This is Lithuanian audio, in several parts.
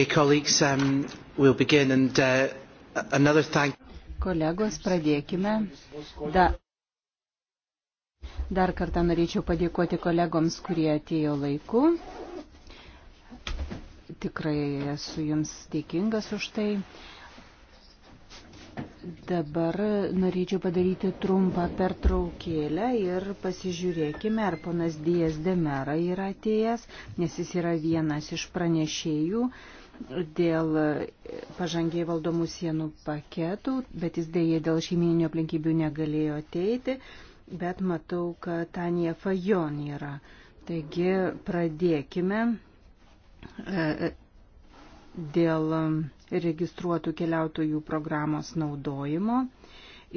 Okay, colleagues, um, we'll begin and uh, another thank. Kolegos, pradėkime. Da, dar kartą norėčiau padėkoti kolegoms, kurie atėjo laiku. Tikrai esu jums dėkingas už tai. Dabar norėčiau padaryti trumpą pertraukėlę ir pasižiūrėkime, ar ponas Dijas Demera yra atėjęs, nes jis yra vienas iš pranešėjų dėl pažangiai valdomų sienų paketų, bet jis dėja dėl šeimininių aplinkybių negalėjo ateiti, bet matau, kad Tanja Fajon yra. Taigi pradėkime e, e, dėl registruotų keliautojų programos naudojimo.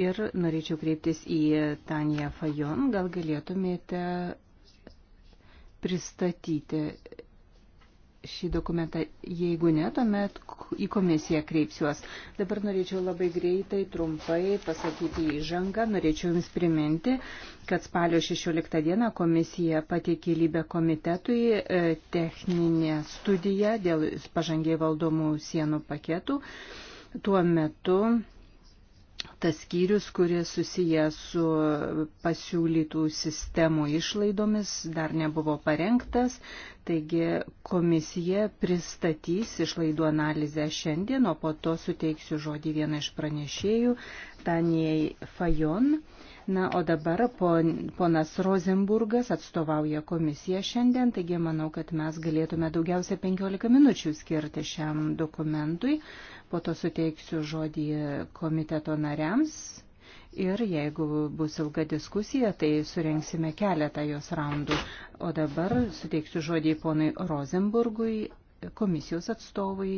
Ir norėčiau kreiptis į Taniją Fajon, gal galėtumėte pristatyti šį dokumentą? Jeigu ne, tuomet į komisiją kreipsiuos. Dabar norėčiau labai greitai, trumpai pasakyti įžangą. Norėčiau Jums priminti, kad spalio 16 dieną komisija pateikė lybę komitetui e, techninę studiją dėl pažangiai valdomų sienų paketų. Tuo metu tas skyrius, kuris susijęs su pasiūlytų sistemų išlaidomis, dar nebuvo parengtas, taigi komisija pristatys išlaidų analizę šiandien, o po to suteiksiu žodį vieną iš pranešėjų, Tanijai Fajon. Na, o dabar pon, ponas Rozenburgas atstovauja komisiją šiandien, taigi manau, kad mes galėtume daugiausia 15 minučių skirti šiam dokumentui po to suteiksiu žodį komiteto nariams ir jeigu bus ilga diskusija, tai surenksime keletą jos raundų. O dabar suteiksiu žodį ponui Rosenburgui, komisijos atstovui,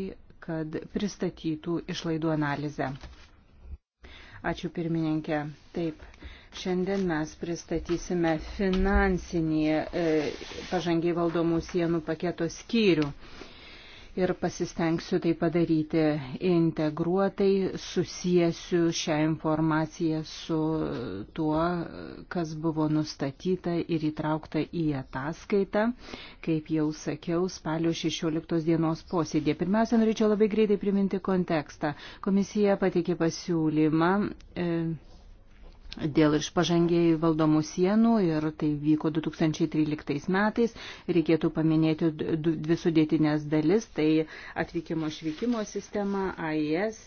kad pristatytų išlaidų analizę. Ačiū pirmininkė. Taip, šiandien mes pristatysime finansinį e, pažangiai valdomų sienų paketo skyrių. E, ir pasistengsiu tai padaryti integruotai, susijęsiu šią informaciją su tuo, kas buvo nustatyta ir įtraukta į ataskaitą, kaip jau sakiau, spalio 16 dienos posėdė. Pirmiausia, norėčiau labai greitai priminti kontekstą. Komisija pateikė pasiūlymą. E, dėl iš pažangiai valdomų sienų ir tai vyko 2013 metais. Reikėtų paminėti dvi sudėtinės dalis, tai atvykimo išvykimo sistema AIS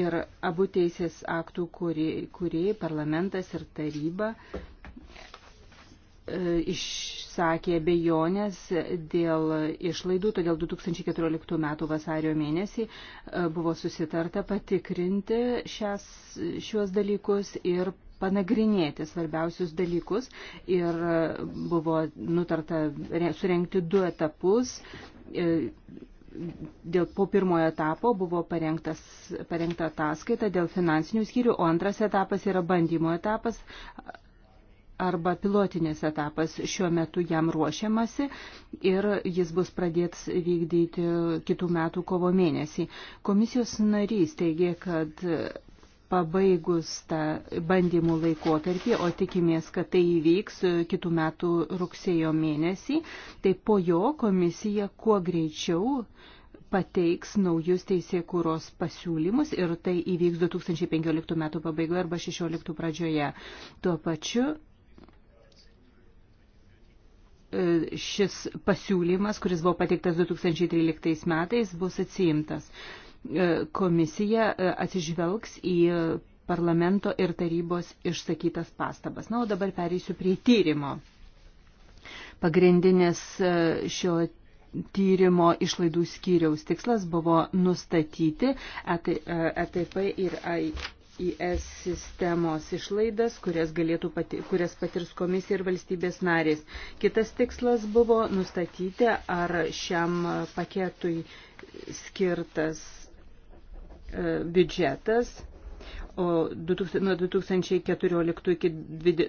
ir abu teisės aktų, kurį, kurį parlamentas ir taryba E, išsakė bejonės dėl išlaidų, todėl 2014 m. vasario mėnesį e, buvo susitarta patikrinti šias, šiuos dalykus ir panagrinėti svarbiausius dalykus ir e, buvo nutarta surenkti du etapus. Dėl po pirmojo etapo buvo parengtas, parengta ataskaita dėl finansinių skyrių, o antras etapas yra bandymo etapas arba pilotinis etapas. Šiuo metu jam ruošiamasi ir jis bus pradėtas vykdyti kitų metų kovo mėnesį. Komisijos narys teigė, kad pabaigus tą bandymų laikotarpį, o tikimės, kad tai įvyks kitų metų rugsėjo mėnesį, tai po jo komisija kuo greičiau pateiks naujus teisėkūros pasiūlymus ir tai įvyks 2015 metų pabaigoje arba 2016 pradžioje. Tuo pačiu šis pasiūlymas, kuris buvo pateiktas 2013 metais, bus atsiimtas. E, komisija e, atsižvelgs į parlamento ir tarybos išsakytas pastabas. Na, o dabar pereisiu prie tyrimo. Pagrindinės e, šio tyrimo išlaidų skyriaus tikslas buvo nustatyti ETP ir IS sistemos išlaidas, kurias, pati, kurias patirs komisija ir valstybės narės. Kitas tikslas buvo nustatyti, ar šiam paketui skirtas e, biudžetas o nuo 2014 iki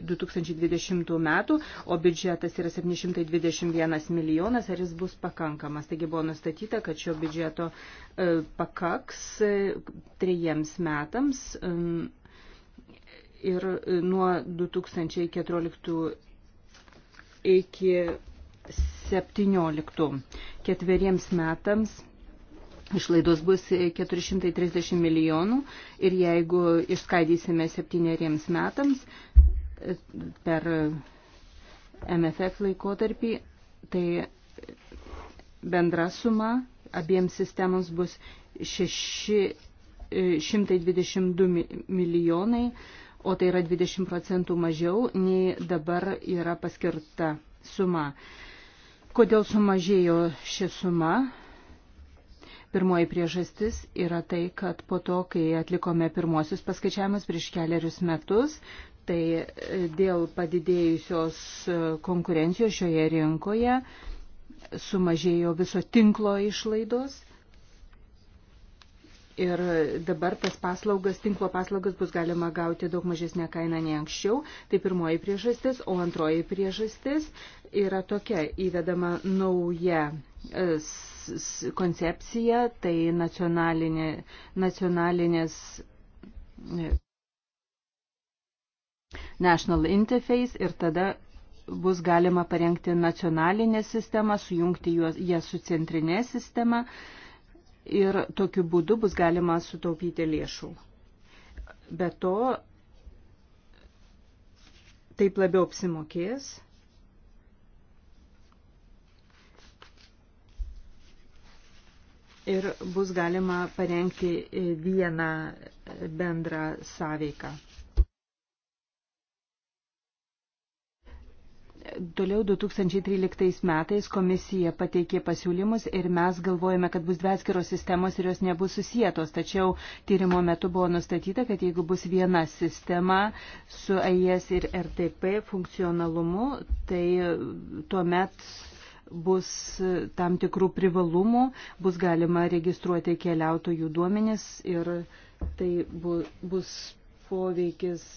2020 metų, o biudžetas yra 721 milijonas, ar jis bus pakankamas. Taigi buvo nustatyta, kad šio biudžeto e, pakaks e, trejiems metams ir e, nuo 2014 iki 2017 ketveriems metams Išlaidos bus 430 milijonų ir jeigu išskaidysime septyneriems metams e, per MFF laikotarpį, tai bendra suma abiems sistemams bus 622 e, milijonai, o tai yra 20 procentų mažiau nei dabar yra paskirta suma. Kodėl sumažėjo ši suma? Pirmoji priežastis yra tai, kad po to, kai atlikome pirmosius paskaičiavimus prieš keliarius metus, tai e, dėl padidėjusios e, konkurencijos šioje rinkoje sumažėjo viso tinklo išlaidos Ir dabar tas paslaugas, tinklo paslaugas bus galima gauti daug mažesnę kainą nei anksčiau. Tai pirmoji priežastis. O antroji priežastis yra tokia įvedama nauja e, koncepcija, tai nacionalinė, nacionalinės. E, National Interface ir tada bus galima parengti nacionalinę sistemą, sujungti juos, ją su centrinė sistema. Uh, ir tokiu būdu bus galima sutaupyti lėšų. Be to, taip labiau apsimokės. Ir bus galima parengti vieną bendrą sąveiką. Toliau 2013 metais komisija pateikė pasiūlymus ir mes galvojame, kad bus dvi atskiros sistemos ir jos nebus susijėtos. Tačiau tyrimo metu buvo nustatyta, kad jeigu bus viena sistema su AIS e ir RTP funkcionalumu, tai tuomet bus tam tikrų privalumų, bus galima registruoti keliautojų duomenis ir tai bu, bus poveikis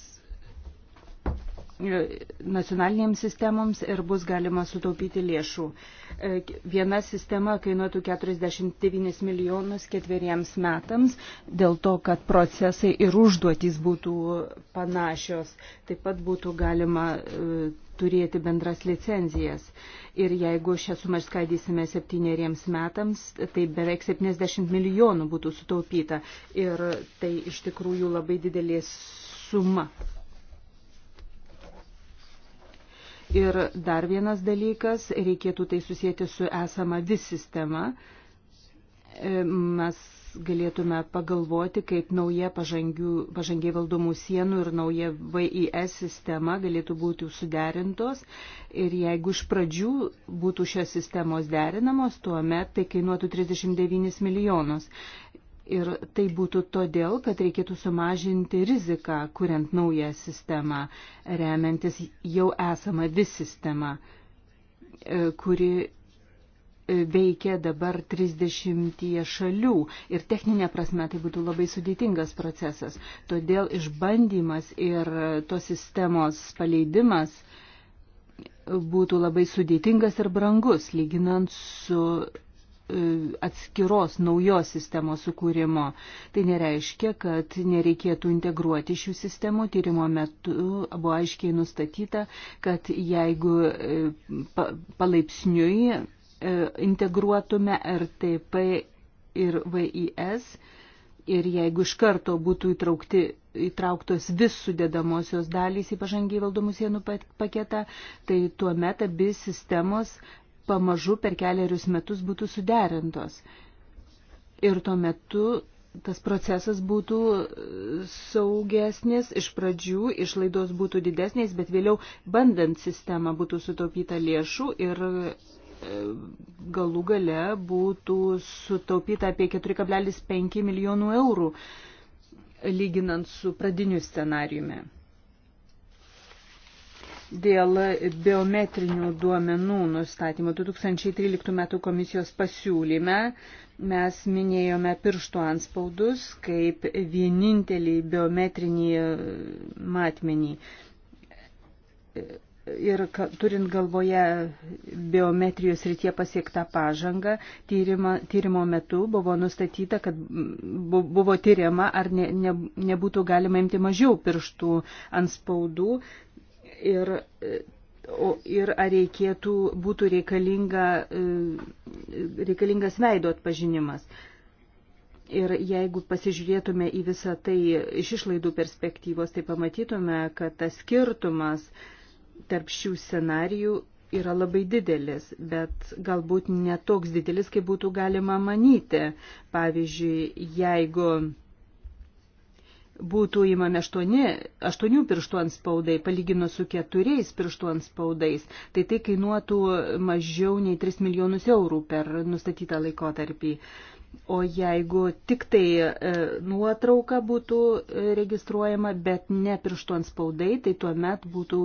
nacionalinėms sistemoms ir bus galima sutaupyti lėšų. E, viena sistema kainuotų 49 milijonus ketveriems metams, dėl to, kad procesai ir užduotys būtų panašios. Taip pat būtų galima e, turėti bendras licenzijas. Ir jeigu šią sumą skaidysime septyneriems metams, tai beveik 70 milijonų būtų sutaupyta. Ir tai iš tikrųjų labai didelės suma. Ir dar vienas dalykas, reikėtų tai susijęti su esama vis sistema. E, mes galėtume pagalvoti, kaip nauja pažangių, pažangiai valdomų sienų ir nauja VIS sistema galėtų būti suderintos. Ir jeigu iš pradžių būtų šios sistemos derinamos, tuomet tai kainuotų 39 milijonus. Ir tai būtų todėl, kad reikėtų sumažinti riziką, kuriant naują sistemą, remiantis jau esamą vis sistemą, e, kuri e, veikia dabar 30 šalių ir techninė prasme tai būtų labai sudėtingas procesas. Todėl išbandymas ir tos sistemos paleidimas būtų labai sudėtingas ir brangus, lyginant su E, atskiros naujos sistemos sukūrimo. Tai nereiškia, kad nereikėtų integruoti šių sistemų. Tyrimo metu buvo aiškiai nustatyta, kad jeigu e, palaipsniui e, integruotume RTP ir VIS ir jeigu iš karto būtų įtraukti, įtrauktos vis sudėdamosios dalys į pažangiai valdomų sienų paketą, tai tuo metu abi sistemos pamažu per keliarius metus būtų suderintos. Ir tuo metu tas procesas būtų e, saugesnis, iš pradžių išlaidos būtų didesnės, bet vėliau bandant sistemą būtų sutaupyta lėšų ir e, galų gale būtų sutaupyta apie 4,5 milijonų eurų, lyginant su pradiniu scenariumi dėl biometrinių duomenų nustatymo 2013 m. komisijos pasiūlyme mes minėjome pirštų anspaudus kaip vienintelį biometrinį e, matmenį. Ir turint galvoje biometrijos rytie pasiektą pažangą, tyrimo, tyrimo metu buvo nustatyta, kad buvo tyriama, ar ne, ne, nebūtų galima imti mažiau pirštų ant spaudų, ir, ir ar reikėtų, būtų reikalinga, reikalingas veido atpažinimas. Ir jeigu pasižiūrėtume į visą tai iš išlaidų perspektyvos, tai pamatytume, kad tas skirtumas tarp šių scenarijų yra labai didelis, bet galbūt netoks didelis, kaip būtų galima manyti. Pavyzdžiui, jeigu būtų įmami aštuoni, aštuonių pirštų ant spaudai, palyginus su keturiais pirštų ant spaudais, tai tai kainuotų mažiau nei 3 milijonus eurų per nustatytą laikotarpį. O jeigu tik tai e, nuotrauka būtų e, registruojama, bet ne pirštų ant spaudai, tai tuomet būtų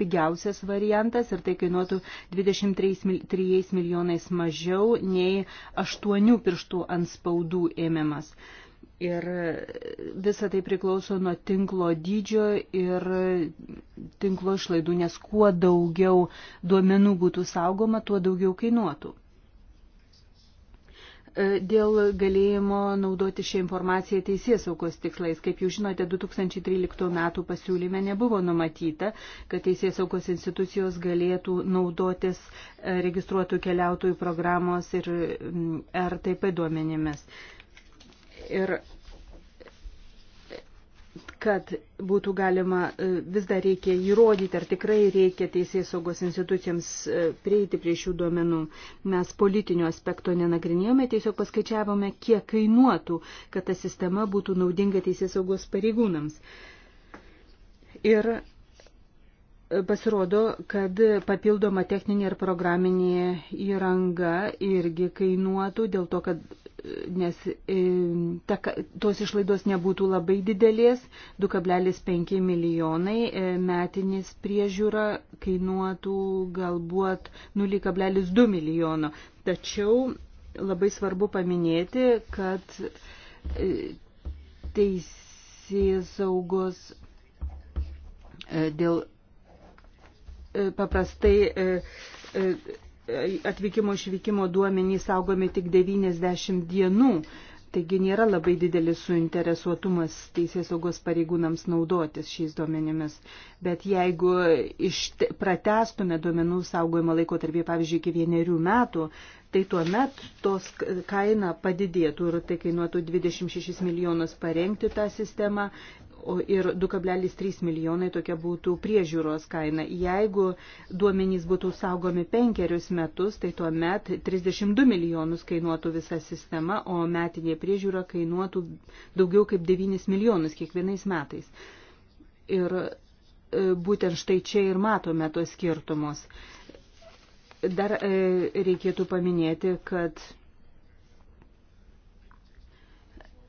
pigiausias variantas ir tai kainuotų 23 milijonais mažiau nei 8 pirštų ant spaudų ėmimas. E, Ir visa tai priklauso nuo tinklo dydžio ir tinklo išlaidų, nes kuo daugiau duomenų būtų saugoma, tuo daugiau kainuotų. E, dėl galėjimo naudoti šią informaciją teisės saugos tikslais, kaip jūs žinote, 2013 metų pasiūlyme nebuvo numatyta, kad teisės saugos institucijos galėtų naudotis e, registruotų keliautojų programos ir RTP duomenimis ir kad būtų galima, e, vis dar reikia įrodyti, ar tikrai reikia teisės saugos institucijams e, prieiti prie šių duomenų. Mes politinio aspekto nenagrinėjome, tiesiog paskaičiavome, kiek kainuotų, kad ta sistema būtų naudinga teisės saugos pareigūnams. Ir e, pasirodo, kad papildoma techninė ir programinė įranga irgi kainuotų dėl to, kad nes e, ta, tos išlaidos nebūtų labai didelės, 2,5 milijonai e, metinis priežiūra kainuotų galbūt 0,2 milijono. Tačiau labai svarbu paminėti, kad e, teisės saugos dėl paprastai atvykimo išvykimo duomenys saugomi tik 90 dienų, taigi nėra labai didelis suinteresuotumas teisės saugos pareigūnams naudotis šiais duomenimis. Bet jeigu ište, pratestume duomenų saugojimo laiko tarp, pavyzdžiui, iki vienerių metų, tai tuo met tos kaina padidėtų ir tai kainuotų 26 milijonus parengti tą sistemą ir 2,3 milijonai tokia būtų priežiūros kaina. Jeigu duomenys būtų saugomi penkerius metus, tai tuo met 32 milijonus kainuotų visa sistema, o metinė priežiūra kainuotų daugiau kaip 9 milijonus kiekvienais metais. Ir e, būtent štai čia ir matome tuos skirtumus. Dar e, reikėtų paminėti, kad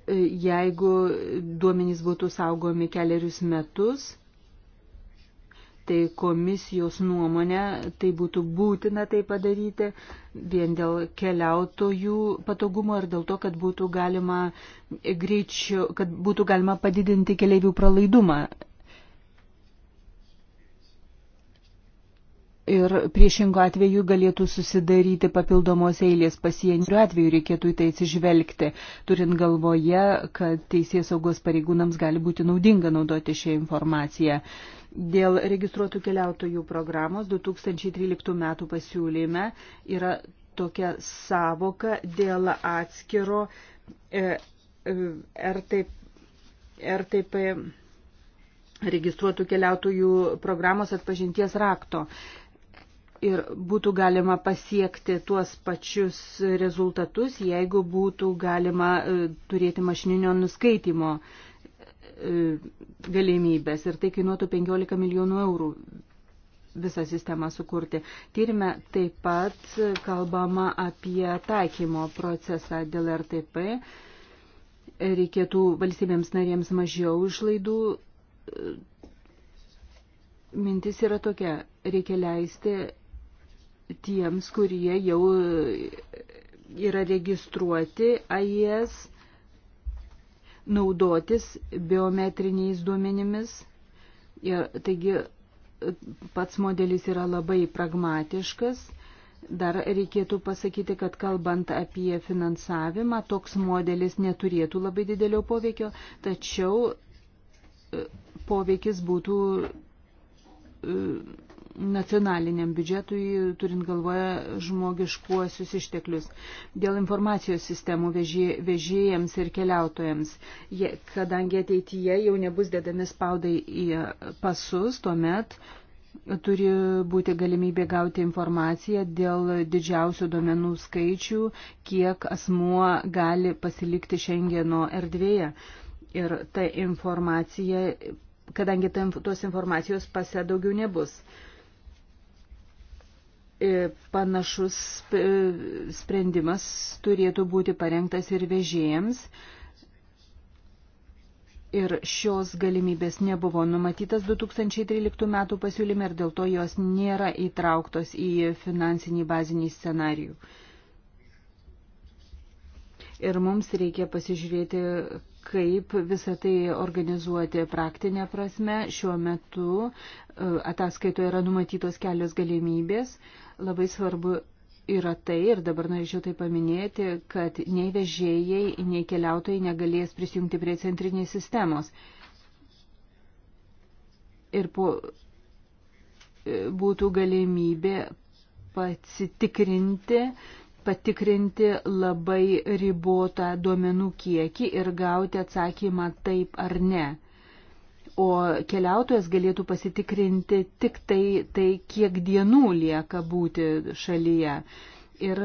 jeigu duomenys būtų saugomi keliarius metus, tai komisijos nuomonė tai būtų būtina tai padaryti vien dėl keliautojų patogumo ir dėl to, kad būtų galima greičiau, kad būtų galima padidinti keliaivių pralaidumą Ir priešingo atveju galėtų susidaryti papildomos eilės pasienio. Ir atveju reikėtų į tai atsižvelgti, turint galvoje, kad teisės saugos pareigūnams gali būti naudinga naudoti šią informaciją. Dėl registruotų keliautojų programos 2013 metų pasiūlyme yra tokia savoka dėl atskiro e, e RTP, RTP registruotų keliautojų programos atpažinties rakto ir būtų galima pasiekti tuos pačius rezultatus, jeigu būtų galima e, turėti mašininio nuskaitimo e, galimybės. Ir tai kainuotų 15 milijonų eurų visą sistemą sukurti. Tyrime taip pat kalbama apie taikymo procesą dėl RTP. Reikėtų valstybėms narėms mažiau išlaidų. E, mintis yra tokia, reikia leisti tiems, kurie jau e, yra registruoti AIS, naudotis biometriniais duomenimis. Ir, taigi e, pats modelis yra labai pragmatiškas. Dar reikėtų pasakyti, kad kalbant apie finansavimą, toks modelis neturėtų labai didelio poveikio, tačiau e, poveikis būtų nacionaliniam biudžetui, turint galvoje žmogiškuosius išteklius. Dėl informacijos sistemų vežėjams ir keliautojams, jie, kadangi ateityje jau nebus dedami spaudai į pasus, tuomet turi būti galimybė gauti informaciją dėl didžiausių duomenų skaičių, kiek asmuo gali pasilikti Šengeno erdvėje. Ir ta informacija kadangi tos informacijos pase daugiau nebus. E, panašus e, sprendimas turėtų būti parengtas ir vežėjams. Ir šios galimybės nebuvo numatytas 2013 metų pasiūlyme ir dėl to jos nėra įtrauktos į finansinį bazinį scenarijų. Ir mums reikia pasižiūrėti, kaip visą tai organizuoti praktinę prasme. Šiuo metu e, ataskaitoje yra numatytos kelios galimybės. Uh, Labai svarbu yra tai, ir dabar norėčiau tai paminėti, kad nei vežėjai, nei keliautojai negalės prisijungti prie centrinės sistemos. Ir po, e, būtų galimybė pasitikrinti, patikrinti labai ribotą duomenų kiekį ir gauti atsakymą taip ar ne o keliautojas galėtų pasitikrinti tik tai, tai kiek dienų lieka būti šalyje. Ir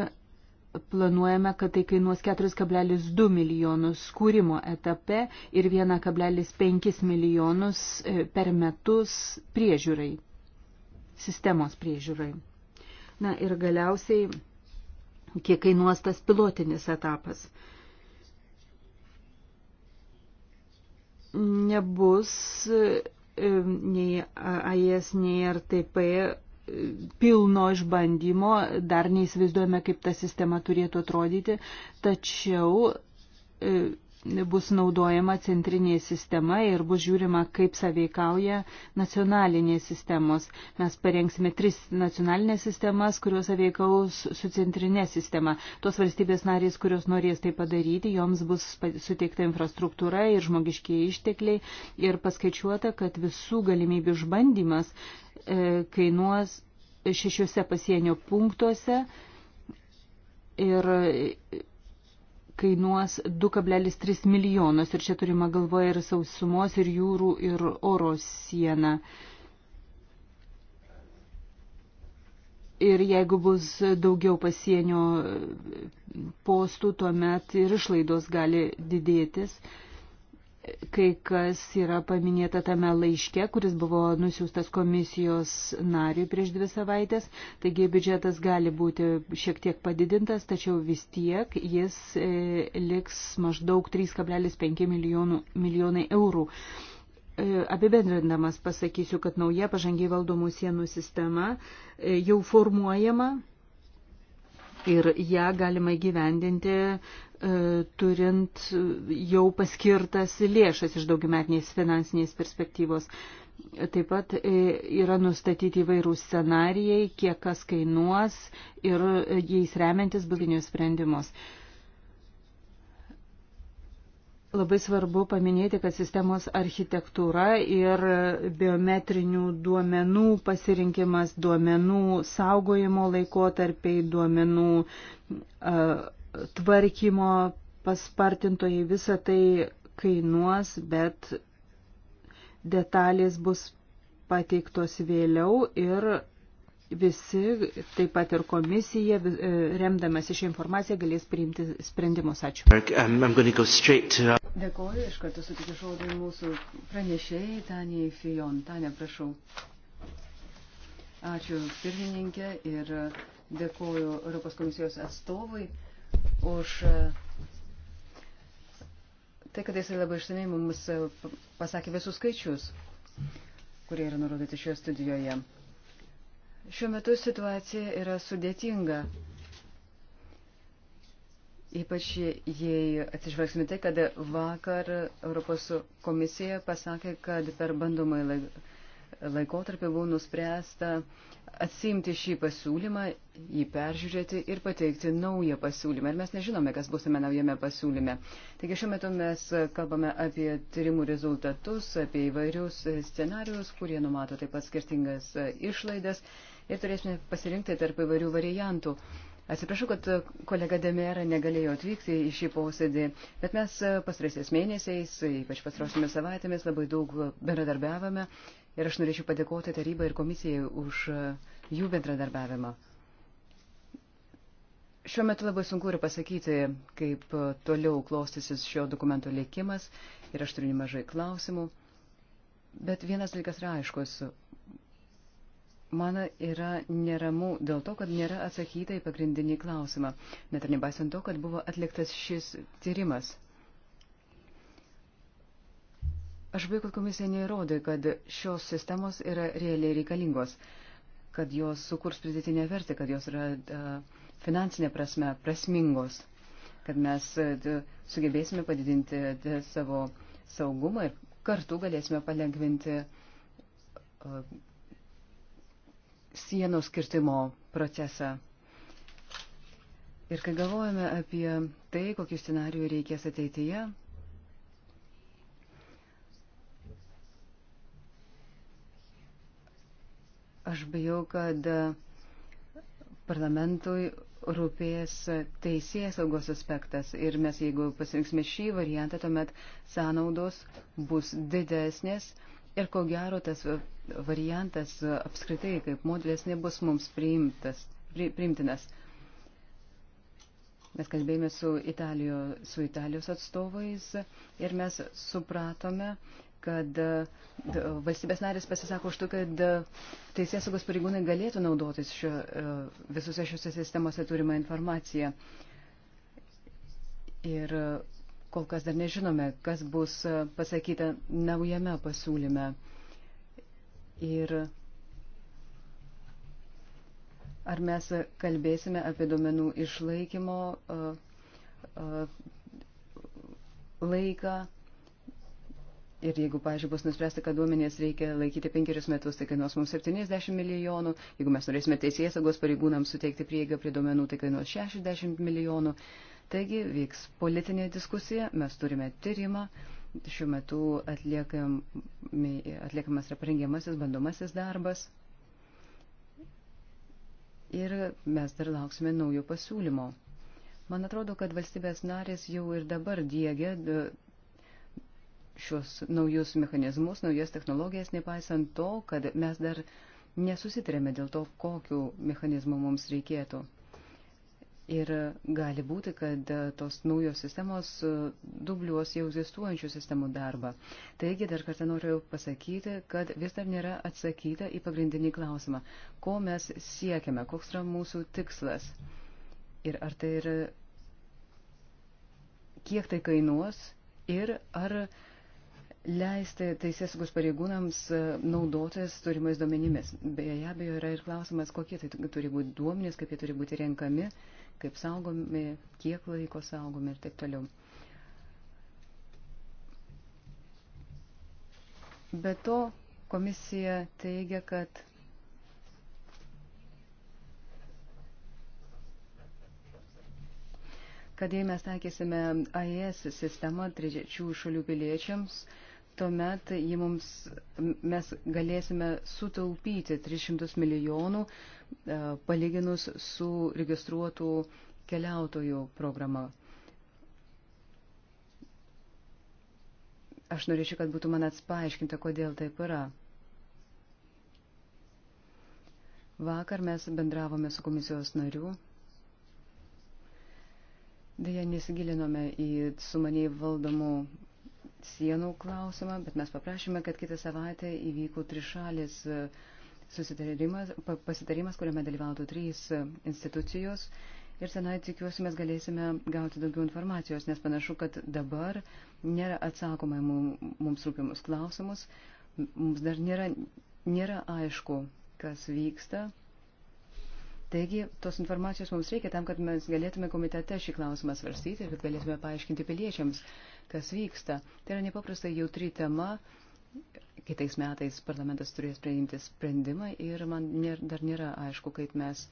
planuojame, kad tai kainuos 4,2 milijonus kūrimo etape ir 1,5 milijonus e, per metus priežiūrai, sistemos priežiūrai. Na ir galiausiai, kiek kainuos tas pilotinis etapas. nebus e, nei AES, nei RTP e, pilno išbandymo, dar neįsivaizduojame, kaip ta sistema turėtų atrodyti, tačiau e, bus naudojama centrinė sistema ir bus žiūrima, kaip saveikauja nacionalinės sistemos. Mes parengsime tris nacionalinės sistemas, kurios saveikaus su centrinė sistema. Tos valstybės narės, kurios norės tai padaryti, joms bus suteikta infrastruktūra ir žmogiškiai ištekliai ir paskaičiuota, kad visų galimybių išbandymas e, kainuos šešiuose pasienio punktuose. Ir kainuos 2,3 milijonus ir čia turima galvoje ir sausumos, ir jūrų, ir oro sieną. Ir jeigu bus daugiau pasienio postų, tuomet ir išlaidos gali didėtis. Uh, kai kas yra paminėta tame laiške, kuris buvo nusiųstas komisijos nariui prieš dvi savaitės. Taigi biudžetas gali būti šiek tiek padidintas, tačiau vis tiek jis e, liks maždaug 3,5 milijonai eurų. E, apibendrindamas pasakysiu, kad nauja pažangiai valdomų sienų sistema e, jau formuojama ir ją galima įgyvendinti E, turint jau paskirtas lėšas iš daugiametinės finansinės perspektyvos. Taip pat e, yra nustatyti įvairūs scenarijai, kiek kas kainuos ir jais remiantis buginius sprendimus. Labai svarbu paminėti, kad sistemos architektūra ir biometrinių duomenų pasirinkimas, duomenų saugojimo laikotarpiai, duomenų uh, tvarkymo paspartintojai visą tai kainuos, bet detalės bus pateiktos vėliau ir visi, taip pat ir komisija, e, remdamas iš informaciją, galės priimti sprendimus. Ačiū. Um, go to... Dėkoju, iš karto sutikiu žodį mūsų pranešėjai, Tanijai Fijon. Tanė, prašau. Ačiū pirmininkė ir dėkoju Europos komisijos atstovui už e, tai, kad jisai labai išsamei mums e, pasakė visus skaičius, kurie yra nurodyti šioje studijoje. Šiuo metu situacija yra sudėtinga. Ypač jei atsižvelgsime tai, kad vakar Europos komisija pasakė, kad per bandomąjį laiką laikotarpį buvo nuspręsta atsimti šį pasiūlymą, jį peržiūrėti ir pateikti naują pasiūlymą. Ir mes nežinome, kas bus tame naujame pasiūlyme. Taigi šiuo metu mes kalbame apie tyrimų rezultatus, apie įvairius scenarius, kurie numato taip pat skirtingas išlaidas ir turėsime pasirinkti tarp įvairių variantų. Atsiprašau, kad kolega Demera negalėjo atvykti į šį posėdį, bet mes pastarėsiais mėnesiais, ypač pastarosiamis savaitėmis, labai daug bendradarbiavome Ir aš norėčiau padėkoti tarybai ir komisijai už e, jų bendradarbiavimą. Šiuo metu labai sunku ir pasakyti, kaip e, toliau klostysis šio dokumento likimas ir aš turiu nemažai klausimų. Bet vienas dalykas yra aiškus. Man yra neramu dėl to, kad nėra atsakyta į pagrindinį klausimą, net ir nepaisant to, kad buvo atliktas šis tyrimas. Aš baigiu, kad komisija neįrodė, kad šios sistemos yra realiai reikalingos, kad jos sukurs pridėtinę vertę, kad jos yra finansinė prasme prasmingos, kad mes sugebėsime padidinti savo saugumą ir kartu galėsime palengvinti sienos skirtimo procesą. Ir kai galvojame apie tai, kokius scenarių reikės ateityje, Aš bijau, kad parlamentui rūpės teisės saugos aspektas ir mes jeigu pasirinksime šį variantą, tuomet sąnaudos bus didesnės ir ko gero tas variantas apskritai kaip modelis nebus mums priimtas, pri, priimtinas. Mes kalbėjome su, Italijo, su Italijos atstovais ir mes supratome, kad e, valstybės narės pasisako už tai, kad e, teisės saugos pareigūnai galėtų naudotis šio, e, visose šiuose sistemose turimą informaciją. Ir kol kas dar nežinome, kas bus pasakyta naujame pasiūlyme. Ir ar mes kalbėsime apie duomenų išlaikymo laiką Ir jeigu, pažiūrėjau, bus nuspręsta, kad duomenės reikia laikyti penkerius metus, tai kainuos mums 70 milijonų. Jeigu mes norėsime teisės saugos pareigūnams suteikti prieigą prie duomenų, tai kainuos 60 milijonų. Taigi vyks politinė diskusija, mes turime tyrimą. Šiuo metu atliekam, atliekamas yra parengiamasis, bandomasis darbas. Ir mes dar lauksime naujo pasiūlymo. Man atrodo, kad valstybės narės jau ir dabar diegia šios naujus mechanizmus, naujas technologijas, nepaisant to, kad mes dar nesusitarėme dėl to, kokiu mechanizmu mums reikėtų. Ir gali būti, kad tos naujos sistemos dubliuos jau egzistuojančių sistemų darbą. Taigi dar kartą noriu pasakyti, kad vis dar nėra atsakyta į pagrindinį klausimą, ko mes siekiame, koks yra mūsų tikslas. Ir ar tai yra, kiek tai kainuos ir ar uh, leisti teisėsaugos pareigūnams e, naudotis turimais duomenimis. Beje, abejo, yra ir klausimas, kokie tai turi būti duomenys, kaip jie turi būti renkami, kaip saugomi, kiek laiko saugomi ir taip toliau. Be to, komisija teigia, kad kad jei mes taikysime AES sistemą trečių šalių piliečiams, uh, tuomet mums, mes galėsime sutaupyti 300 milijonų e, palyginus su registruotų keliautojų programa. Aš norėčiau, kad būtų man atspaaiškinta, kodėl taip yra. Vakar mes bendravome su komisijos nariu. Deja, nesigilinome į sumaniai valdomų sienų klausimą, bet mes paprašėme, kad kitą savaitę įvyko trišalis e, pasitarimas, kuriame dalyvautų trys e, institucijos. Ir senai tikiuosi, mes galėsime gauti daugiau informacijos, nes panašu, kad dabar nėra atsakoma mums rūpimus klausimus, mums dar nėra, nėra aišku, kas vyksta, Taigi, tos informacijos mums reikia tam, kad mes galėtume komitete šį klausimą svarstyti ir kad galėtume paaiškinti piliečiams, kas vyksta. Tai yra nepaprastai jautri tema. Kitais metais parlamentas turės priimti sprendimą ir man nėra, dar nėra aišku, kaip mes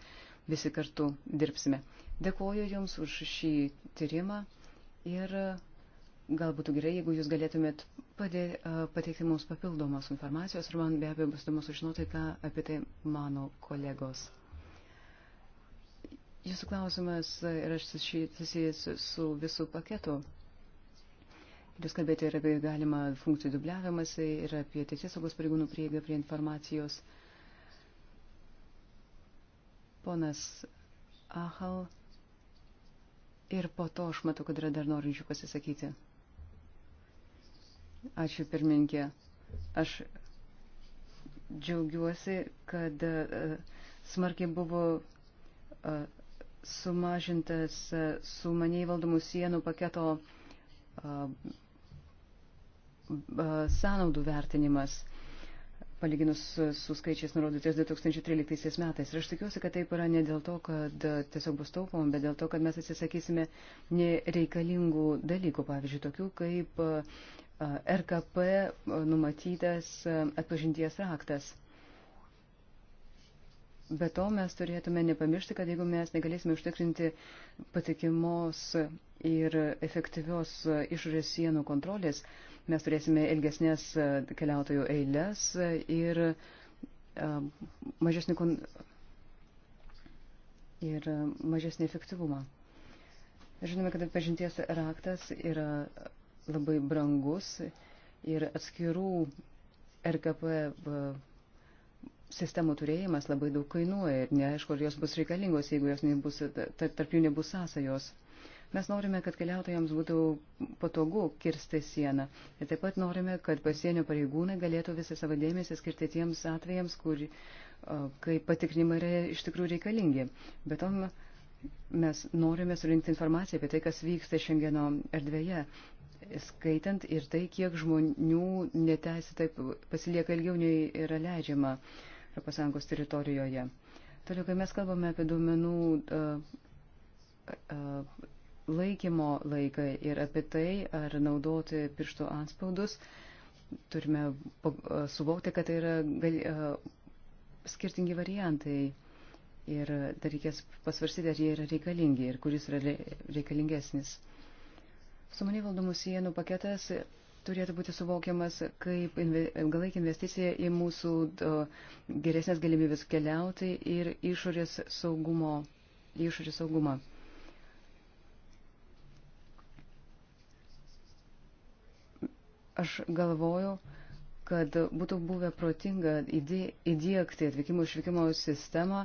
visi kartu dirbsime. Dėkuoju Jums už šį tyrimą ir e, gal būtų gerai, jeigu jūs galėtumėt padė, e, pateikti mums papildomos informacijos ir man be abejo bus įdomu sužinoti, ką apie tai mano kolegos. Jūsų klausimas ir aš susijęs su visų paketu. Jūs kalbėjote ir apie galimą funkcijų dubliavimąsi, ir apie teisės saugos pareigūnų prieigą prie informacijos. Ponas Ahal. Ir po to aš matau, kad yra dar norinčių pasisakyti. Ačiū pirmininkė. Aš džiaugiuosi, kad uh, smarkiai buvo uh, sumažintas e, su maniai valdomų sienų paketo e, sąnaudų vertinimas, palyginus su skaičiais nurodytais 2013 metais. Ir aš tikiuosi, kad taip yra ne dėl to, kad e, tiesiog bus taupom, bet dėl to, kad mes atsisakysime nereikalingų dalykų, pavyzdžiui, tokių kaip RKP numatytas atpažinties raktas. Be to mes turėtume nepamiršti, kad jeigu mes negalėsime užtikrinti patikimos ir efektyvios išorės sienų kontrolės, mes turėsime ilgesnės keliautojų eilės ir mažesnį, kon... ir mažesnį efektyvumą. Žinome, kad pažinties raktas yra labai brangus ir atskirų RKP sistemų turėjimas labai daug kainuoja ir neaišku, ar jos bus reikalingos, jeigu jos nebus, tarp jų nebus sąsajos. Mes norime, kad keliautojams būtų patogu kirsti sieną. Ir taip pat norime, kad pasienio pareigūnai galėtų visą savo dėmesį skirti tiems atvejams, kur, kai patikrinimai yra iš tikrųjų reikalingi. Bet tom mes norime surinkti informaciją apie tai, kas vyksta šiandieno erdvėje, skaitant ir tai, kiek žmonių neteisėtai pasilieka ilgiau nei yra leidžiama. Uh, ES teritorijoje. Toliau, kai mes kalbame apie duomenų e, e, laikymo laiką ir apie tai, ar naudoti pirštų anspaudus, turime e, suvokti, kad tai yra gal, skirtingi variantai. Ir dar reikės pasvarsyti, ar jie yra reikalingi ir kuris yra reikalingesnis. Su manį valdomų sienų paketas turėtų būti suvokiamas kaip ilgalaikį investiciją į mūsų geresnės galimybės keliauti ir išorės saugumo, išorės saugumą. Aš galvojau, kad būtų buvę protinga įdėkti atvykimo išvykimo sistemą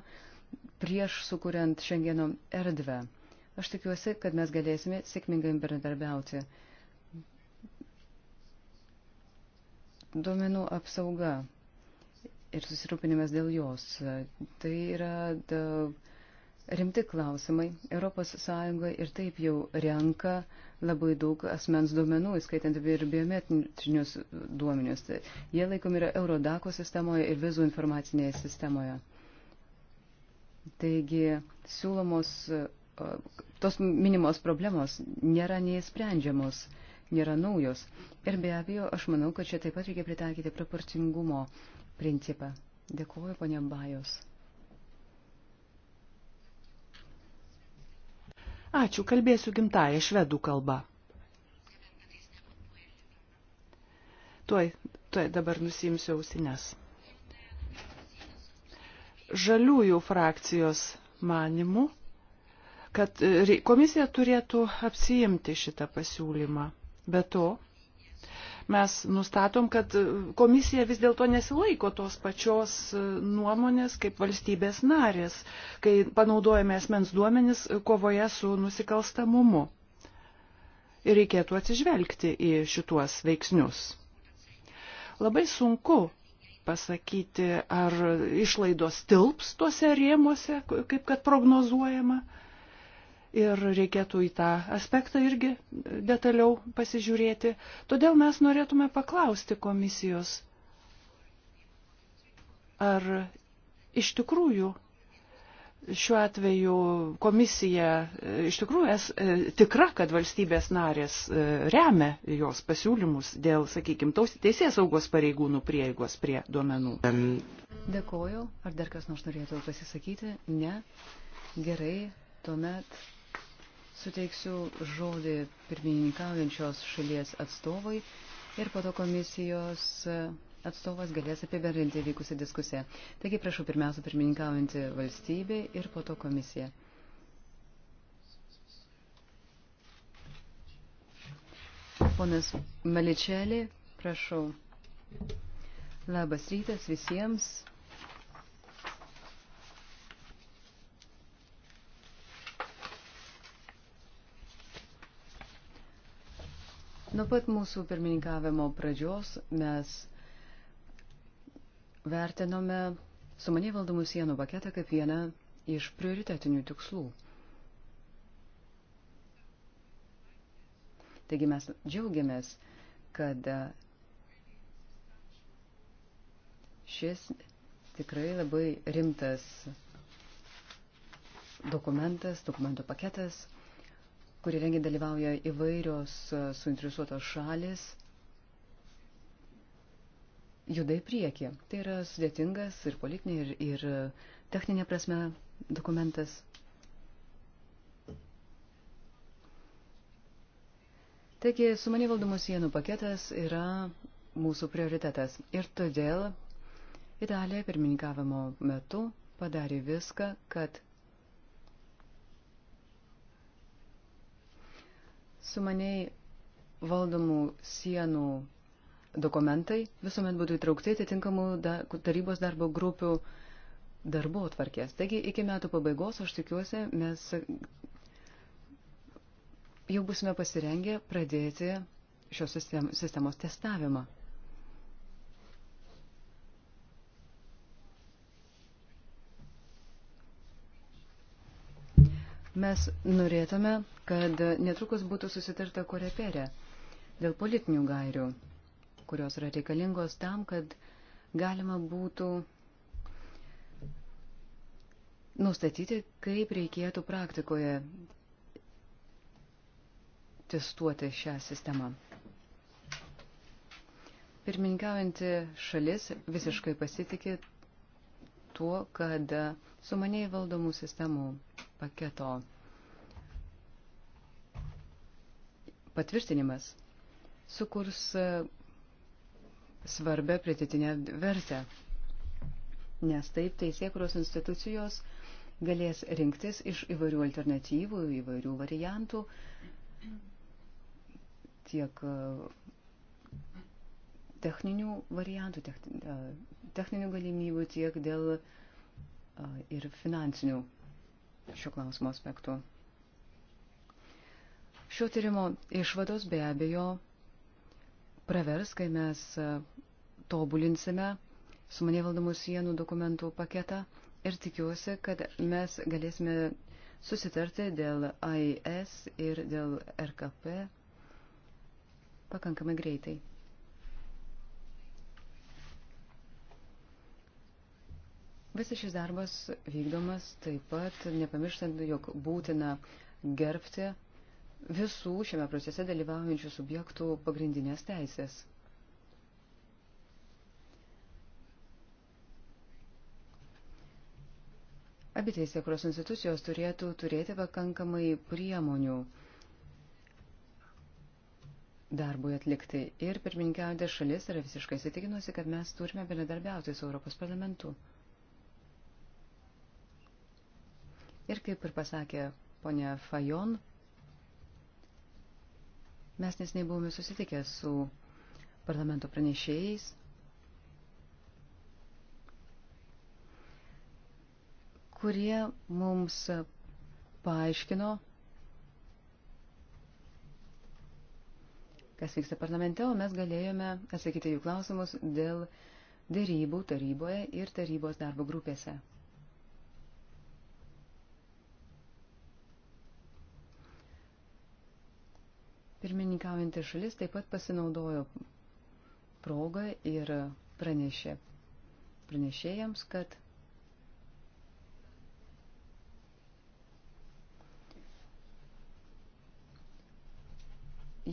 prieš sukuriant Šengeno erdvę. Aš tikiuosi, kad mes galėsime sėkmingai bendradarbiauti. Duomenų apsauga ir susirūpinimas dėl jos. Tai yra da, rimti klausimai. ES ir taip jau renka labai daug asmens duomenų, įskaitant ir biometrinius duomenius. Jie laikomi yra Eurodako sistemoje ir vizų informacinėje sistemoje. Taigi siūlomos tos minimos problemos nėra neįsprendžiamos. Uh, nėra naujos. Ir be abejo, aš manau, kad čia taip pat reikia pritaikyti proporcingumo principą. Dėkuoju, ponė Bajos. Ačiū, kalbėsiu gimtają švedų kalbą. Tuoj, tuoj dabar nusimsiu ausines. Žaliųjų frakcijos manimų kad e, komisija turėtų apsiimti šitą pasiūlymą. Be to, mes nustatom, kad komisija vis dėlto nesilaiko tos pačios e, nuomonės kaip valstybės narės, kai panaudojame asmens duomenis kovoje su nusikalstamumu. Ir reikėtų atsižvelgti į šituos veiksnius. Labai sunku pasakyti, ar išlaidos tilps tuose rėmuose, kaip kad prognozuojama ir reikėtų į tą aspektą irgi detaliau pasižiūrėti. Todėl mes norėtume paklausti komisijos, ar iš tikrųjų šiuo atveju komisija iš tikrųjų es, e, tikra, kad valstybės narės e, remia jos pasiūlymus dėl, sakykime, teisės saugos pareigūnų prieigos prie duomenų. Dėkoju. Ar dar kas nors norėtų pasisakyti? Ne. Gerai. Tuomet suteiksiu žodį pirmininkaujančios šalies atstovui ir po to komisijos atstovas galės apibendrinti vykusią diskusiją. Taigi prašau pirmiausia pirmininkaujantį valstybę ir po to komisiją. Ponas Maličelė, prašau. Labas rytas visiems. Nuo pat mūsų pirmininkavimo pradžios mes vertinome sumaniai valdomų sienų paketą kaip vieną iš prioritetinių tikslų. Taigi mes džiaugiamės, kad šis tikrai labai rimtas dokumentas, dokumento paketas kurį rengia dalyvauja įvairios e, suinteresuotos šalis, juda į priekį. Tai yra sudėtingas ir politinė, ir, ir techninė prasme dokumentas. Taigi, sumaniai valdomų sienų paketas yra mūsų prioritetas. Ir todėl Italija pirmininkavimo metu padarė viską, kad sumaniai valdomų sienų dokumentai visuomet būtų įtraukti atitinkamų da, tarybos darbo grupių darbo atvarkės. Taigi iki metų pabaigos, aš tikiuosi, mes jau busime pasirengę pradėti šios sistemos testavimą. Mes norėtume, kad netrukus būtų susitarta korepere dėl politinių gairių, kurios yra reikalingos tam, kad galima būtų nustatyti, kaip reikėtų praktikoje testuoti šią sistemą. Pirmininkaujanti šalis visiškai pasitikė tuo, kad su maniai valdomų sistemų paketo patvirtinimas sukurs e, svarbę pritėtinę vertę, nes taip teisėkuros institucijos galės rinktis iš įvairių alternatyvų, įvairių variantų, tiek e, techninių variantų, e, techninių galimybių, tiek dėl ir finansinių šiuo klausimo aspektu. Šio tyrimo išvados be abejo pravers, kai mes e, tobulinsime su mane valdomų sienų dokumentų paketą ir tikiuosi, kad mes galėsime susitarti dėl AIS ir dėl RKP pakankamai greitai. Visas šis darbas vykdomas taip pat, nepamirštant, jog būtina gerbti visų šiame procese dalyvaujančių subjektų pagrindinės teisės. Abi teisėkros institucijos turėtų turėti pakankamai priemonių darbui atlikti. Ir pirmininkiaujantė šalis yra visiškai įsitikinusi, kad mes turime bendradarbiauti su Europos parlamentu. Ir kaip ir pasakė ponia Fajon, mes nesnei buvome susitikę su parlamento pranešėjais. kurie mums paaiškino, kas vyksta parlamente, o mes galėjome atsakyti jų klausimus dėl dėrybų taryboje ir tarybos darbo grupėse. pirmininkaujantį šalis taip pat pasinaudojo progą ir pranešė pranešėjams, kad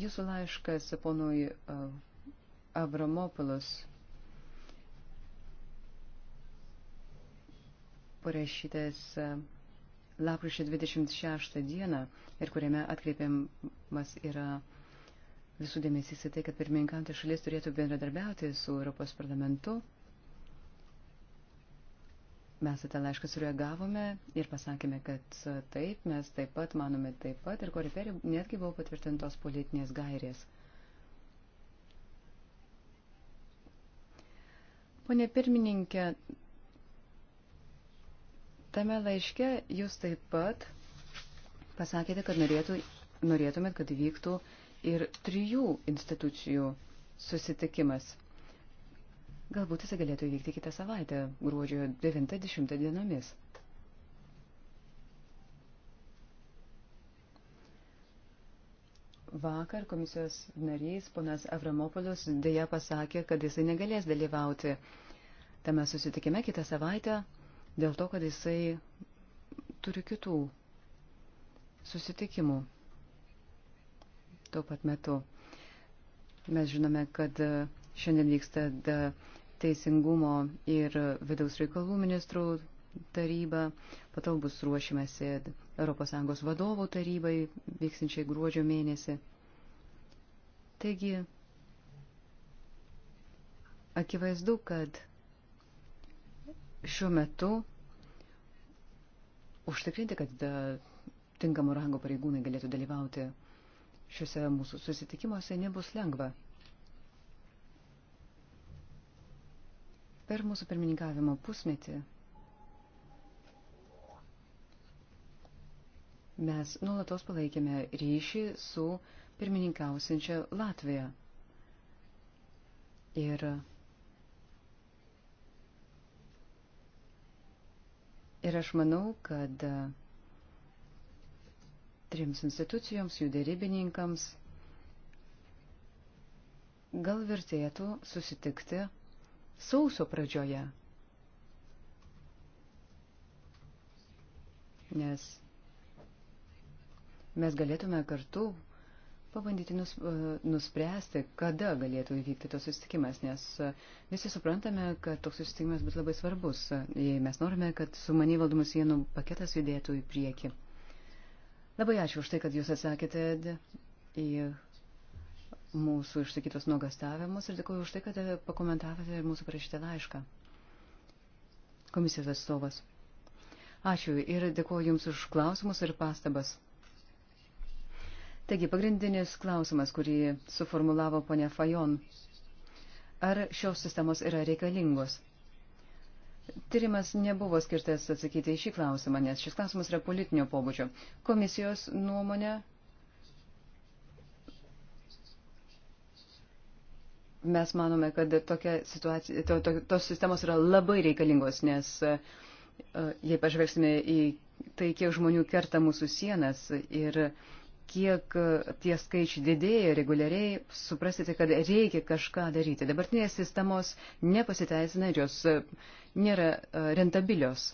jūsų laiškas ponui Avramopolos parašytas lapkričio 26 dieną ir kuriame atkreipiamas yra visų dėmesys į tai, kad pirmininkantė šalis turėtų bendradarbiauti su Europos parlamentu. Mes į tą laišką sureagavome ir pasakėme, kad taip, mes taip pat manome taip pat ir koriferi netgi buvo patvirtintos politinės gairės. Pone pirmininkė, Tame laiške jūs taip pat pasakėte, kad norėtų, norėtumėt, kad vyktų ir trijų institucijų susitikimas. Galbūt jis galėtų įvykti kitą savaitę, gruodžio 90 dienomis. Vakar komisijos narys ponas Avramopolis dėja pasakė, kad jisai negalės dalyvauti tame susitikime kitą savaitę dėl to, kad jisai turi kitų susitikimų tuo pat metu. Mes žinome, kad e, šiandien vyksta teisingumo ir vidaus reikalų ministrų taryba, patau bus ruošimasi ES vadovų tarybai vyksinčiai gruodžio mėnesį. Taigi, akivaizdu, kad šiuo metu užtikrinti, kad tinkamų rango pareigūnai galėtų dalyvauti šiuose mūsų susitikimuose, nebus lengva. Per mūsų pirmininkavimo pusmetį mes nulatos palaikėme ryšį su pirmininkausinčia Latvija. Ir Ir aš manau, kad e, trims institucijoms, jų dėrybininkams gal vertėtų susitikti sauso pradžioje. Nes mes galėtume kartu pabandyti nus, e, nuspręsti, kada galėtų įvykti tos susitikimas, nes e, visi suprantame, kad toks susitikimas bus labai svarbus, e, jei mes norime, kad su maniai valdomų sienų paketas judėtų į priekį. Labai ačiū už tai, kad jūs atsakėte į mūsų išsakytos nuogastavimus ir dėkuoju už tai, kad pakomentavote mūsų parašytą laišką. Komisijos atstovas. Ačiū ir dėkuoju Jums už klausimus ir pastabas. Taigi, pagrindinis klausimas, kurį suformulavo ponia Fajon. Ar šios sistemos yra reikalingos? Tyrimas nebuvo skirtas atsakyti į šį klausimą, nes šis klausimas yra politinio pobūdžio. Komisijos nuomonė mes manome, kad tokia situacija, to, to, tos sistemos yra labai reikalingos, nes e, jei pažvelgsime į tai, kiek žmonių kerta mūsų sienas ir uh, kiek e, tie skaičiai didėja reguliariai, suprasite, kad reikia kažką daryti. Dabartinės sistemos nepasiteisina ir jos e, nėra e, rentabilios.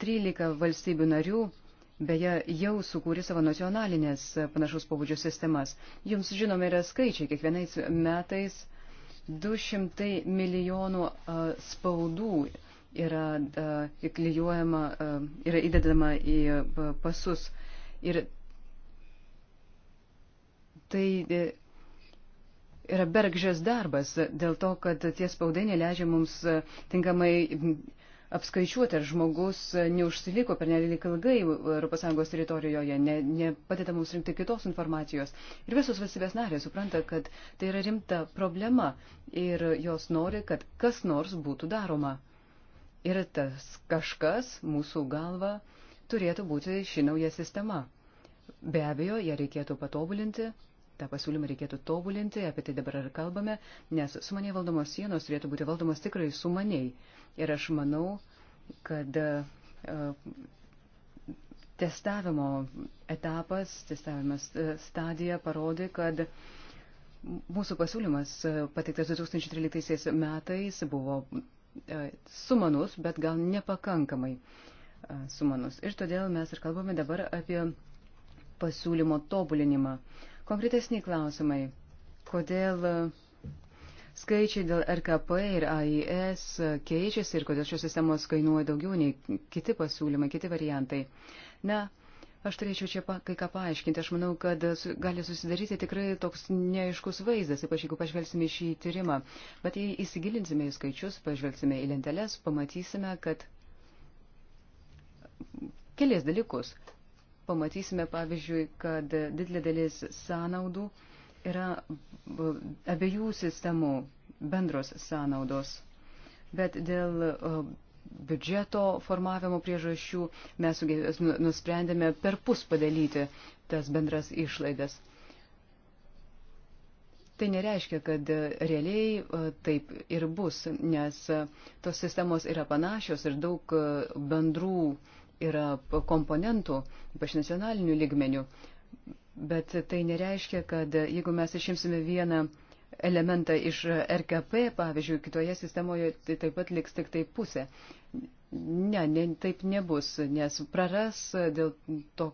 13 valstybių narių beje jau sukūrė savo nacionalinės panašus pobūdžio sistemas. Jums žinoma yra skaičiai, kiekvienais metais 200 milijonų spaudų yra įklijuojama, yra įdedama į pasus. Ir tai e, yra bergžės darbas dėl to, kad tie spaudai neleidžia mums e, tinkamai apskaičiuoti, ar žmogus e, neužsiliko per nelik ilgai ES teritorijoje, ne, nepadeda mums rinkti kitos informacijos. Ir visos valstybės narės supranta, kad tai yra rimta problema ir jos nori, kad kas nors būtų daroma. Ir tas kažkas, mūsų galva, turėtų būti ši nauja sistema. Be abejo, ją reikėtų patobulinti, tą pasiūlymą reikėtų tobulinti, apie tai dabar ir kalbame, nes sumaniai valdomos sienos turėtų būti valdomos tikrai sumaniai. Ir aš manau, kad e, testavimo etapas, testavimas e, stadija parodė, kad mūsų pasiūlymas e, pateiktas 2013 metais buvo sumanus, bet gal nepakankamai sumanus. Ir todėl mes ir kalbame dabar apie pasiūlymo tobulinimą. Konkretesni klausimai. Kodėl e, skaičiai dėl RKP ir AIS keičiasi ir kodėl šios sistemos kainuoja daugiau nei kiti pasiūlymai, kiti variantai. Na, aš turėčiau čia pa, kai ką paaiškinti. Aš manau, kad su, gali susidaryti tikrai toks neaiškus vaizdas, ypač jeigu pažvelgsime šį tyrimą. Bet jei įsigilinsime į skaičius, pažvelgsime į lenteles, pamatysime, kad kelias dalykus pamatysime, pavyzdžiui, kad didelė dalis sąnaudų yra abiejų sistemų bendros sąnaudos. Bet dėl biudžeto formavimo priežasčių mes nu, nusprendėme per pus padalyti tas bendras išlaidas. Tai nereiškia, kad realiai taip ir bus, nes tos sistemos yra panašios ir daug bendrų uh, yra komponentų, ypač nacionalinių lygmenių. Bet tai nereiškia, kad jeigu mes išimsime vieną elementą iš RKP, pavyzdžiui, kitoje sistemoje tai taip pat liks tik tai pusė. Ne, ne, taip nebus, nes praras dėl, to,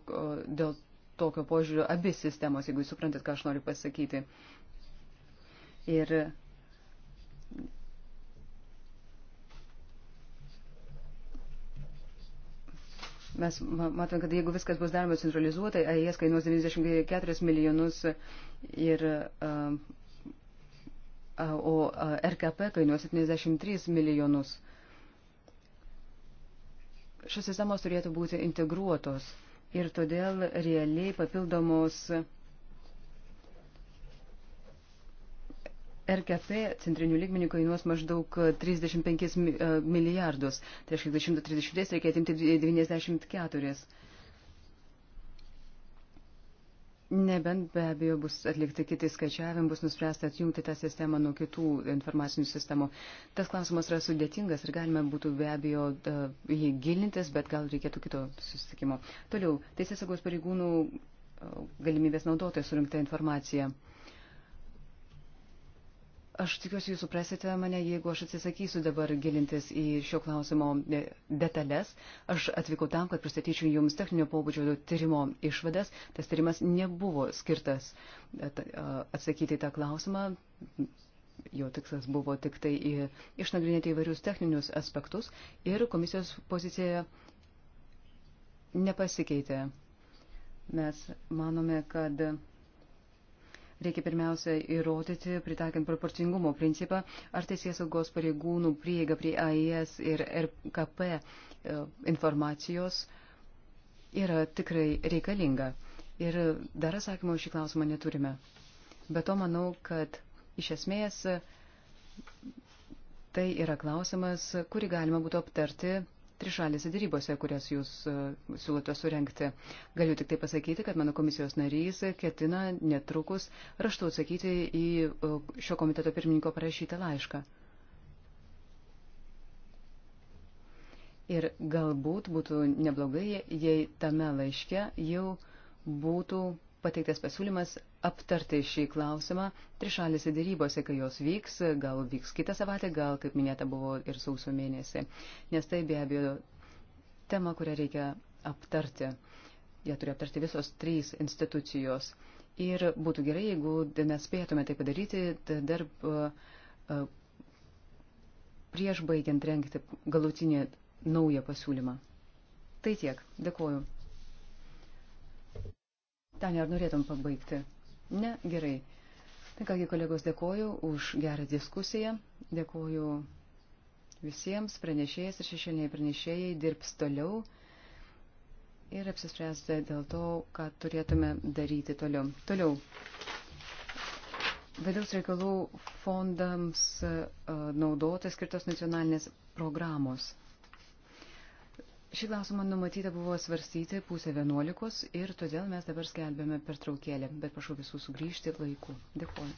dėl tokio požiūrio abi sistemos, jeigu jūs suprantat, ką aš noriu pasakyti. Ir Mes matome, kad jeigu viskas bus daroma centralizuotai, AIS kainuos 94 milijonus ir o RKP kainuos 73 milijonus. Šios sistemos turėtų būti integruotos ir todėl realiai papildomos RKP centrinių lygmenių kainuos maždaug 35 e, milijardus. Tai reiškia, 230 reikia atimti 94. Nebent be abejo bus atlikti kiti skaičiavimai, bus nuspręsta atjungti tą sistemą nuo kitų informacinių sistemų. Tas klausimas yra sudėtingas ir galime būtų be abejo e, jį gilintis, bet gal reikėtų kito susitikimo. Toliau, teisės saugos pareigūnų e, galimybės naudotojai surinkta informacija. Aš tikiuosi, jūs suprasite mane, jeigu aš atsisakysiu dabar gilintis į šio klausimo e, detalės. Aš atvykau tam, kad pristatyčiau jums techninio pobūdžio tyrimo išvadas. Tas tyrimas nebuvo skirtas e, e, atsakyti į tą klausimą. Jo tikslas buvo tik tai išnagrinėti įvairius techninius aspektus ir komisijos pozicija nepasikeitė. Mes manome, kad Reikia pirmiausia įrodyti, pritaikant proporcingumo principą, ar teisės saugos pareigūnų prieiga prie AIS ir RKP e, informacijos yra tikrai reikalinga. Ir dar atsakymo šį klausimą neturime. Be to manau, kad iš esmės tai yra klausimas, kurį galima būtų aptarti trišalėse dėrybose, kurias jūs e, siūlote surenkti. Galiu tik tai pasakyti, kad mano komisijos narys ketina netrukus raštu atsakyti į e, šio komiteto pirmininko parašytą laišką. Ir galbūt būtų neblogai, jei tame laiške jau būtų pateiktas pasiūlymas aptarti šį klausimą trišalėse dėrybose, kai jos vyks, gal vyks kitą savaitę, gal, kaip minėta, buvo ir sausio mėnesį, nes tai be abejo tema, kurią reikia aptarti. Jie turi aptarti visos trys institucijos. Ir būtų gerai, jeigu nespėtume tai padaryti, tai dar prieš baigiant renkti galutinį naują pasiūlymą. Tai tiek. Dėkuoju. Tania, ar norėtum pabaigti? Ne, gerai. Tai kągi, kolegos, dėkoju už gerą diskusiją, dėkoju visiems pranešėjais ir šešėliniai pranešėjai dirbs toliau ir apsispręs dėl to, ką turėtume daryti toliau. Toliau. Vidaus reikalų fondams e, naudoti skirtos nacionalinės programos. Šį klausimą numatyta buvo svarstyti pusę vienuolikos ir todėl mes dabar skelbėme per traukėlę, bet prašau visų sugrįžti laiku. Dėkuoju.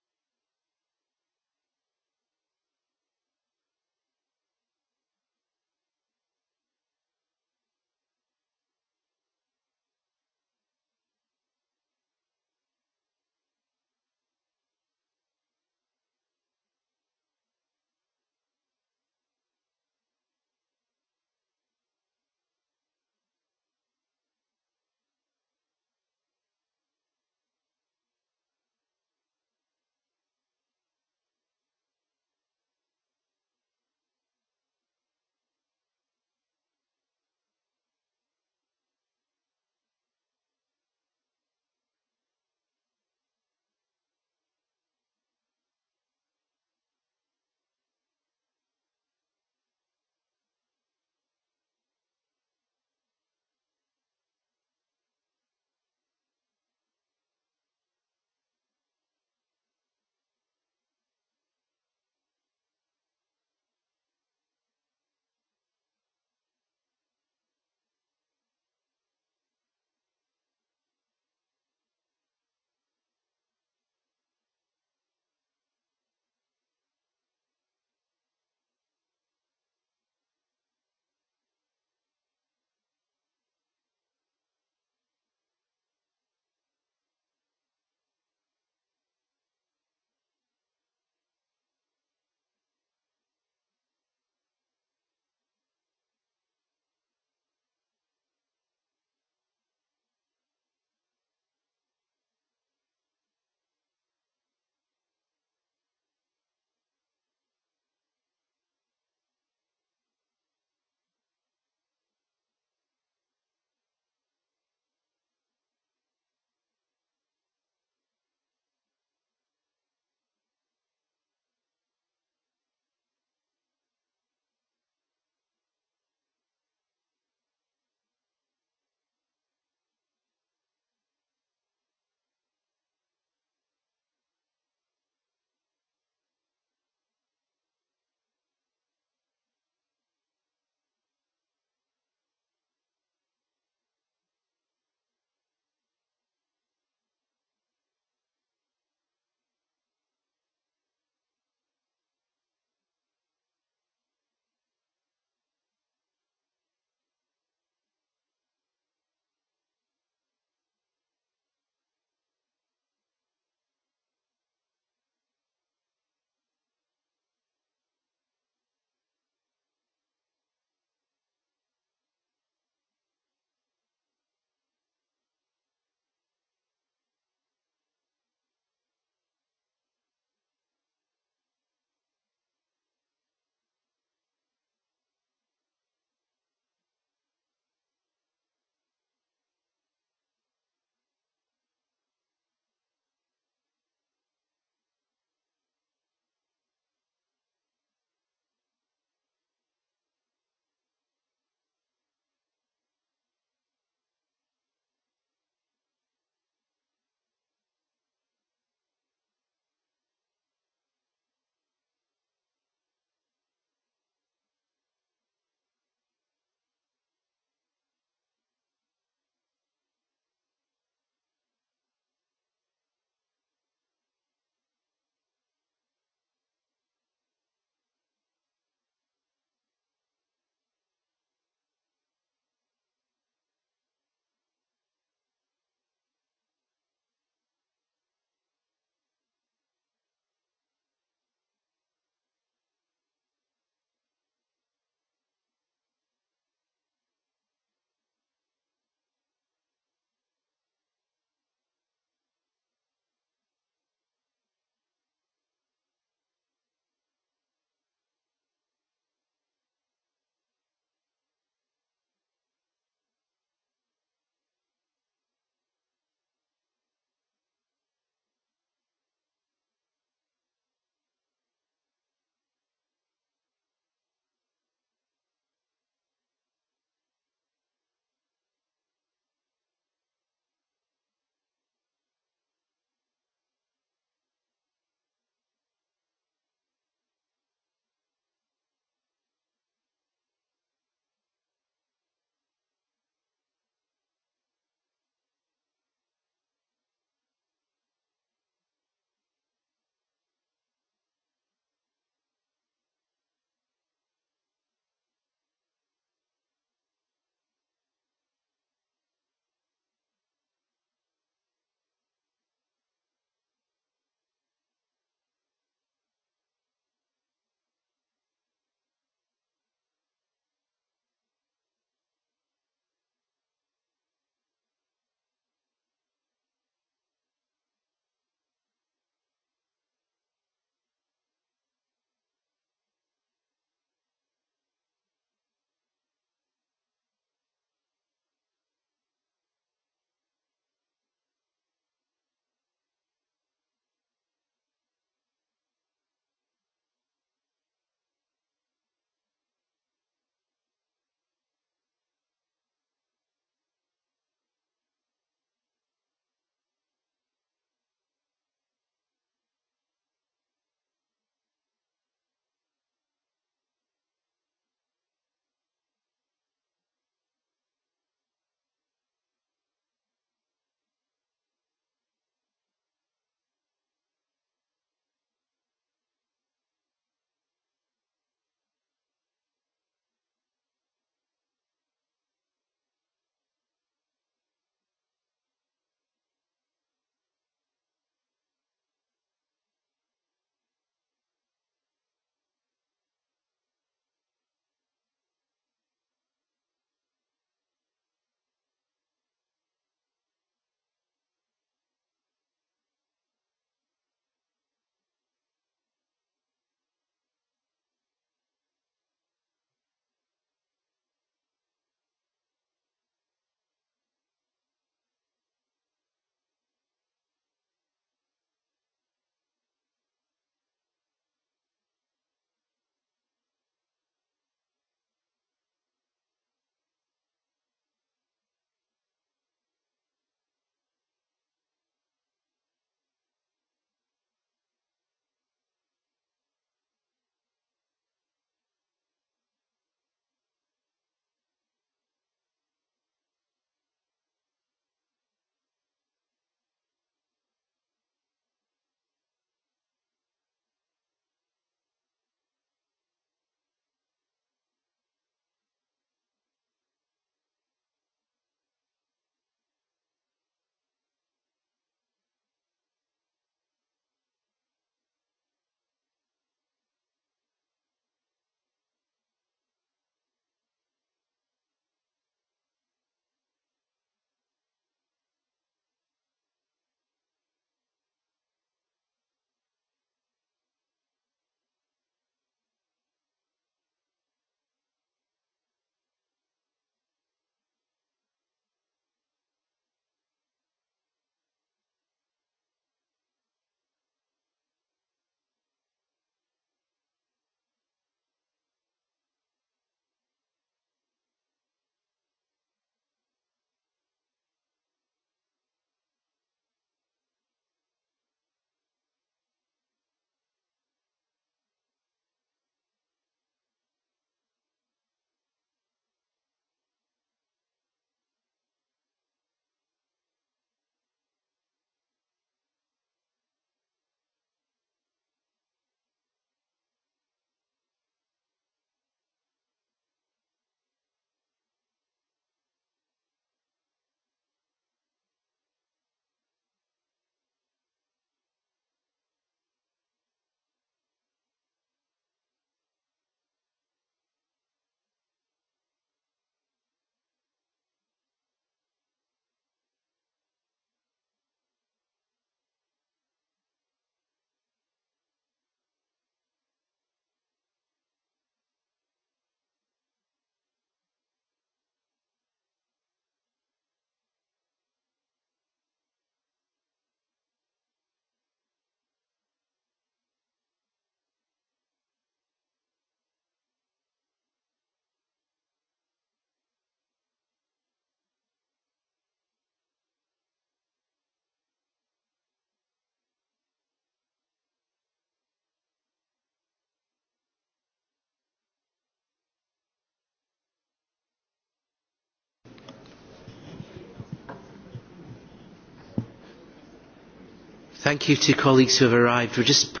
Just...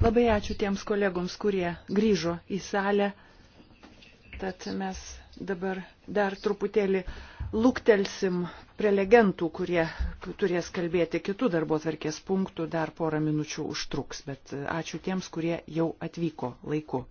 Labai ačiū tiems kolegoms, kurie grįžo į salę. Tad mes dabar dar truputėlį luktelsim prelegentų, kurie turės kalbėti kitų darbo tvarkės punktų, dar porą minučių užtruks, bet ačiū tiems, kurie jau atvyko laiku.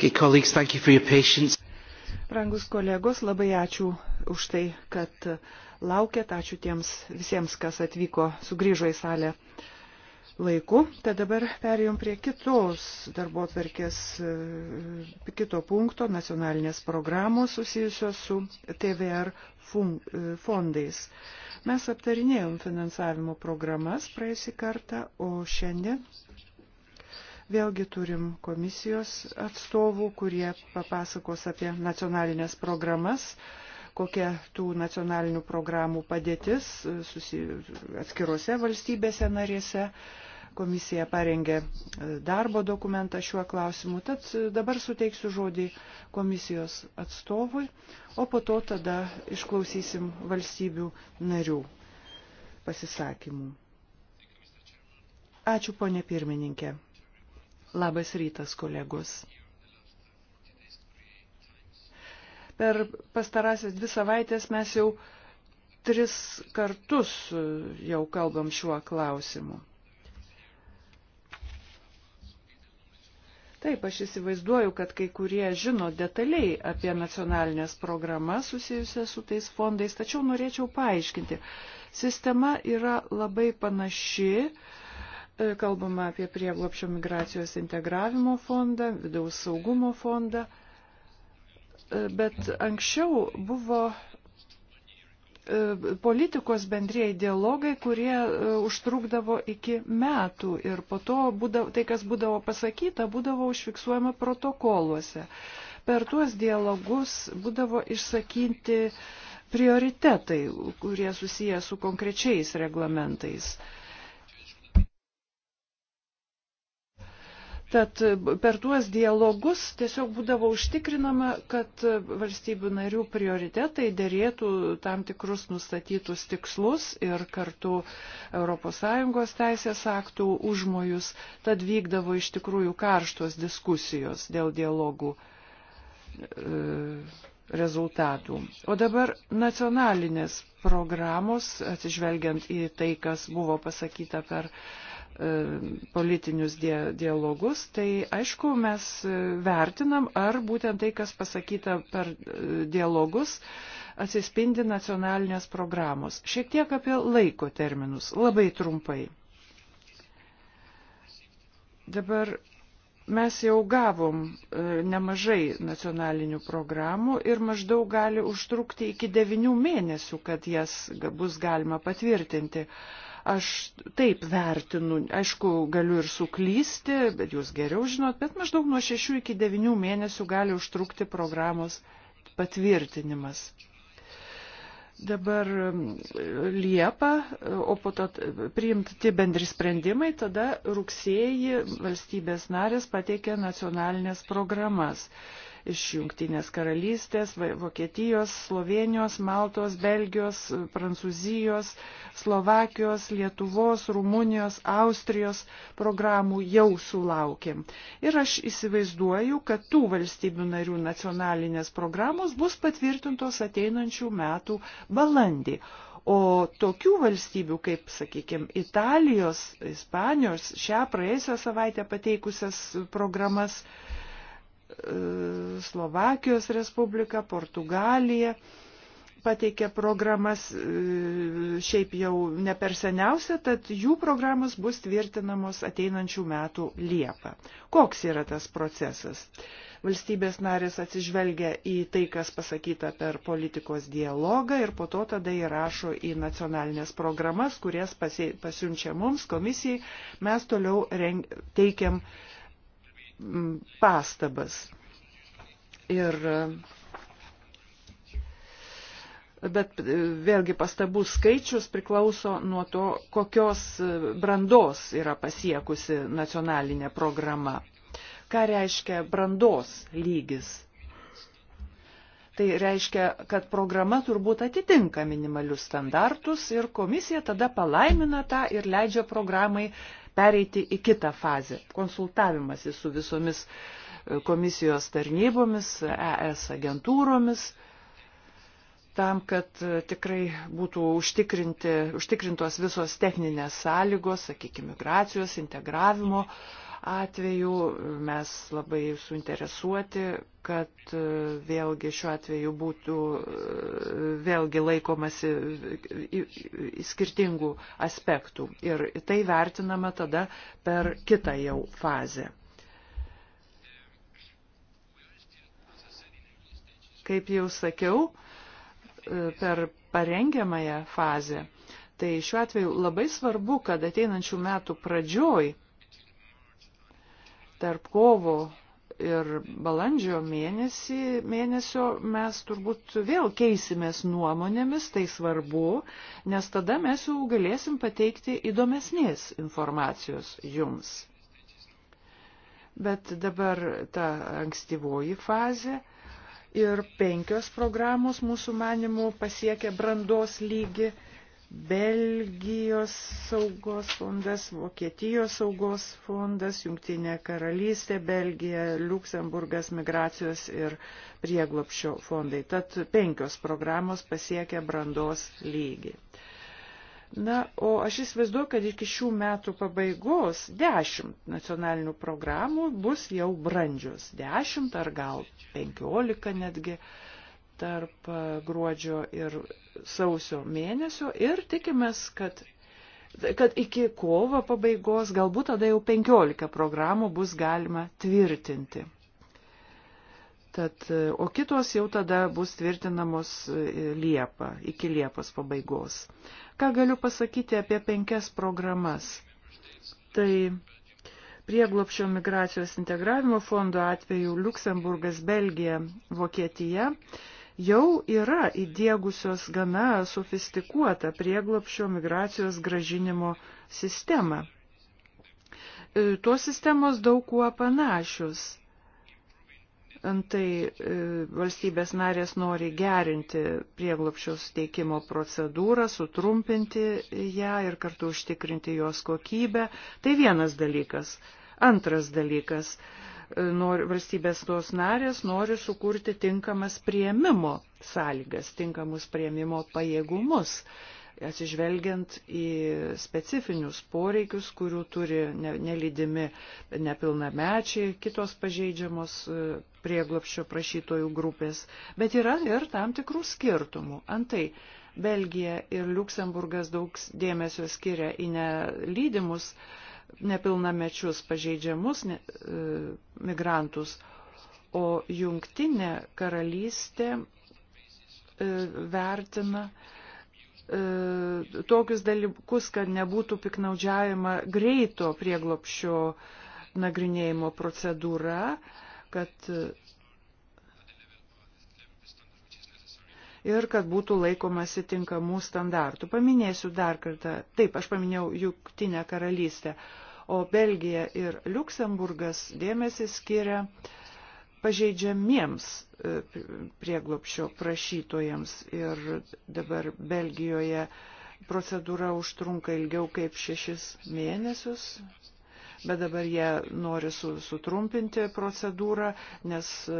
Okay, colleagues, thank you for your patience. Brangus kolegos, labai ačiū už tai, kad laukėt, ačiū tiems visiems, kas atvyko, sugrįžo į salę laiku. Tad dabar perėjom prie kitos darbo atverkės, e, kito punkto, nacionalinės programos susijusios su TVR e, fondais. Mes aptarinėjom finansavimo programas praėjusį kartą, o šiandien Vėlgi turim komisijos atstovų, kurie papasakos apie nacionalinės programas kokia tų nacionalinių programų padėtis susi, atskirose valstybėse narėse. Komisija parengė e, darbo dokumentą šiuo klausimu, tad e, dabar suteiksiu žodį komisijos atstovui, o po to tada išklausysim valstybių narių pasisakymų. Ačiū, ponė pirmininkė. Labas rytas, kolegos. Per pastarąsias dvi savaitės mes jau tris kartus jau kalbam šiuo klausimu. Taip, aš įsivaizduoju, kad kai kurie žino detaliai apie nacionalinės programas susijusias su tais fondais, tačiau norėčiau paaiškinti. Sistema yra labai panaši, uh, E, kalbama apie prieglopšio migracijos integravimo fondą, vidaus saugumo fondą, e, bet anksčiau buvo e, politikos bendrieji dialogai, kurie užtrukdavo iki metų ir po to būdavo, tai, kas būdavo pasakyta, būdavo užfiksuojama protokoluose. Per tuos dialogus būdavo išsakyti prioritetai, kurie susiję su konkrečiais reglamentais. Uh, Tad per tuos dialogus tiesiog būdavo užtikrinama, kad valstybių narių prioritetai dėrėtų tam tikrus nustatytus tikslus ir kartu ES teisės aktų užmojus. Tad vykdavo iš tikrųjų karštos diskusijos dėl dialogų e, rezultatų. O dabar nacionalinės programos, atsižvelgiant į tai, kas buvo pasakyta per E, politinius dialogus, tai aišku, mes e, vertinam, ar būtent tai, kas pasakyta per e, dialogus, atsispindi nacionalinės programos. Šiek tiek apie laiko terminus, labai trumpai. Dabar mes jau gavom nemažai nacionalinių programų ir maždaug gali užtrukti iki devinių mėnesių, kad jas bus galima patvirtinti. Aš taip vertinu, aišku, galiu ir suklysti, bet jūs geriau žinot, bet maždaug nuo 6 iki 9 mėnesių gali užtrukti programos patvirtinimas. Dabar Liepa, o po to priimti bendri sprendimai, tada rugsėjį valstybės narės pateikė nacionalinės programas iš Junktinės karalystės, Vokietijos, Slovenijos, Maltos, Belgijos, Prancūzijos, Slovakijos, Lietuvos, Rumunijos, Austrijos programų jau sulaukėm. Ir aš įsivaizduoju, kad tų valstybių narių nacionalinės programos bus patvirtintos ateinančių metų balandį. O tokių valstybių kaip, sakykime, Italijos, Ispanijos šią praėjusią savaitę pateikusias programas Slovakijos Respublika, Portugalija pateikė programas e, šiaip jau ne per seniausia, tad jų programos bus tvirtinamos ateinančių metų Liepą. Koks yra tas procesas? Valstybės narės atsižvelgia į tai, kas pasakyta per politikos dialogą ir po to tada įrašo į nacionalinės programas, kurias pasiunčia mums komisijai. Mes toliau reng... teikiam uh, pastabas. Ir bet e, vėlgi pastabų skaičius priklauso nuo to, kokios e, brandos yra pasiekusi nacionalinė programa. Ką reiškia brandos lygis? Tai reiškia, kad programa turbūt atitinka minimalius standartus ir komisija tada palaimina tą ir leidžia programai pereiti į kitą fazę - konsultavimasi su visomis e, komisijos tarnybomis, ES agentūromis, tam, kad e, tikrai būtų užtikrintos visos techninės sąlygos, sakykime, migracijos, integravimo. Mhm atveju mes labai suinteresuoti, kad e, vėlgi šiuo atveju būtų e, vėlgi laikomasi e, skirtingų aspektų ir tai vertinama tada per kitą jau fazę. Kaip jau sakiau, per parengiamąją fazę. Tai šiuo atveju labai svarbu, kad ateinančių metų pradžioj tarp kovo ir balandžio mėnesį, mėnesio mes turbūt vėl keisimės nuomonėmis, tai svarbu, nes tada mes jau galėsim pateikti įdomesnės informacijos jums. Bet dabar ta ankstyvoji fazė ir penkios programos mūsų manimų pasiekia brandos lygį Belgijos saugos fondas, Vokietijos saugos fondas, Jungtinė karalystė, Belgija, Luksemburgas, migracijos ir prieglopščio fondai. Tad penkios programos pasiekia brandos lygį. Na, o aš įsivaizduoju, kad iki šių metų pabaigos dešimt nacionalinių programų bus jau brandžios. Dešimt ar gal penkiolika netgi. Uh, tarp gruodžio ir sausio mėnesio ir tikimės, kad, kad iki kovo pabaigos galbūt tada jau 15 programų bus galima tvirtinti. Tad, o kitos jau tada bus tvirtinamos e, Liepa, iki Liepos pabaigos. Ką galiu pasakyti apie penkias programas? Tai prieglopščio migracijos integravimo fondo atveju Luksemburgas, Belgija, Vokietija jau yra įdiegusios gana sofistikuotą prieglopšio migracijos gražinimo sistemą. E, Tuos sistemos daug kuo panašios. Antai e, valstybės narės nori gerinti prieglopščio steikimo procedūrą, sutrumpinti ją ir kartu užtikrinti jos kokybę. Tai vienas dalykas. Antras dalykas nor, valstybės tos narės nori sukurti tinkamas prieimimo sąlygas, tinkamus prieimimo pajėgumus, atsižvelgiant į specifinius poreikius, kurių turi nelydimi nepilnamečiai, kitos pažeidžiamos e, prieglopščio prašytojų grupės, bet yra ir tam tikrų skirtumų. Antai, Belgija ir Luksemburgas daug dėmesio skiria į nelydimus nepilnamečius pažeidžiamus ne, e, migrantus, o jungtinė karalystė e, vertina e, tokius dalykus, kad nebūtų piknaudžiavima greito prieglopščio nagrinėjimo procedūra, kad ir kad būtų laikomasi tinkamų standartų. Paminėsiu dar kartą, taip, aš paminėjau Juktinę karalystę, o Belgija ir Luksemburgas dėmesį skiria pažeidžiamiems e, prieglopšio prašytojams ir dabar Belgijoje procedūra užtrunka ilgiau kaip šešis mėnesius, bet dabar jie nori su, sutrumpinti procedūrą, nes e,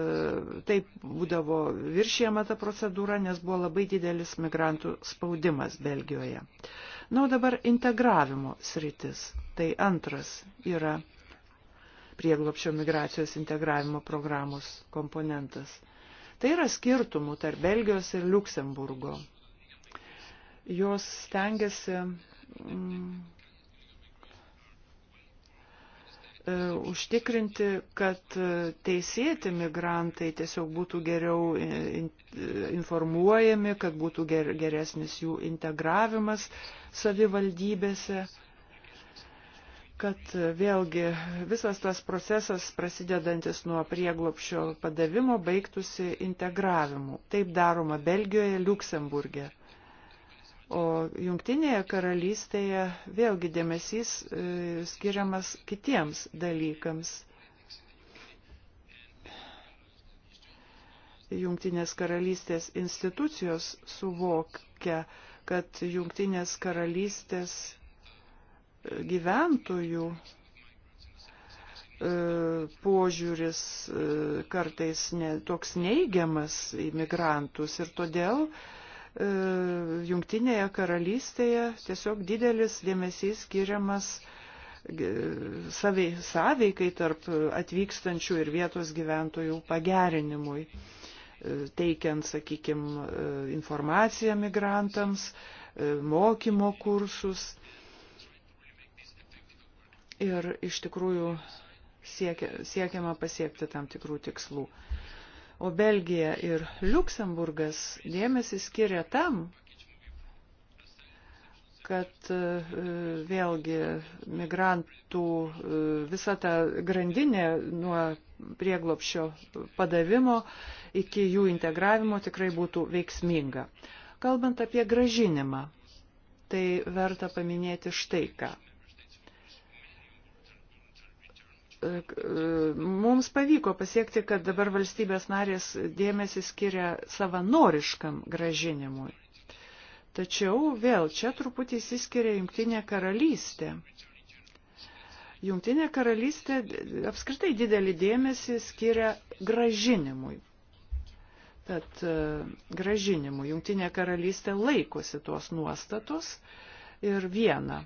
taip būdavo viršijama ta procedūra, nes buvo labai didelis migrantų spaudimas Belgijoje. Na, o dabar integravimo sritis. Tai antras yra prieglopščio migracijos integravimo programos komponentas. Tai yra skirtumų tarp Belgijos ir Luksemburgo. Jos stengiasi mm, E, užtikrinti, kad teisėti migrantai tiesiog būtų geriau e, e, informuojami, kad būtų geresnis jų integravimas savivaldybėse, kad vėlgi visas tas procesas prasidedantis nuo prieglopšio padavimo baigtųsi integravimu. Taip daroma Belgijoje, Luksemburgė. O jungtinėje karalystėje vėlgi dėmesys e, skiriamas kitiems dalykams. Jungtinės karalystės institucijos suvokia, kad jungtinės karalystės e, gyventojų e, požiūris kartais ne, toks neigiamas į migrantus ir todėl uh, E, jungtinėje karalystėje tiesiog didelis dėmesys skiriamas e, sąveikai tarp atvykstančių ir vietos gyventojų pagerinimui, e, teikiant, sakykime, informaciją migrantams, mokymo kursus. Ir iš tikrųjų siekia, siekiama pasiekti tam tikrų tikslų. O Belgija ir Luksemburgas dėmesį skiria tam, kad e, vėlgi migrantų e, visa ta grandinė nuo prieglopšio padavimo iki jų integravimo tikrai būtų veiksminga. Kalbant apie gražinimą, tai verta paminėti štai ką. E, mums pavyko pasiekti, kad dabar valstybės narės dėmesį skiria savanoriškam gražinimui. Tačiau vėl čia truputį įsiskiria Junktinė karalystė. Junktinė karalystė apskritai didelį dėmesį skiria gražinimui. Tad e, gražinimui Junktinė karalystė laikosi tuos nuostatos ir viena.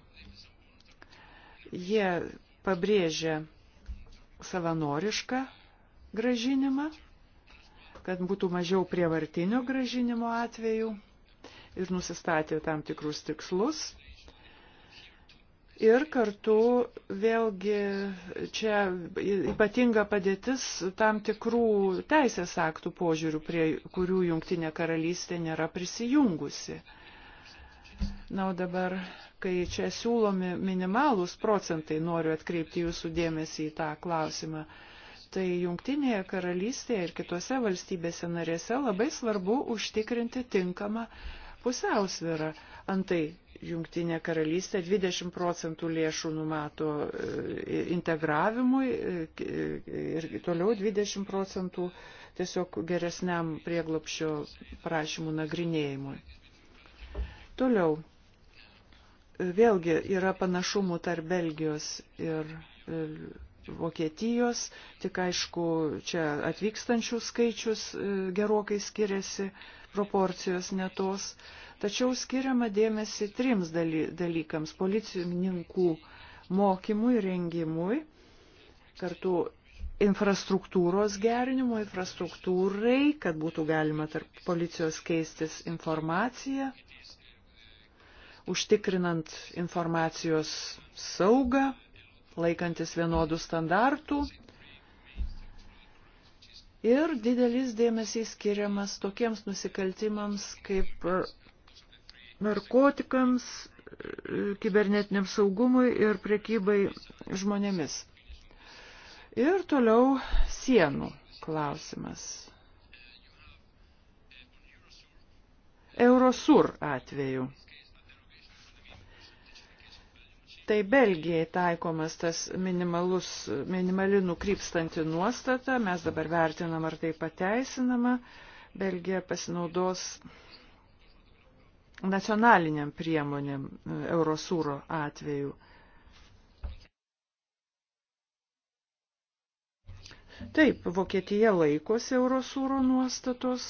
Jie pabrėžia savanorišką gražinimą, kad būtų mažiau prievartinio gražinimo atvejų ir nusistatė tam tikrus tikslus. Ir kartu vėlgi čia ypatinga padėtis tam tikrų teisės aktų požiūrių, prie kurių Junktinė karalystė nėra prisijungusi. Na, o dabar, kai čia siūlomi minimalūs procentai, noriu atkreipti jūsų dėmesį į tą klausimą. Tai jungtinėje karalystėje ir kitose valstybėse narėse labai svarbu užtikrinti tinkamą pusiausvyrą. Antai jungtinė karalystė 20 procentų lėšų numato e, integravimui e, ir toliau 20 procentų tiesiog geresniam prieglopšio prašymų nagrinėjimui. Toliau, vėlgi yra panašumų tarp Belgijos ir e, Vokietijos, tik aišku, čia atvykstančių skaičius e, gerokai skiriasi, proporcijos netos, tačiau skiriama dėmesį trims dalykams - policininkų mokymui, rengimui, kartu infrastruktūros gerinimo, infrastruktūrai, kad būtų galima tarp policijos keistis informaciją, užtikrinant informacijos saugą, laikantis vienodų standartų. Ir didelis dėmesys skiriamas tokiems nusikaltimams kaip narkotikams, kibernetiniam saugumui ir priekybai žmonėmis. Ir toliau sienų klausimas. Eurosur atveju. Tai Belgijai taikomas tas minimalus, minimali nukrypstanti nuostata, mes dabar vertinam, ar tai pateisinama. Belgija pasinaudos nacionaliniam priemonėm e, Eurosūro atveju. Taip, Vokietija laikosi Eurosūro nuostatos.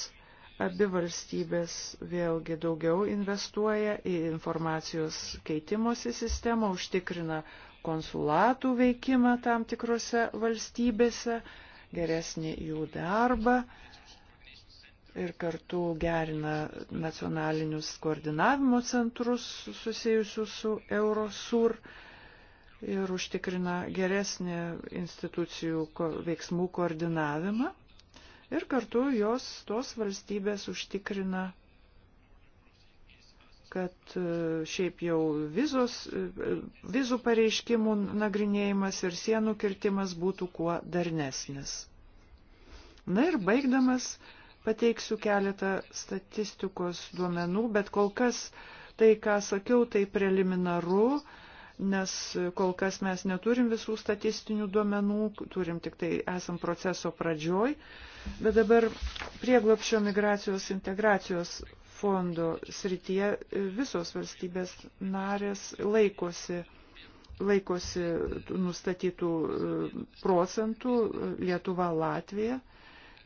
Abi valstybės vėlgi daugiau investuoja į informacijos keitimosi sistemą, užtikrina konsulatų veikimą tam tikrose valstybėse, geresnį jų darbą ir kartu gerina nacionalinius koordinavimo centrus susijusius su Eurosur ir užtikrina geresnį institucijų veiksmų koordinavimą ir kartu jos tos valstybės užtikrina kad e, šiaip jau vizos, e, vizų pareiškimų nagrinėjimas ir sienų kirtimas būtų kuo darnesnis. Na ir baigdamas pateiksiu keletą statistikos duomenų, bet kol kas tai, ką sakiau, tai preliminaru, nes kol kas mes neturim visų statistinių duomenų, turim tik tai esam proceso pradžioj. Bet dabar prieglopščio migracijos integracijos fondo srityje e, visos valstybės narės laikosi laikosi nustatytų e, procentų e, Lietuva, Latvija.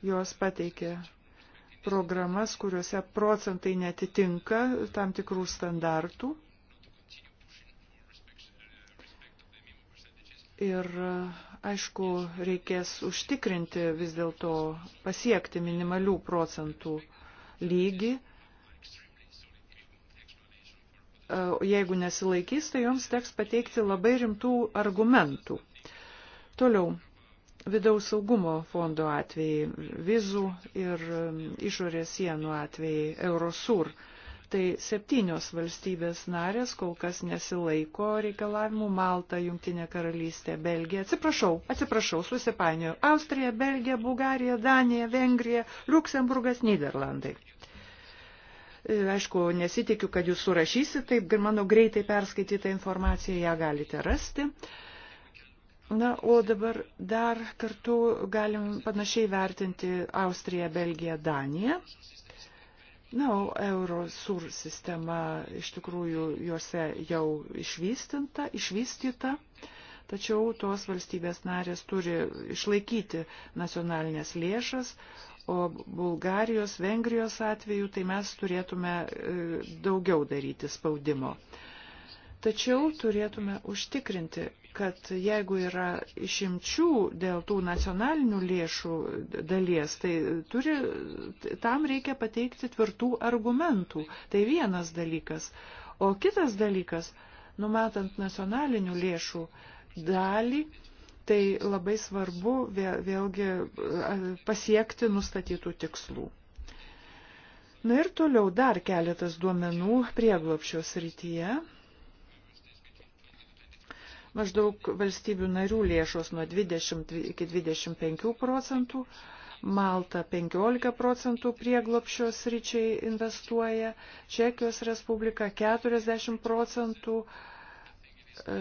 Jos pateikė programas, kuriuose procentai netitinka tam tikrų standartų. Ir aišku, reikės užtikrinti vis dėlto pasiekti minimalių procentų lygį. E, jeigu nesilaikys, tai joms teks pateikti labai rimtų argumentų. Toliau, vidaus saugumo fondo atvejai, vizų ir e, išorės sienų atvejai, Eurosur atvejai Tik tai septynios valstybės narės kol kas nesilaiko reikalavimų Malta, Jungtinė karalystė, Belgija. Atsiprašau, atsiprašau, susipainioju. Austrija, Belgija, Bulgarija, Danija, Vengrija, Luksemburgas, Niderlandai. E, aišku, nesitikiu, kad jūs surašysit, taip mano greitai perskaitytą informaciją ją galite rasti. Na, o dabar dar kartu galim panašiai vertinti Austriją, Belgiją, Daniją. Na, o Eurosur sistema iš tikrųjų juose jau išvystinta, išvystyta, tačiau tos valstybės narės turi išlaikyti nacionalinės lėšas, o Bulgarijos, Vengrijos atveju tai mes turėtume e, daugiau daryti spaudimo. Tačiau turėtume užtikrinti, kad jeigu yra išimčių dėl tų nacionalinių lėšų dalies, tai turi, tam reikia pateikti tvirtų argumentų. Tai vienas dalykas. O kitas dalykas, numatant nacionalinių lėšų dalį, tai labai svarbu vėlgi pasiekti nustatytų tikslų. Na ir toliau dar keletas duomenų prieglopščio srityje maždaug valstybių narių lėšos nuo 20 iki 25 procentų, Malta 15 procentų prieglopšios ryčiai investuoja, Čekijos Respublika 40 procentų, e,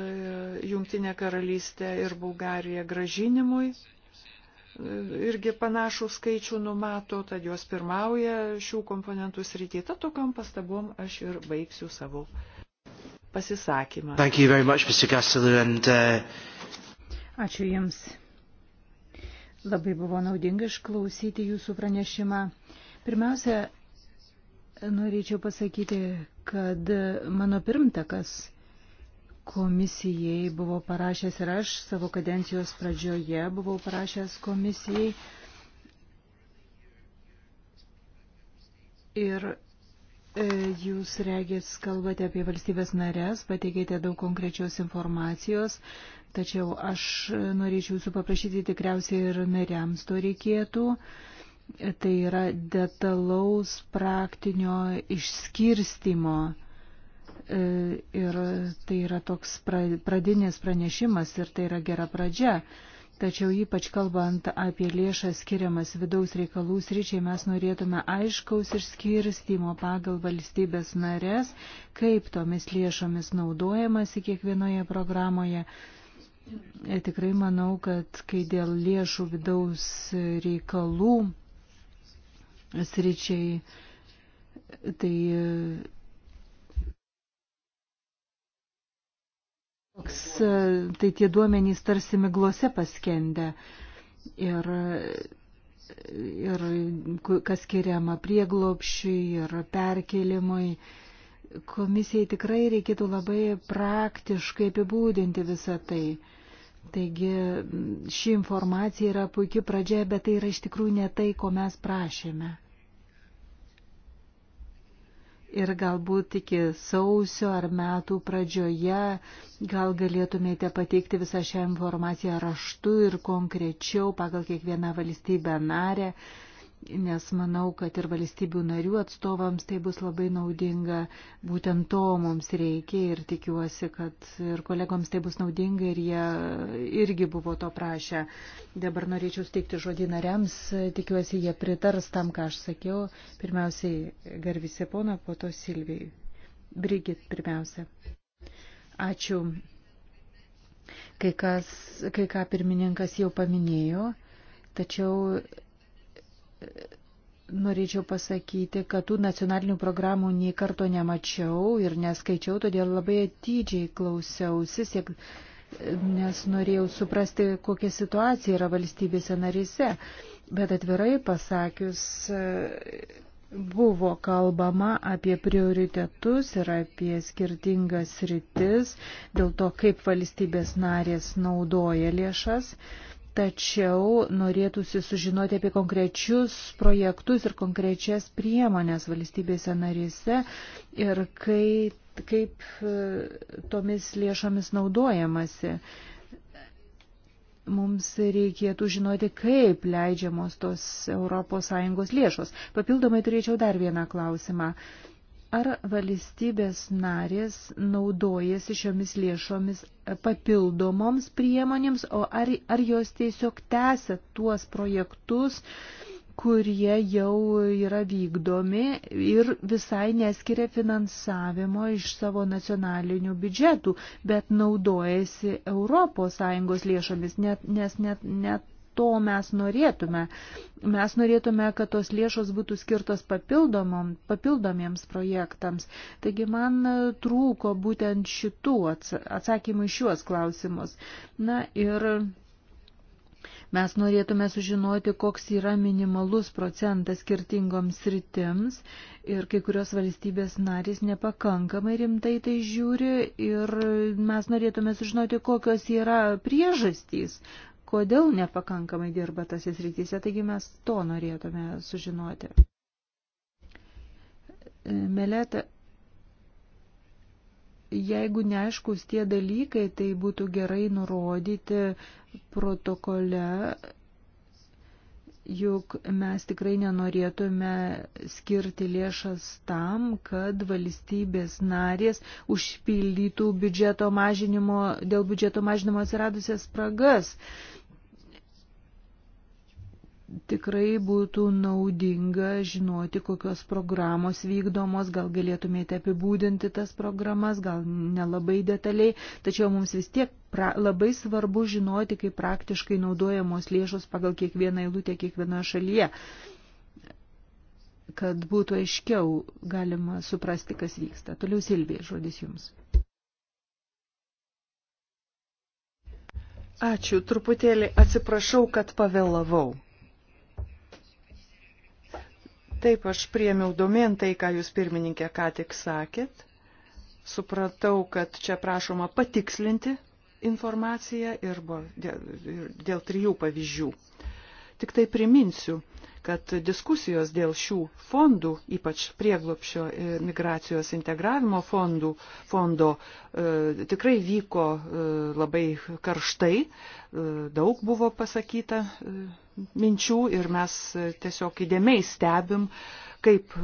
Jungtinė karalystė ir Bulgarija gražinimui. E, irgi panašų skaičių numato, tad jos pirmauja šių komponentų srityje. Tad tokiam pastabom aš ir baigsiu savo pasisakymą. Much, Gasselu, and, uh... Ačiū Jums. Labai buvo naudinga išklausyti Jūsų pranešimą. Pirmiausia, norėčiau pasakyti, kad mano pirmtakas komisijai buvo parašęs ir aš savo kadencijos pradžioje buvau parašęs komisijai. Ir E, jūs regis kalbate apie valstybės narės, pateikėte daug konkrečios informacijos, tačiau aš norėčiau jūsų paprašyti tikriausiai ir nariams to reikėtų. Tai yra detalaus praktinio išskirstimo. E, ir tai yra toks pradinis pranešimas ir tai yra gera pradžia. Tačiau ypač kalbant apie lėšas skiriamas vidaus reikalų sričiai, mes norėtume aiškaus išskirstimo pagal valstybės narės, kaip tomis lėšomis naudojamasi kiekvienoje programoje. E, tikrai manau, kad kai dėl lėšų vidaus reikalų sričiai, tai Toks, e, tai tie duomenys tarsi miglose paskendė. Ir ir kas skiriama prieglopšiui ir perkelimui. Komisijai tikrai reikėtų labai praktiškai apibūdinti visą tai. Taigi ši informacija yra puikia pradžia, bet tai yra iš tikrųjų ne tai, ko mes prašėme ir galbūt iki sausio ar metų pradžioje gal galėtumėte pateikti visą šią informaciją raštu ir konkrečiau pagal kiekvieną valstybę narę, nes manau, kad ir valstybių narių atstovams tai bus labai naudinga. Būtent to mums reikia ir tikiuosi, kad ir kolegoms tai bus naudinga ir jie irgi buvo to prašę. Dabar norėčiau steikti žodį nariams, tikiuosi, jie pritars tam, ką aš sakiau. Pirmiausiai Garvisi Pona, po to Silvijai. Brigit pirmiausia. Ačiū. Kai, kas, kai ką pirmininkas jau paminėjo, tačiau Norėčiau pasakyti, kad tų nacionalinių programų nei karto nemačiau ir neskaičiau, todėl labai atidžiai klausiausi, siek, nes norėjau suprasti, kokia situacija yra valstybėse narise. Bet atvirai pasakius, buvo kalbama apie prioritetus ir apie skirtingas rytis, dėl to, kaip valstybės narės naudoja lėšas. Uh, tačiau norėtųsi sužinoti apie konkrečius projektus ir konkrečias priemonės valstybėse narėse ir kai, kaip e, tomis lėšomis naudojamasi. Mums reikėtų žinoti, kaip leidžiamos tos ES lėšos. Papildomai turėčiau dar vieną klausimą. Ar valstybės narės naudojasi šiomis lėšomis papildomoms priemonėms, o ar, ar jos tiesiog tęsia tuos projektus, kurie jau yra vykdomi ir visai neskiria finansavimo iš savo nacionalinių biudžetų, bet naudojasi ES lėšomis, net, nes net, net to mes norėtume. Mes norėtume, kad tos lėšos būtų skirtos papildomiems projektams. Taigi man trūko būtent šitų atsakymų iš juos klausimus. Na ir Mes norėtume sužinoti, koks yra minimalus procentas skirtingoms sritims ir kai kurios valstybės narys nepakankamai rimtai tai žiūri ir mes norėtume sužinoti, kokios yra priežastys, kodėl nepakankamai dirba tas įsrityse, taigi mes to norėtume sužinoti. E, Meleta, jeigu neaiškus tie dalykai, tai būtų gerai nurodyti protokole, juk mes tikrai nenorėtume skirti lėšas tam, kad valstybės narės užpildytų biudžeto mažinimo, dėl biudžeto mažinimo atsiradusias spragas. Uh, Tikrai būtų naudinga žinoti, kokios programos vykdomos, gal galėtumėte apibūdinti tas programas, gal nelabai detaliai, tačiau mums vis tiek pra, labai svarbu žinoti, kaip praktiškai naudojamos lėšos pagal kiekvieną eilutę kiekvienoje šalyje, kad būtų aiškiau galima suprasti, kas vyksta. Toliau Silvija, žodis jums. Ačiū, truputėlį atsiprašau, kad pavėlavau. Taip, aš priemiau domen tai, ką jūs pirmininkė ką tik sakėt. Supratau, kad čia prašoma patikslinti informaciją ir, buvo, dėl, ir dėl trijų pavyzdžių. Tik tai priminsiu, kad diskusijos dėl šių fondų, ypač prieglopšio e, migracijos integravimo fondų, fondo, e, tikrai vyko e, labai karštai, e, daug buvo pasakyta e, minčių ir mes e, tiesiog įdėmiai stebim, kaip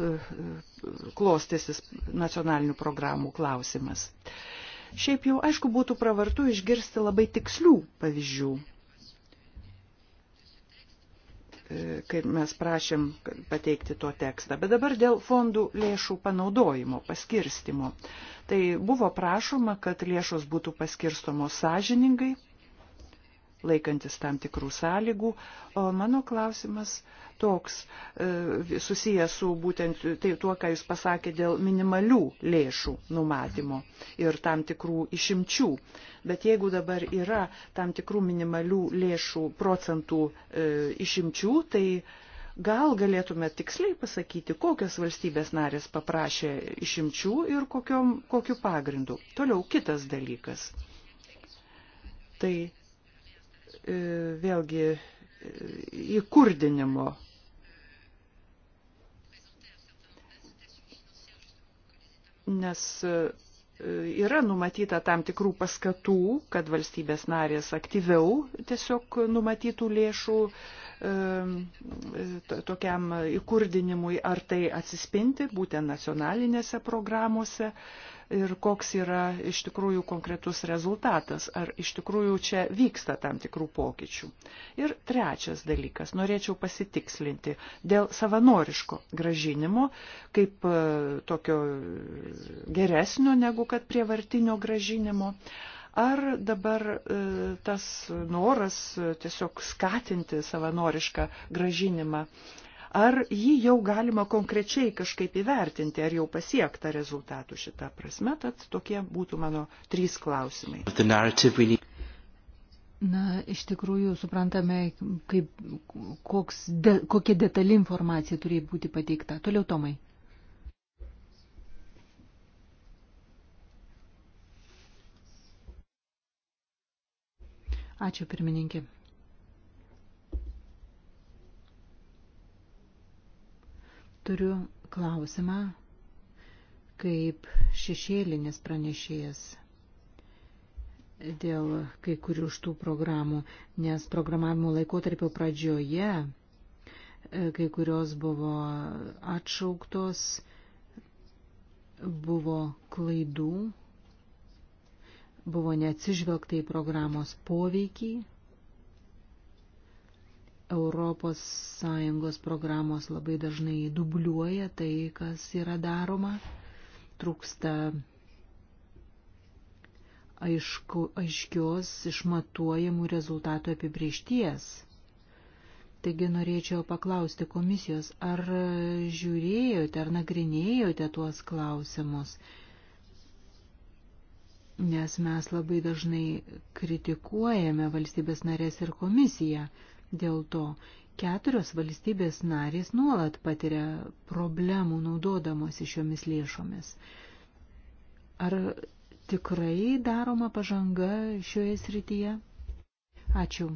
klostėsis nacionalinių programų klausimas. Šiaip jau, aišku, būtų pravartu išgirsti labai tikslių pavyzdžių E, kai mes prašėm pateikti to tekstą. Bet dabar dėl fondų lėšų panaudojimo, paskirstimo. Tai buvo prašoma, kad lėšos būtų paskirstomos sąžiningai, laikantis tam tikrų sąlygų. O mano klausimas toks e, susijęs su būtent tai tuo, ką Jūs pasakė dėl minimalių lėšų numatymo ir tam tikrų išimčių. Bet jeigu dabar yra tam tikrų minimalių lėšų procentų e, išimčių, tai gal galėtume tiksliai pasakyti, kokios valstybės narės paprašė išimčių ir kokiom, kokiu pagrindu. Toliau kitas dalykas. Tai E, vėlgi e, įkurdinimo. Nes e, yra numatyta tam tikrų paskatų, kad valstybės narės aktyviau tiesiog numatytų lėšų tokiam įkurdinimui, ar tai atsispinti būtent nacionalinėse programuose ir koks yra iš tikrųjų konkretus rezultatas, ar iš tikrųjų čia vyksta tam tikrų pokyčių. Ir trečias dalykas, norėčiau pasitikslinti dėl savanoriško gražinimo, kaip e, tokio geresnio negu kad prievartinio gražinimo. Ar dabar e, tas noras tiesiog skatinti savanorišką gražinimą Ar jį jau galima konkrečiai kažkaip įvertinti, ar jau pasiekta rezultatų šitą prasme, tad tokie būtų mano trys klausimai. Na, iš tikrųjų, suprantame, kaip, koks, de, kokia detali informacija turėjo būti pateikta. Toliau, Tomai. Ačiū, pirmininkė. Turiu klausimą kaip šešėlinis pranešėjas dėl kai kurių iš tų programų, nes programavimo laikotarpio pradžioje e, kai kurios buvo atšauktos, buvo klaidų, buvo neatsižvelgta į programos poveikį ES programos labai dažnai dubliuoja tai, kas yra daroma, trūksta aišku, aiškios išmatuojamų rezultatų apibriešties. Taigi norėčiau paklausti komisijos, ar žiūrėjote, ar nagrinėjote tuos klausimus, nes mes labai dažnai kritikuojame valstybės narės ir komisiją Dėl to keturios valstybės narės nuolat patiria problemų naudodamosi šiomis lėšomis. Ar tikrai daroma pažanga šioje srityje? Ačiū.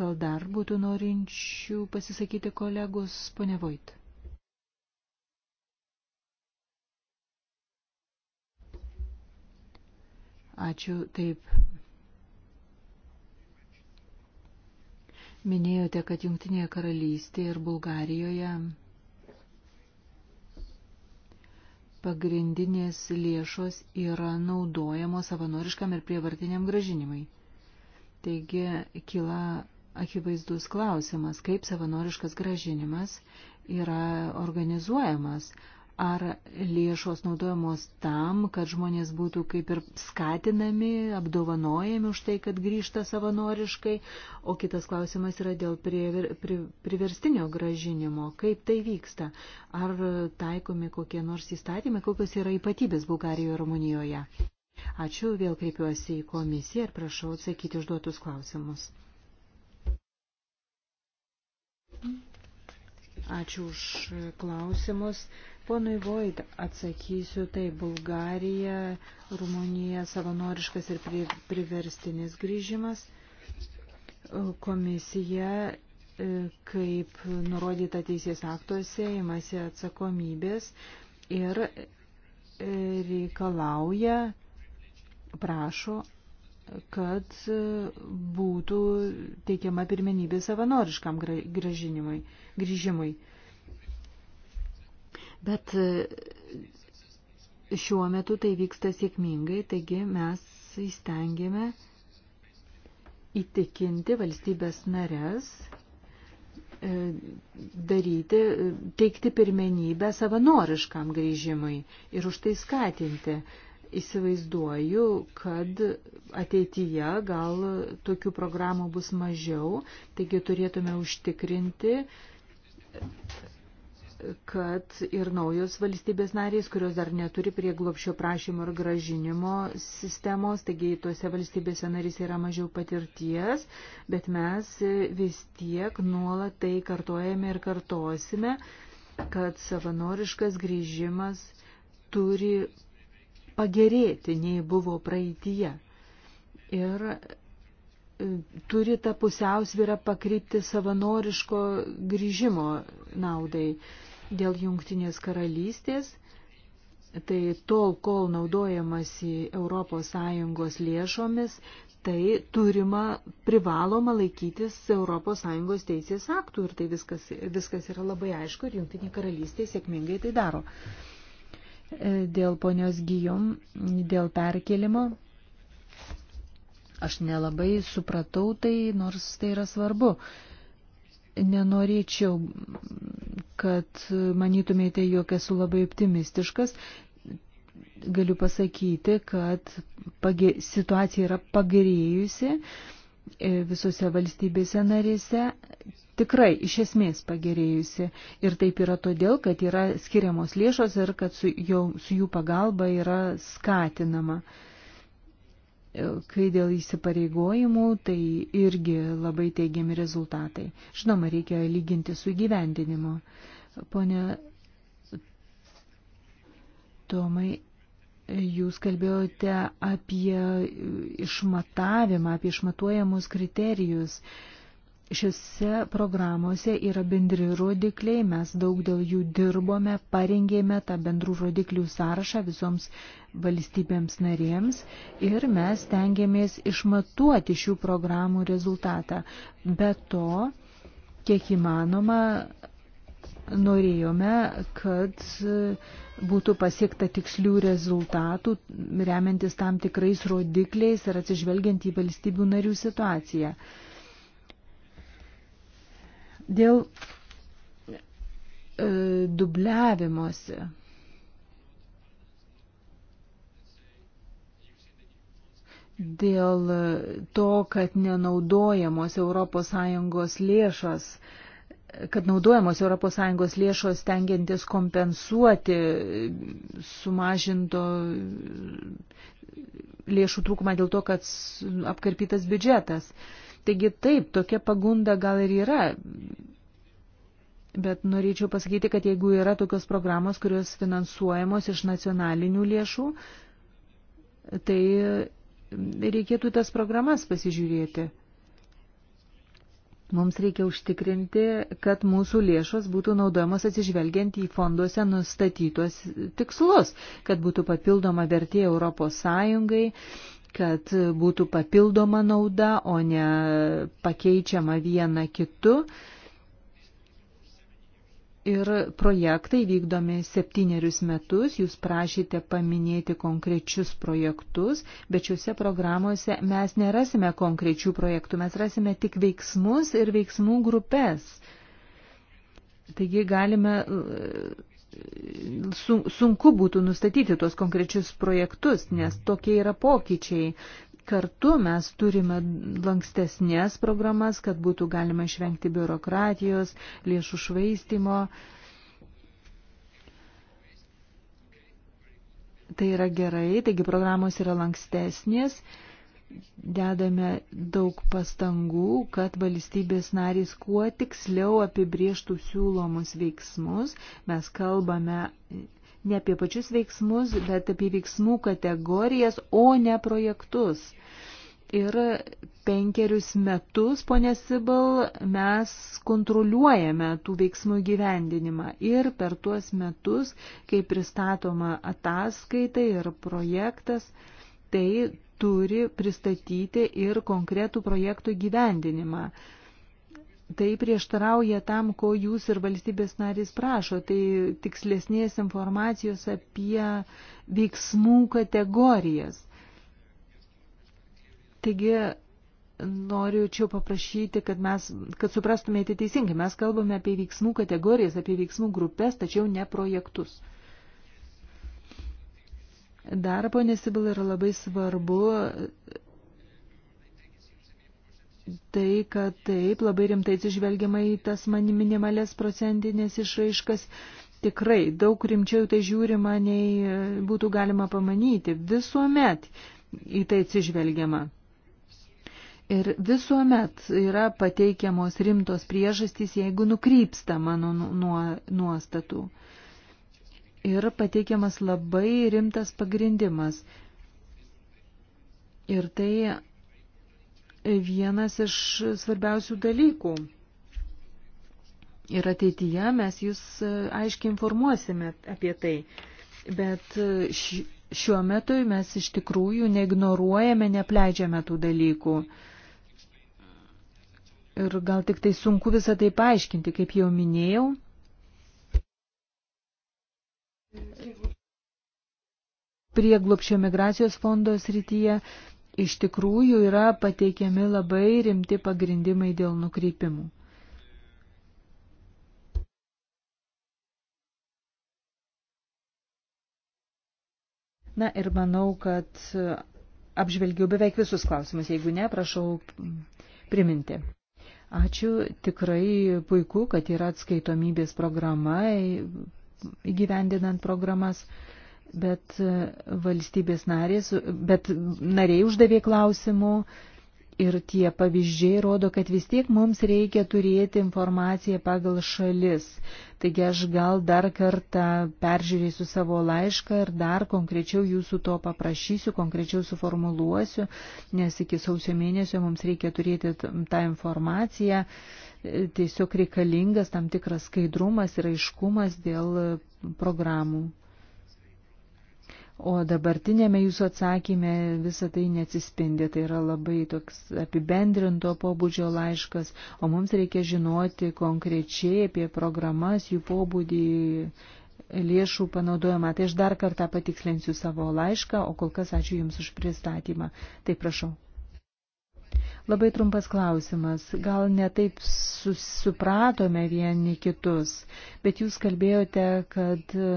Gal dar būtų norinčių pasisakyti kolegos ponia Voit? Ačiū, taip, Minėjote, kad Junktinėje karalystėje ir Bulgarijoje pagrindinės lėšos yra naudojamos savanoriškam ir prievartiniam gražinimui. Taigi kyla akivaizdus klausimas, kaip savanoriškas gražinimas yra organizuojamas, ar lėšos naudojamos tam, kad žmonės būtų kaip ir skatinami, apdovanojami už tai, kad grįžta savanoriškai, o kitas klausimas yra dėl priver, pri, priverstinio gražinimo, kaip tai vyksta, ar taikomi kokie nors įstatymai, kokios yra ypatybės Bulgarijoje ir Rumunijoje. Ačiū, vėl kreipiuosi į komisiją ir prašau atsakyti užduotus klausimus. Ačiū už klausimus. Ponui Void atsakysiu, tai Bulgarija, Rumunija, savanoriškas ir priverstinis grįžimas. Komisija, e, kaip nurodyta teisės aktuose, imasi atsakomybės ir e, reikalauja, prašo, kad būtų teikiama pirmenybė savanoriškam gražinimui, grįžimui bet e, šiuo metu tai vyksta sėkmingai, taigi mes įstengėme įtikinti valstybės narės e, daryti, teikti pirmenybę savanoriškam grįžimui ir už tai skatinti. Įsivaizduoju, kad ateityje gal tokių programų bus mažiau, taigi turėtume užtikrinti kad ir naujos valstybės narės, kurios dar neturi prieglopšio prašymo ir gražinimo sistemos, taigi tuose valstybėse narys yra mažiau patirties, bet mes vis tiek nuolat tai kartojame ir kartosime, kad savanoriškas grįžimas turi pagerėti, nei buvo praeitie. Ir e, turi tą pusiausvyrą pakrypti savanoriško grįžimo naudai dėl jungtinės karalystės. Tai tol, kol naudojamasi ES lėšomis, tai turima, privaloma laikytis ES teisės aktų ir tai viskas, viskas yra labai aišku ir Junktinė karalystė sėkmingai tai daro. E, dėl ponios gyjom, dėl perkelimo, aš nelabai supratau tai, nors tai yra svarbu nenorėčiau, kad manytumėte, jog esu labai optimistiškas. Galiu pasakyti, kad pagė, situacija yra pagerėjusi e, visose valstybėse narėse, tikrai iš esmės pagerėjusi. Ir taip yra todėl, kad yra skiriamos lėšos ir kad su, jau, su jų pagalba yra skatinama uh, Kai dėl įsipareigojimų, tai irgi labai teigiami rezultatai. Žinoma, reikia lyginti su įgyvendinimu. Pone Tomai, jūs kalbėjote apie išmatavimą, apie išmatuojamus kriterijus. Uh, Šiuose programuose yra bendri rodikliai, mes daug dėl jų dirbome, parengėme tą bendrų rodiklių sąrašą visoms valstybėms narėms ir mes tengiamės išmatuoti šių programų rezultatą. Be to, kiek įmanoma, norėjome, kad būtų pasiekta tikslių rezultatų, remiantis tam tikrais rodikliais ir atsižvelgiant į valstybių narių situaciją. Dėl e, dubliavimuose. Dėl to, kad nenaudojamos ES lėšos kad naudojamos ES lėšos tengiantis kompensuoti sumažinto lėšų trūkumą dėl to, kad apkarpytas biudžetas. Uh, Taigi taip, tokia pagunda gal ir yra. Bet norėčiau pasakyti, kad jeigu yra tokios programos, kurios finansuojamos iš nacionalinių lėšų, tai reikėtų tas programas pasižiūrėti. Mums reikia užtikrinti, kad mūsų lėšos būtų naudojamos atsižvelgiant į fonduose nustatytos tikslus, kad būtų papildoma vertė Europos Sąjungai, kad būtų papildoma nauda, o ne pakeičiama viena kitu. Ir projektai vykdomi septynerius metus, jūs prašyte paminėti konkrečius projektus, bet šiuose programuose mes nerasime konkrečių projektų, mes rasime tik veiksmus ir veiksmų grupės. Taigi galime sunku būtų nustatyti tuos konkrečius projektus, nes tokie yra pokyčiai. Kartu mes turime lankstesnės programas, kad būtų galima išvengti biurokratijos, lėšų švaistimo. Tai yra gerai, taigi programos yra lankstesnės. Uh, dedame daug pastangų, kad valstybės narys kuo tiksliau apibrieštų siūlomus veiksmus. Mes kalbame ne apie pačius veiksmus, bet apie veiksmų kategorijas, o ne projektus. Ir penkerius metus, ponė Sibal, mes kontroliuojame tų veiksmų gyvendinimą. Ir per tuos metus, kai pristatoma ataskaita ir projektas, tai turi pristatyti ir konkretų projektų gyvendinimą. Tai prieštarauja tam, ko jūs ir valstybės narys prašo, tai tikslesnės informacijos apie veiksmų kategorijas. Taigi, noriu čia paprašyti, kad mes, kad suprastumėte teisingai, mes kalbame apie veiksmų kategorijas, apie veiksmų grupės, tačiau ne projektus darbo, nes Sibila yra labai svarbu tai, kad taip labai rimtai atsižvelgiama į tas man minimalės procentinės išraiškas. Tikrai daug rimčiau tai žiūrima, nei būtų galima pamanyti. Visuomet į tai atsižvelgiama. Ir visuomet yra pateikiamos rimtos priežastys, jeigu nukrypsta mano nu-, nuostatų. Nuo ir pateikiamas labai rimtas pagrindimas. Ir tai vienas iš svarbiausių dalykų. Ir ateityje mes jūs aiškiai informuosime apie tai. Bet šiuo metu mes iš tikrųjų neignoruojame, nepleidžiame tų dalykų. Ir gal tik tai sunku visą tai paaiškinti, kaip jau minėjau prieglopšio migracijos fondos rytyje iš tikrųjų yra pateikiami labai rimti pagrindimai dėl nukreipimų. Na ir manau, kad apžvelgiau beveik visus klausimus. Jeigu ne, prašau priminti. Ačiū, tikrai puiku, kad yra atskaitomybės programa įgyvendinant programas, bet e, valstybės narės, bet nariai uždavė klausimų ir tie pavyzdžiai rodo, kad vis tiek mums reikia turėti informaciją pagal šalis. Taigi aš gal dar kartą peržiūrėsiu savo laišką ir dar konkrečiau jūsų to paprašysiu, konkrečiau suformuluosiu, nes iki sausio mėnesio mums reikia turėti tą informaciją tiesiog reikalingas tam tikras skaidrumas ir aiškumas dėl programų. O dabartinėme jūsų atsakymė visą tai neatsispindi, tai yra labai toks apibendrinto pobūdžio laiškas, o mums reikia žinoti konkrečiai apie programas, jų pobūdį, lėšų panaudojimą. Tai aš dar kartą patikslinsiu savo laišką, o kol kas ačiū Jums už pristatymą. Tai prašau. Labai trumpas klausimas. Gal netaip supratome vieni kitus, bet jūs kalbėjote, kad e,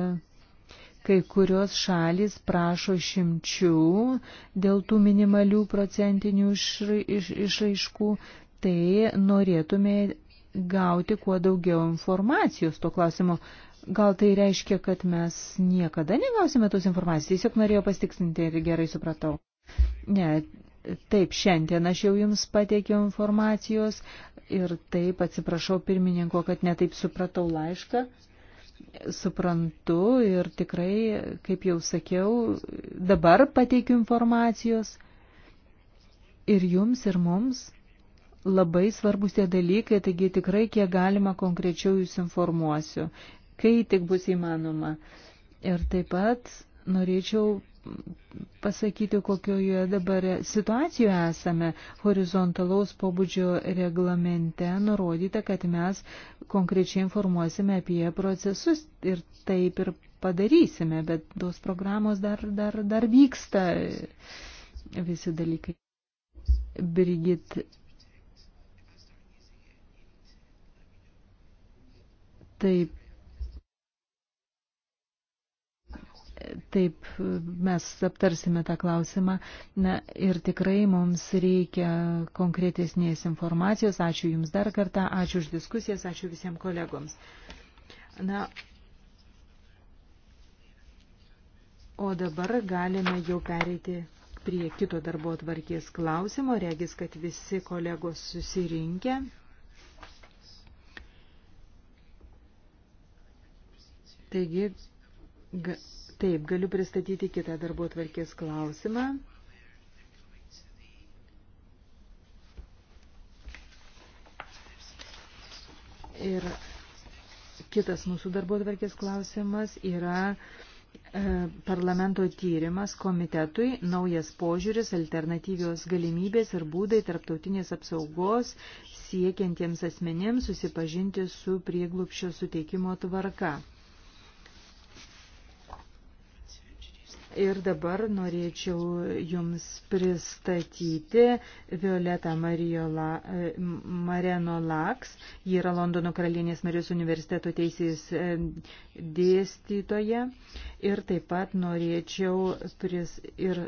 kai kurios šalis prašo šimčių dėl tų minimalių procentinių išraiškų, tai norėtume gauti kuo daugiau informacijos to klausimu. Gal tai reiškia, kad mes niekada negausime tos informacijos, tiesiog norėjau pastiksinti ir gerai supratau. Ne, Taip, šiandien aš jau jums pateikiau informacijos ir taip atsiprašau pirmininko, kad netaip supratau laišką. Suprantu ir tikrai, kaip jau sakiau, dabar pateikiu informacijos ir jums, ir mums labai svarbus tie dalykai, taigi tikrai kiek galima konkrečiau jūs informuosiu, kai tik bus įmanoma. Ir taip pat norėčiau pasakyti, kokioje dabar situacijoje esame. Horizontalaus pobūdžio reglamente nurodyta, kad mes konkrečiai informuosime apie procesus ir taip ir padarysime, bet tos programos dar, dar, dar vyksta visi dalykai. Brigit. Taip, Taip, mes aptarsime tą klausimą. Na, ir tikrai mums reikia konkretesnės informacijos. Ačiū Jums dar kartą, ačiū už diskusijas, ačiū visiems kolegoms. Na, o dabar galime jau pereiti prie kito darbo atvarkės klausimo. Regis, kad visi kolegos susirinkę. Taigi, ga, Taip, galiu pristatyti kitą darbo tvarkės klausimą. Ir kitas mūsų darbo tvarkės klausimas yra e, parlamento tyrimas komitetui naujas požiūris, alternatyvios galimybės ir būdai tarptautinės apsaugos siekiantiems asmenėms susipažinti su prieglupščio suteikimo tvarka. Ir dabar norėčiau Jums pristatyti Violetą La, e, Mareno Laks. Ji yra Londono karalienės Marijos universiteto teisės e, dėstytoja. Ir taip pat norėčiau pris, ir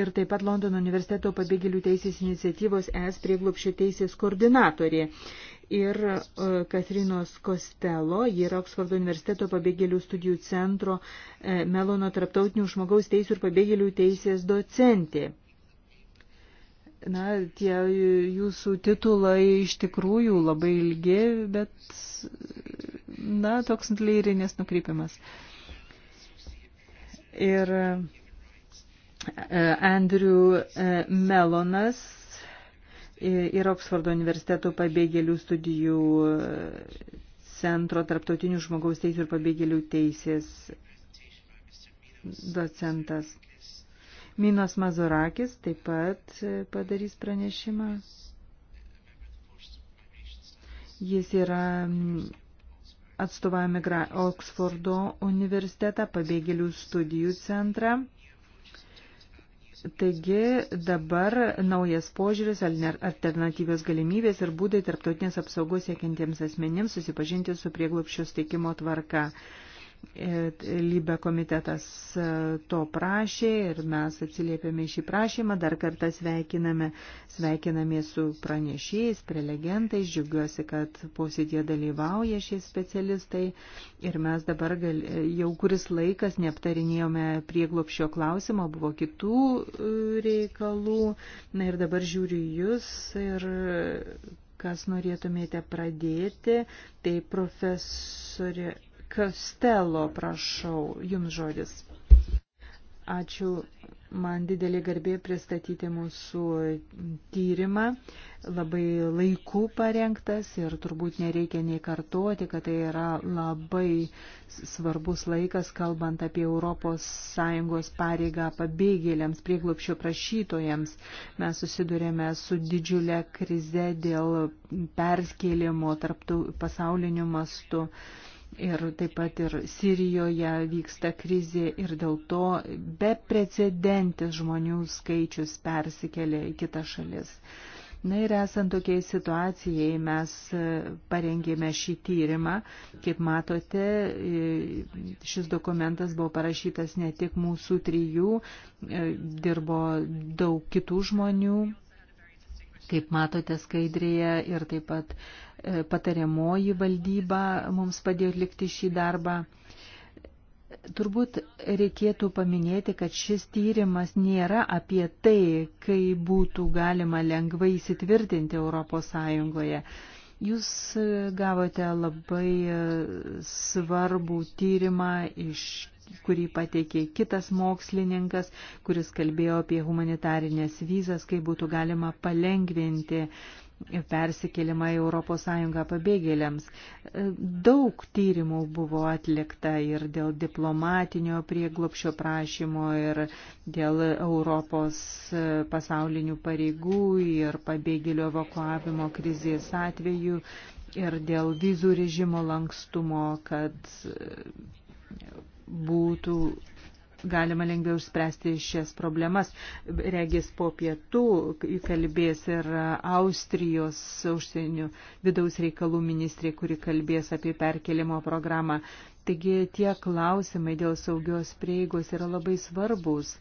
ir taip pat Londono universiteto pabėgėlių teisės iniciatyvos ES prieglopščio teisės koordinatorė ir e, Katrinos Kostelo, ji yra Oksfordo universiteto pabėgėlių studijų centro e, Melono tarptautinių žmogaus teisų ir pabėgėlių teisės docentė. Na, tie jūsų titulai iš tikrųjų labai ilgi, bet, na, toks lyrinės nukrypimas. Ir e, Andrew Melonas ir Oksfordo universiteto pabėgėlių studijų centro tarptautinių žmogaus teisų ir pabėgėlių teisės docentas. Minos Mazurakis taip pat padarys pranešimą. Jis yra atstovauja Oksfordo universitetą, pabėgėlių studijų centrą. Taigi dabar naujas požiūris, alternatyvios galimybės ir būdai tarptautinės apsaugos siekiantiems asmenims susipažinti su prieglopščio steikimo tvarka. E, Lybe komitetas e, to prašė ir mes atsiliepėme šį prašymą. Dar kartą sveikiname, sveikiname su pranešėjais, prelegentais. Džiugiuosi, kad posėdėje dalyvauja šie specialistai. Ir mes dabar gal, e, jau kuris laikas neaptarinėjome prieglopšio klausimo, buvo kitų reikalų. Na ir dabar žiūriu jūs ir kas norėtumėte pradėti. Tai profesorė Kostelo, prašau, jums žodis. Ačiū, man didelė garbė pristatyti mūsų tyrimą, labai laiku parengtas ir turbūt nereikia nei kartuoti, kad tai yra labai svarbus laikas, kalbant apie ES pareigą pabėgėliams, prieglopščio prašytojams. Mes susidurėme su didžiulė krize dėl perskėlimo tarptų pasauliniu mastu. Ir taip pat ir Sirijoje vyksta krizė ir dėl to beprecedentis žmonių skaičius persikėlė į kitas šalis. Na ir esant tokiai situacijai mes parengėme šį tyrimą. Kaip matote, šis dokumentas buvo parašytas ne tik mūsų trijų, dirbo daug kitų žmonių, Kaip matote skaidrėje ir taip pat e, patariamoji valdyba mums padėjo atlikti šį darbą. Turbūt reikėtų paminėti, kad šis tyrimas nėra apie tai, kai būtų galima lengvai įsitvirtinti Europos Sąjungoje. Jūs e, gavote labai e, svarbų tyrimą iš kurį pateikė kitas mokslininkas, kuris kalbėjo apie humanitarinės vizas, kaip būtų galima palengvinti persikėlimą į ES pabėgėliams. Daug tyrimų buvo atlikta ir dėl diplomatinio prieglopšio prašymo, ir dėl Europos pasaulinių pareigų, ir pabėgėlio evakuavimo krizės atveju, ir dėl vizų režimo lankstumo, kad būtų galima lengviau išspręsti šias problemas. Regis po pietų kalbės ir Austrijos užsienio vidaus reikalų ministrė, kuri kalbės apie perkelimo programą. Taigi tie klausimai dėl saugios prieigos yra labai svarbus,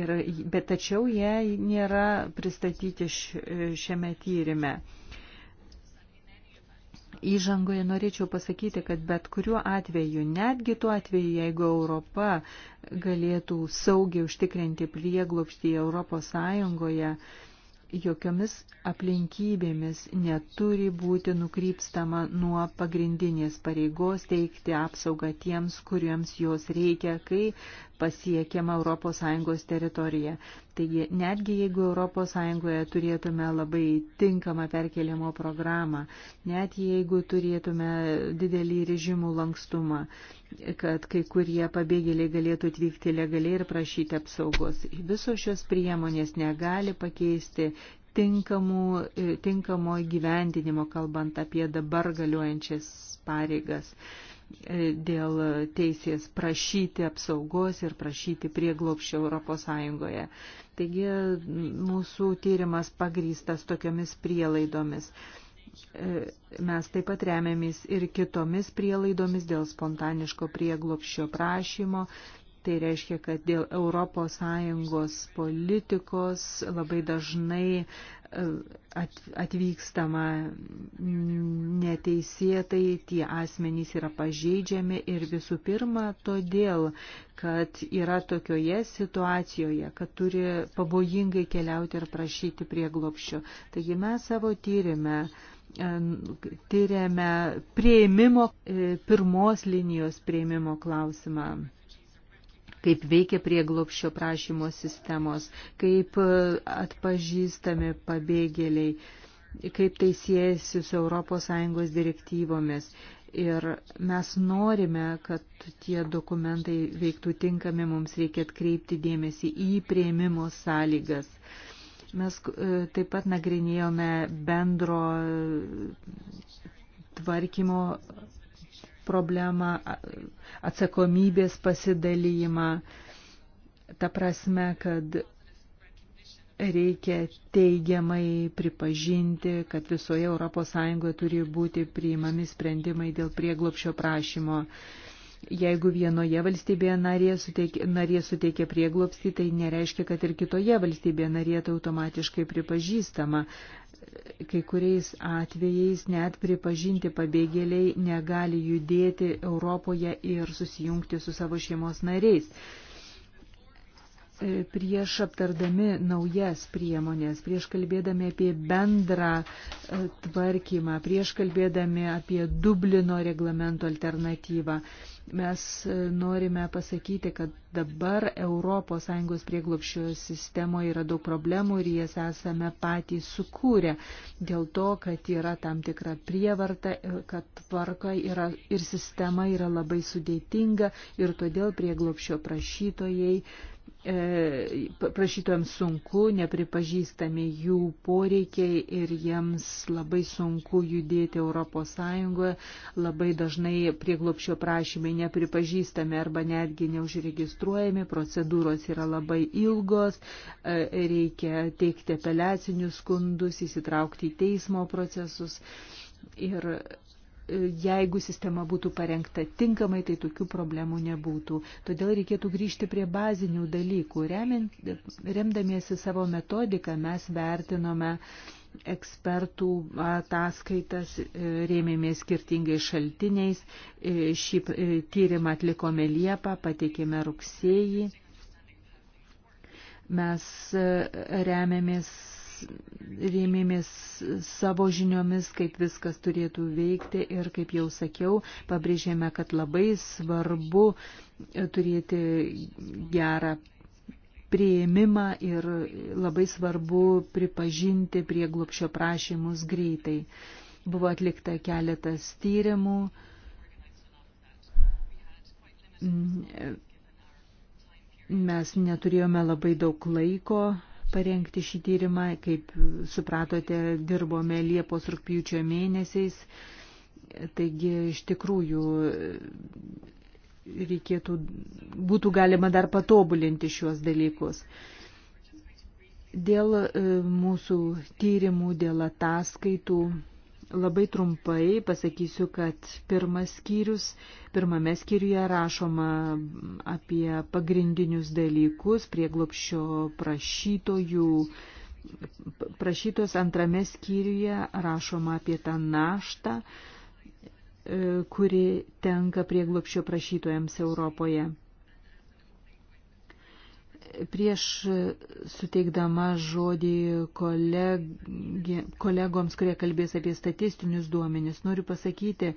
ir, bet tačiau jie nėra pristatyti šiame tyrime įžangoje norėčiau pasakyti, kad bet kuriuo atveju, netgi tuo atveju, jeigu Europa galėtų saugiai užtikrinti prieglopštį Europos Sąjungoje, jokiomis aplinkybėmis neturi būti nukrypstama nuo pagrindinės pareigos teikti apsaugą tiems, kuriems jos reikia, kai pasiekiama ES teritorija. Taigi, netgi jeigu ES turėtume labai tinkamą perkeliamo programą, net jeigu turėtume didelį režimų lankstumą, kad kai kurie pabėgėliai galėtų atvykti legaliai ir prašyti apsaugos, visos šios priemonės negali pakeisti tinkamų, tinkamo gyvendinimo, kalbant apie dabar galiojančias pareigas. E, dėl teisės prašyti apsaugos ir prašyti prieglopščio Europos Sąjungoje. Taigi mūsų tyrimas pagrystas tokiomis prielaidomis. E, mes taip pat remiamės ir kitomis prielaidomis dėl spontaniško prieglopščio prašymo, Tai reiškia, kad dėl ES politikos labai dažnai e, atvykstama neteisėtai, tie asmenys yra pažeidžiami ir visų pirma todėl, kad yra tokioje situacijoje, kad turi pavojingai keliauti ir prašyti prieglopščio. Taigi mes savo tyrimę e, tyrėme prieimimo, e, pirmos linijos prieimimo klausimą kaip veikia prieglopščio prašymo sistemos, kaip e, atpažįstami pabėgėliai, kaip tai siejasi su ES direktyvomis. Ir mes norime, kad tie dokumentai veiktų tinkami, mums reikia atkreipti dėmesį į prieimimo sąlygas. Mes e, taip pat nagrinėjome bendro tvarkymo problemą, atsakomybės pasidalyjimą. Ta prasme, kad reikia teigiamai pripažinti, kad visoje ES turi būti priimami sprendimai dėl prieglopšio prašymo jeigu vienoje valstybėje narėje suteikia, narėje suteikia prieglopstį, tai nereiškia, kad ir kitoje valstybėje narėje tai automatiškai pripažįstama. Kai kuriais atvejais net pripažinti pabėgėliai negali judėti Europoje ir susijungti su savo šeimos nariais e, prieš aptardami naujas priemonės, prieš kalbėdami apie bendrą e, tvarkymą, prieš kalbėdami apie Dublino reglamento alternatyvą. Mes e, norime pasakyti, kad dabar ES prieglopščio sistemoje yra daug problemų ir jas esame patys sukūrę. Dėl to, kad yra tam tikra prievarta, e, kad tvarka yra, ir sistema yra labai sudėtinga ir todėl prieglopščio prašytojai E, prašytojams sunku, nepripažįstami jų poreikiai ir jiems labai sunku judėti ES, labai dažnai prieglopšio prašymai nepripažįstami arba netgi neužregistruojami, procedūros yra labai ilgos, e, reikia teikti apeliacinius skundus, įsitraukti į teismo procesus ir jeigu sistema būtų parengta tinkamai, tai tokių problemų nebūtų. Todėl reikėtų grįžti prie bazinių dalykų. Remiant, remdamiesi savo metodiką mes vertinome ekspertų ataskaitas, e, rėmėmės skirtingais šaltiniais. E, šį e, tyrimą atlikome Liepą, pateikėme rugsėjį. Mes remiamės rėmėmės savo žiniomis, kaip viskas turėtų veikti ir, kaip jau sakiau, pabrėžėme, kad labai svarbu e, turėti gerą prieimimą ir labai svarbu pripažinti prieglopšio prašymus greitai. Buvo atlikta keletas tyrimų e, mes neturėjome labai daug laiko parengti šį tyrimą. Kaip supratote, dirbome Liepos rūpjūčio mėnesiais. Taigi iš tikrųjų reikėtų, būtų galima dar patobulinti šiuos dalykus. Dėl e, mūsų tyrimų, dėl ataskaitų Labai trumpai pasakysiu, kad pirmas skyrius, pirmame skyriuje rašoma apie pagrindinius dalykus prieglopščio prašytojų. Prašytos antrame skyriuje rašoma apie tą naštą, e, kuri tenka prieglopščio prašytojams Europoje. Prieš suteikdama žodį kolegi, kolegoms, kurie kalbės apie statistinius duomenis, noriu pasakyti,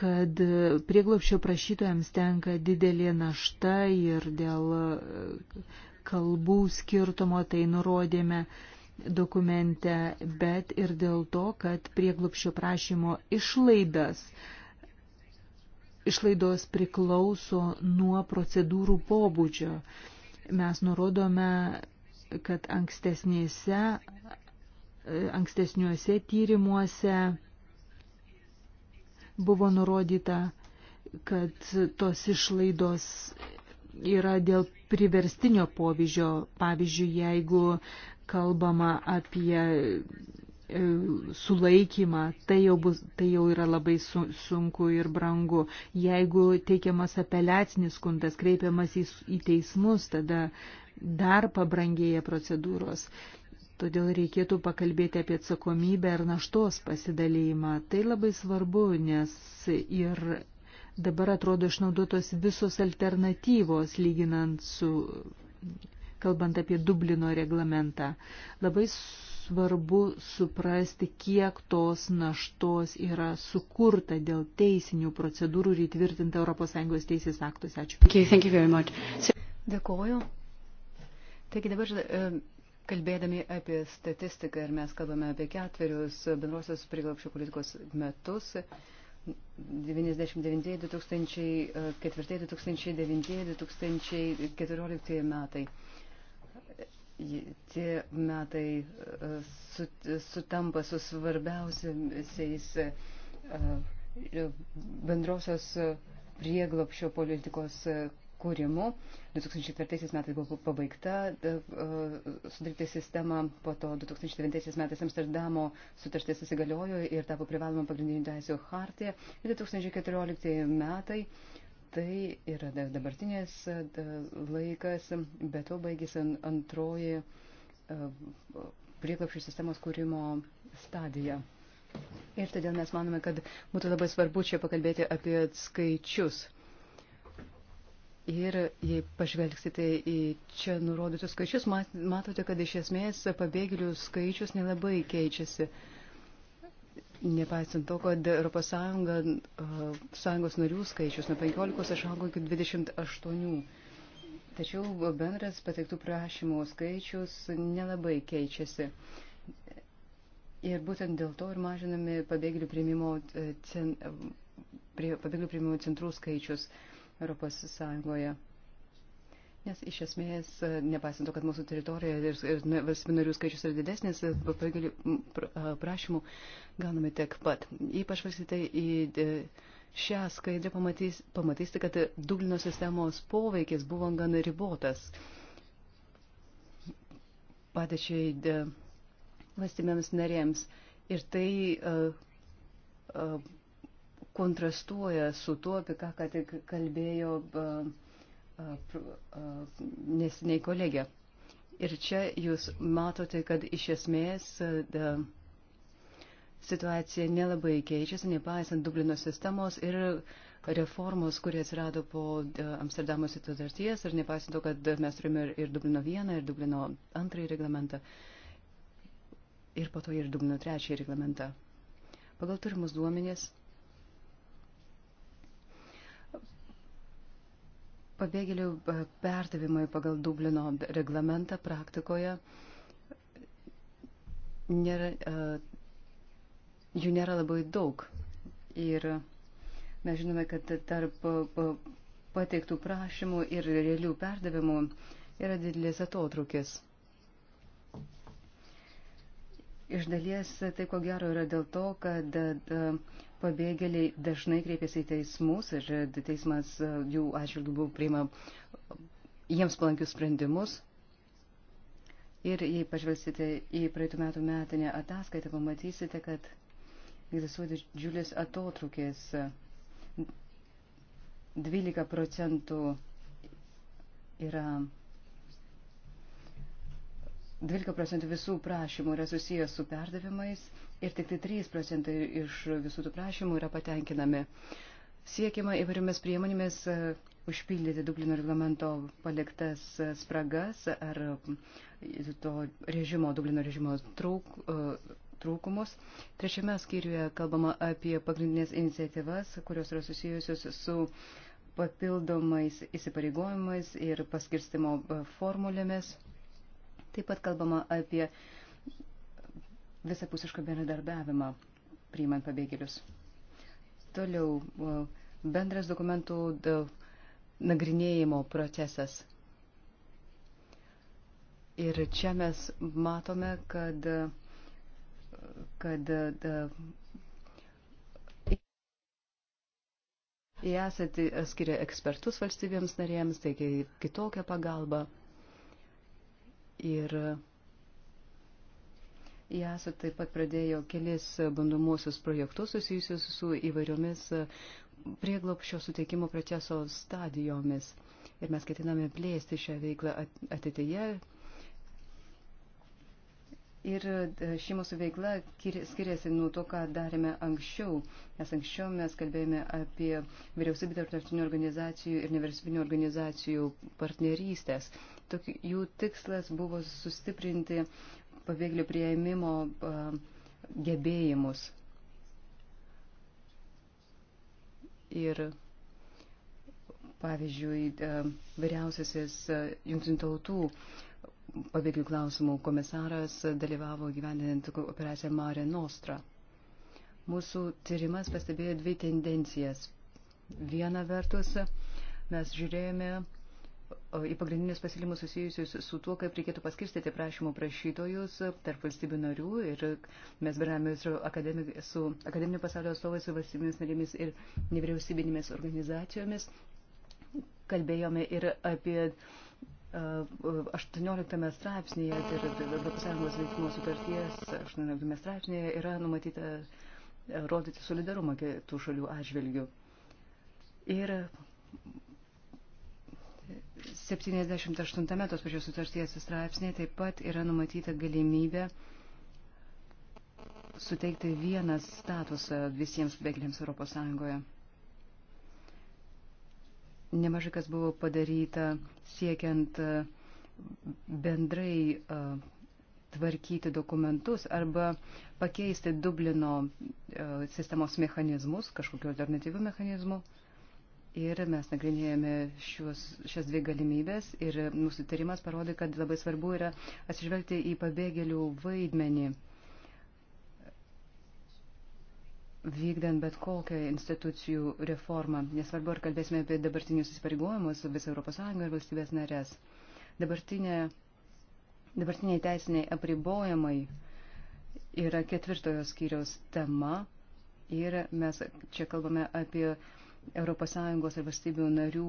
kad prieglopščio prašytojams tenka didelė našta ir dėl kalbų skirtumo tai nurodėme dokumente, bet ir dėl to, kad prieglopščio prašymo išlaidas išlaidos priklauso nuo procedūrų pobūdžio. Mes nurodome, kad ankstesnėse, ankstesniuose tyrimuose buvo nurodyta, kad tos išlaidos yra dėl priverstinio povyžio. Pavyzdžiui, jeigu kalbama apie E, sulaikymą, tai jau, bus, tai jau yra labai su, sunku ir brangu. Jeigu teikiamas apeliacinis skundas, kreipiamas į, į teismus, tada dar pabrangėja procedūros. Todėl reikėtų pakalbėti apie atsakomybę ir naštos pasidalėjimą. Tai labai svarbu, nes ir dabar atrodo išnaudotos visos alternatyvos, lyginant su, kalbant apie Dublino reglamentą. Labai svarbu suprasti, kiek tos naštos yra sukurta dėl teisinių procedūrų ir įtvirtinta ES teisės aktuose. Ačiū. Thank you, thank you Dėkuoju. Taigi dabar e, kalbėdami apie statistiką ir mes kalbame apie ketverius bendrosios priglapšio politikos metus. 99, 2004, 2009, 2014 metai tie metai e, sutampa su svarbiausiais e, e, bendrosios prieglopšio politikos kūrimu. 2004 metais buvo pabaigta sudaryti sistemą, po to 2009 metais Amsterdamo sutartis įsigaliojo ir tapo privaloma pagrindinių teisų hartija. Ir 2014 metai tai yra dabartinės laikas, bet to baigėsi antroji prieklapšių sistemos kūrimo stadija. Ir todėl mes manome, kad būtų labai svarbu čia pakalbėti apie skaičius. Ir jei pažvelgsite į čia nurodytus skaičius, matote, kad iš esmės pabėgėlių skaičius nelabai keičiasi. Uh, Nepaisant to, kad ES e, sąjungos narių skaičius nuo 15 išaugo iki 28. Tačiau bendras pateiktų prašymų skaičius nelabai keičiasi. Ir būtent dėl to ir mažinami pabėgėlių priimimo, e, cen, prie, pabėgėlių priimimo centrų skaičius ES. Nes iš esmės, e, nepaisant to, kad mūsų teritorija ir, ir valstybinarių skaičius yra didesnis, e, pagalių prašymų gauname tiek pat. Jei pažvelgsite į šią skaidrę, pamatys, pamatysite, kad Dublino sistemos poveikis buvo gan ribotas. Patečiai valstybėms narėms. Ir tai uh, uh, kontrastuoja su tuo, apie ką ką tik kalbėjo. Uh, nesiniai kolegė. Ir čia jūs matote, kad iš esmės da, situacija nelabai keičiasi, nepaisant Dublino sistemos ir reformos, kurie atsirado po Amsterdamo sutarties ir nepaisant to, kad mes turime ir Dublino vieną, ir Dublino antrąjį reglamentą, ir po to ir Dublino trečiąjį reglamentą. Pagal turimus duomenės Pabėgėlių e, perdavimai pagal Dublino reglamentą praktikoje nėra, e, jų nėra labai daug. Ir mes žinome, kad tarp e, pateiktų prašymų ir realių perdavimų yra didelis atotrukis. Iš dalies tai ko gero yra dėl to, kad pabėgėliai dažnai kreipiasi į teismus ir teismas e, jų atžvilgių buvo priima jiems palankius sprendimus. Ir jei pažvelgsite į praeitų metų metinę ataskaitą, pamatysite, kad egzistuoja didžiulis atotrukis. 12 procentų yra 12 procentų visų prašymų yra susijęs su perdavimais ir tik tai 3 procentai iš visų tų prašymų yra patenkinami. Siekima įvairiomis priemonėmis e, užpildyti Dublino reglamento paliktas e, spragas ar e, to režimo, Dublino režimo trūk, trūkumus. Trečiame skyriuje kalbama apie pagrindinės iniciatyvas, kurios yra susijusios su papildomais įsipareigojimais ir paskirstimo formulėmis. Taip pat kalbama apie visapusišką bendradarbiavimą priimant pabėgėlius. Toliau bendras dokumentų nagrinėjimo procesas. Ir čia mes matome, kad, kad Jie esate skiria ekspertus valstybėms narėms, teikia kitokią pagalbą. Ir JASA taip pat pradėjo kelis bandomuosius projektus susijusius su įvairiomis prieglopščio suteikimo proceso stadijomis. Ir mes ketiname plėsti šią veiklą ateityje. At Ir e, ši mūsų veikla skiriasi nuo to, ką darėme anksčiau, nes anksčiau mes kalbėjome apie vyriausybę tarptautinių organizacijų ir nevyriausybinių organizacijų partnerystės. Tok, jų tikslas buvo sustiprinti pabėgėlių prieimimo e, gebėjimus. Ir pavyzdžiui, e, vyriausiasis jungtinių tautų pabėgėlių klausimų komisaras dalyvavo gyvendinant operaciją Mare Nostra. Mūsų tyrimas pastebėjo dvi tendencijas. Viena vertus, mes žiūrėjome į pagrindinius pasiūlymus susijusius su tuo, kaip reikėtų paskirstyti prašymų prašytojus tarp valstybių narių ir mes bendravome su, akademi, su akademinio pasaulio atstovais, su valstybėmis narėmis ir nevyriausybinėmis organizacijomis. Kalbėjome ir apie uh, 18 straipsnėje, tai yra ES veikimo sutarties 18 straipsnėje yra numatyta e, rodyti solidarumą kitų šalių atžvilgių. Ir 78 tos pačios sutarties straipsnėje taip pat yra numatyta galimybė suteikti vieną statusą visiems bėgėliams ES nemažai kas buvo padaryta siekiant e, bendrai e, tvarkyti dokumentus arba pakeisti Dublino e, sistemos mechanizmus kažkokiu alternatyviu mechanizmu. Ir mes nagrinėjame šios, šias dvi galimybės ir mūsų tyrimas parodė, kad labai svarbu yra atsižvelgti į pabėgėlių vaidmenį vykdant bet kokią institucijų reformą, nesvarbu, ar kalbėsime apie dabartinius įsipareigojimus visą ES ar valstybės narės. Dabartinė, dabartiniai teisiniai apribojimai yra ketvirtojo skyriaus tema ir mes čia kalbame apie ES ir valstybių narių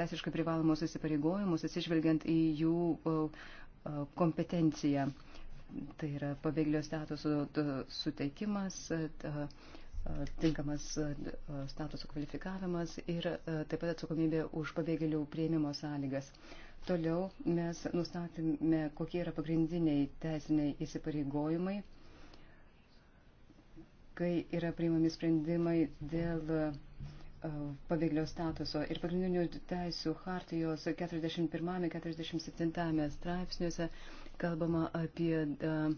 teisiškai privalomus įsipareigojimus, atsižvelgiant į jų kompetenciją tai yra pabėgėlio statuso suteikimas, tinkamas statuso kvalifikavimas ir taip pat atsakomybė už pabėgėlių prieimimo sąlygas. Toliau mes nustatėme, kokie yra pagrindiniai teisiniai įsipareigojimai, kai yra priimami sprendimai dėl pabėgėlio statuso ir pagrindinių teisų hartijos 41-47 straipsniuose kalbama apie uh,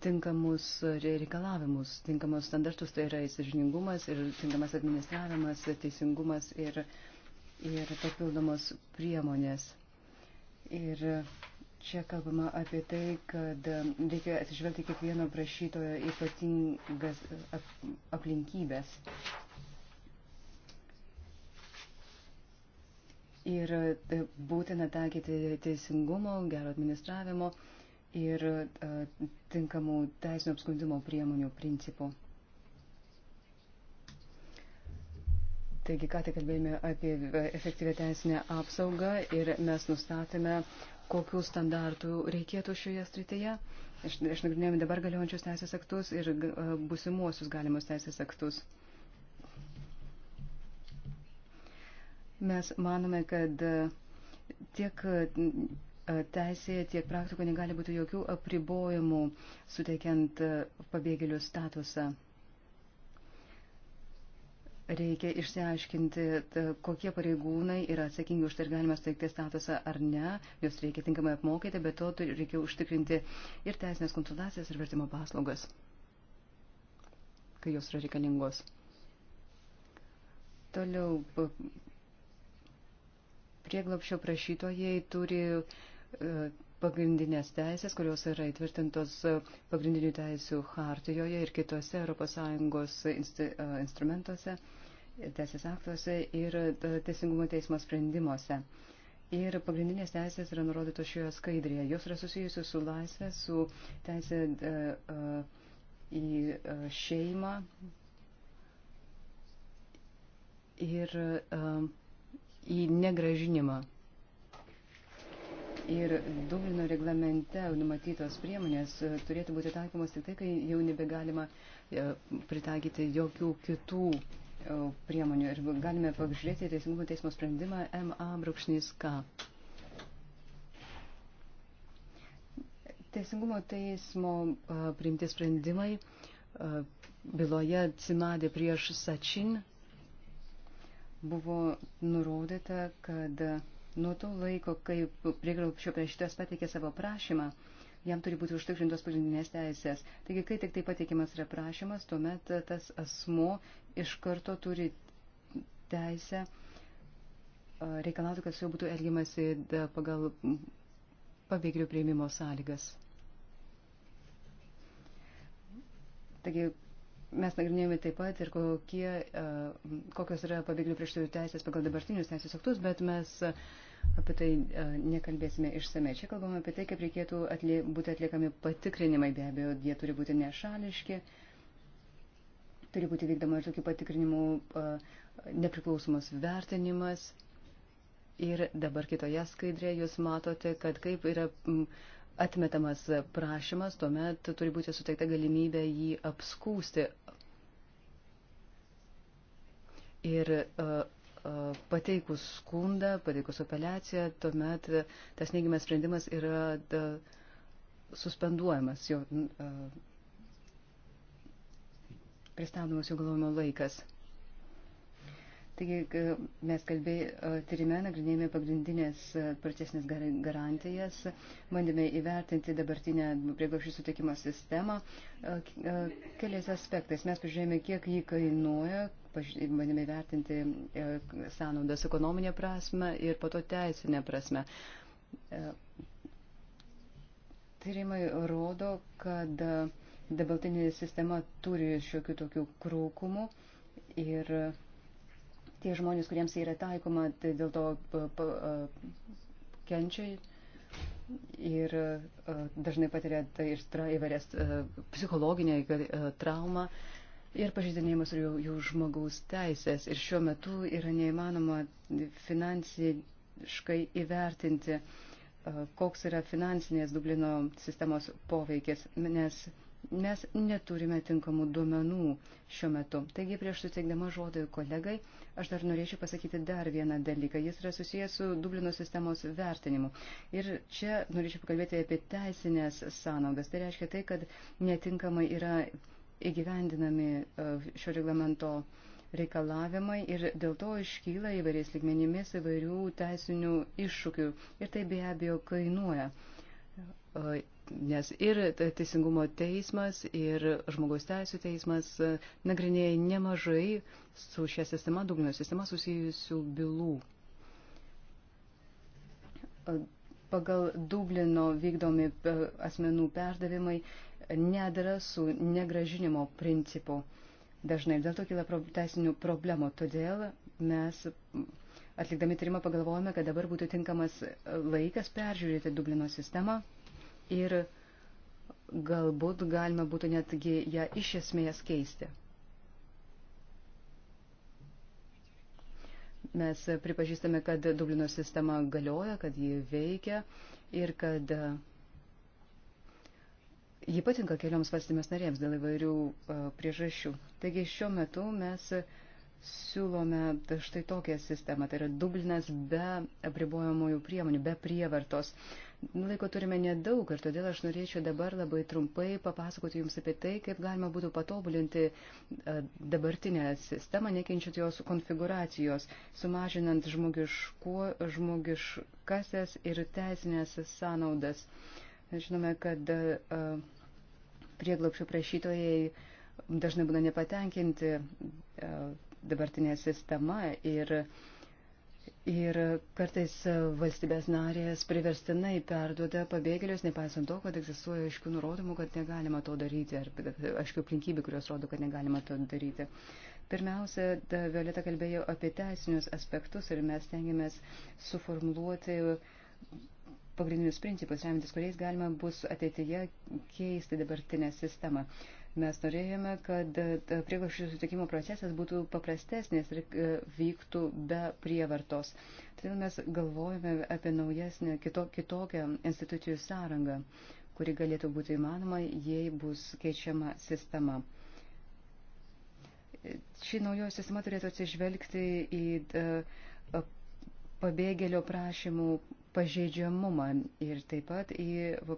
tinkamus reikalavimus, tinkamus standartus, tai yra įsižiningumas ir tinkamas administravimas, teisingumas ir, ir papildomos priemonės. Ir čia kalbama apie tai, kad reikia atsižvelgti kiekvieno prašytojo ypatingas ap, aplinkybės. Ir e, būtina taikyti teisingumo, gero administravimo ir e, tinkamų teisinio apskundimo priemonių principų. Taigi, ką tik kalbėjome apie e, efektyvę teisinę apsaugą ir mes nustatėme, kokių standartų reikėtų šioje srityje. Išnagrinėjome dabar galiojančius teisės aktus ir e, busimuosius galimus teisės aktus. Mes manome, kad tiek teisėje, tiek praktikoje negali būti jokių apribojimų suteikiant e, pabėgėlių statusą. Reikia išsiaiškinti, kokie pareigūnai yra atsakingi už tai ir galima suteikti statusą ar ne, juos reikia tinkamai apmokyti, bet to reikia užtikrinti ir teisinės konsultacijas ir vertimo paslaugas, kai jos yra reikalingos. Toliau prieglopšio prašytojai turi uh, E, pagrindinės teisės, kurios yra įtvirtintos e, pagrindinių teisų hartijoje ir kitose ES e, instrumentuose, teisės aktuose ir teisingumo teismo sprendimuose. Ir pagrindinės teisės yra nurodytos šioje skaidrėje. Jos yra susijusios su laisvė, su teisė į šeimą ir į negražinimą. Ir Dublino reglamente numatytos priemonės e, turėtų būti taikomos tik tai, kai jau nebegalima e, pritaikyti jokių kitų e, priemonių. Ir galime pažiūrėti Teisingumo teismo sprendimą MA-K. Teisingumo teismo priimti sprendimai byloje Cimadė prieš Sačin buvo nurodyta, kad Nuo to laiko, kai prieglobščio prašytojas pateikė savo prašymą, jam turi būti užtikrintos pagrindinės teisės. Taigi, kai tik tai pateikimas yra prašymas, tuomet tas asmo iš karto turi teisę reikalauti, kad su juo būtų elgiamasi pagal pabėgėlių prieimimo sąlygas. Taigi, Mes nagrinėjome taip pat ir kokie, e, kokios yra pabėgėlių prieštojų teisės pagal dabartinius teisės aktus, bet mes apie tai e, nekalbėsime išsamei. Čia kalbame apie tai, kaip reikėtų atlie, būti atliekami patikrinimai, be abejo, jie turi būti nešališki, turi būti vykdoma ir tokių patikrinimų e, nepriklausomas vertinimas. Ir dabar kitoje skaidrėje jūs matote, kad kaip yra. M, atmetamas prašymas, tuomet turi būti suteikta galimybė jį apskūsti. Ir pateikus skundą, pateikus apeliaciją, tuomet tas neigiamas sprendimas yra da, suspenduojamas, jo pristabdomas jų galvojimo laikas. Taigi mes kalbėjome, tyrime nagrinėjome pagrindinės procesinės garantijas, bandėme įvertinti dabartinę prieglaušių sutikimo sistemą keliais aspektais. Mes pažiūrėjome, kiek jį kainuoja, bandėme įvertinti sąnaudas ekonominė prasme ir po to teisinė prasme. Tyrimai rodo, kad dabartinė sistema turi šiokių tokių krūkumų ir tie žmonės, kuriems tai yra taikoma, tai dėl to kenčia ir dažnai patiria tai įvairias psichologinę traumą ir pažydinėjimus jų, jų žmogaus teisės. Ir šiuo metu yra neįmanoma finansiškai įvertinti, koks yra finansinės Dublino sistemos poveikis, nes Mes neturime tinkamų duomenų šiuo metu. Taigi, prieš suteikdama žodį kolegai, aš dar norėčiau pasakyti dar vieną dalyką. Jis yra susijęs su Dublino sistemos vertinimu. Ir čia norėčiau pakalbėti apie teisinės sąnaudas. Tai reiškia tai, kad netinkamai yra įgyvendinami e, šio reglamento reikalavimai ir dėl to iškyla įvairiais ligmenimis įvairių teisinių iššūkių. Ir tai be abejo kainuoja e, nes ir Teisingumo teismas, ir Žmogaus teisų teismas e, nagrinėja nemažai su šia sistema, Dublino sistema susijusių bylų. E, pagal Dublino vykdomi e, asmenų perdavimai nedara su negražinimo principu. Dažnai dėl to kyla teisinių problemų. Todėl mes atlikdami tyrimą pagalvojame, kad dabar būtų tinkamas laikas peržiūrėti Dublino sistemą ir galbūt galima būtų netgi ją iš esmės keisti. Mes pripažįstame, kad Dublino sistema galioja, kad ji veikia ir kad ji patinka kelioms valstybės narėms dėl įvairių priežasčių. Taigi šiuo metu mes siūlome štai tokią sistemą, tai yra Dublinas be apribojamųjų priemonių, be prievartos. Uh, Laiko turime nedaug ir todėl aš norėčiau dabar labai trumpai papasakoti Jums apie tai, kaip galima būtų patobulinti e, dabartinę sistemą, nekenčiant jos konfiguracijos, sumažinant žmogiškuo, žmogiškasias ir teisinės sąnaudas. Žinome, kad e, prieglopšio prašytojai dažnai būna nepatenkinti e, dabartinė sistema ir uh, Ir kartais valstybės narės priverstinai perduoda pabėgėlius, nepaisant to, kad egzistuoja aiškių nurodymų, kad negalima to daryti, ar aiškių aplinkybių, kurios rodo, kad negalima to daryti. Pirmiausia, da, Violeta kalbėjo apie teisinius aspektus ir mes tengiamės suformuluoti pagrindinius principus, remintis kuriais galima bus ateityje keisti dabartinę sistemą. Mes norėjome, kad e, prieglašių sutikimo procesas būtų paprastesnis ir e, vyktų be prievartos. Todėl mes galvojame apie naujesnę, kitokią institucijų sąrangą, kuri galėtų būti įmanoma, jei bus keičiama sistema. E, ši naujoji sistema turėtų atsižvelgti į pabėgėlio prašymų pažeidžiamumą ir taip pat į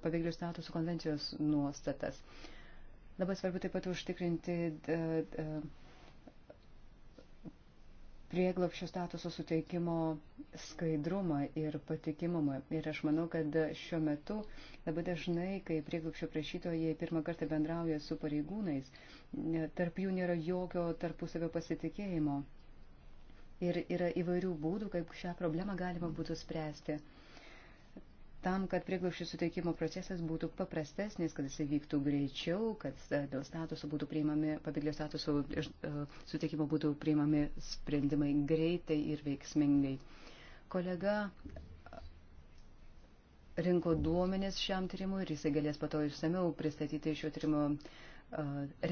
pabėgėlių statusų konvencijos nuostatas. Labai svarbu taip pat užtikrinti prieglapščio statuso suteikimo skaidrumą ir patikimumą. Ir aš manau, kad šiuo metu labai dažnai, kai prieglapščio prašytojai pirmą kartą bendrauja su pareigūnais, tarp jų nėra jokio tarpusavio pasitikėjimo. Ir yra įvairių būdų, kaip šią problemą galima būtų spręsti tam, kad prieglaušių suteikimo procesas būtų paprastesnis, kad jis vyktų greičiau, kad e, dėl statuso būtų priimami, pabėgėlio statuso e, suteikimo būtų priimami sprendimai greitai ir veiksmingai. Kolega rinko duomenis šiam tyrimui ir jisai galės pato išsameu pristatyti šio tyrimo e,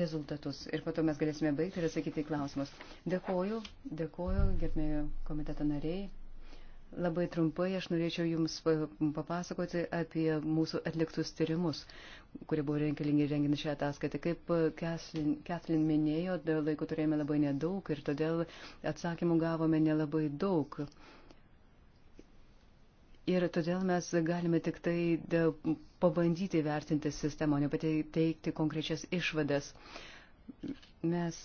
rezultatus. Ir pato mes galėsime baigti ir atsakyti į klausimus. Dėkoju, dėkoju, gerbėjų komiteto nariai. Labai trumpai aš norėčiau Jums papasakoti apie mūsų atliktus tyrimus, kurie buvo reikalingi renginti šią ataskaitą. Kaip Kathleen minėjo, laiko turėjome labai nedaug ir todėl atsakymų gavome nelabai daug. Ir todėl mes galime tik tai pabandyti vertinti sistemą, nepateikti konkrečias išvadas. Mes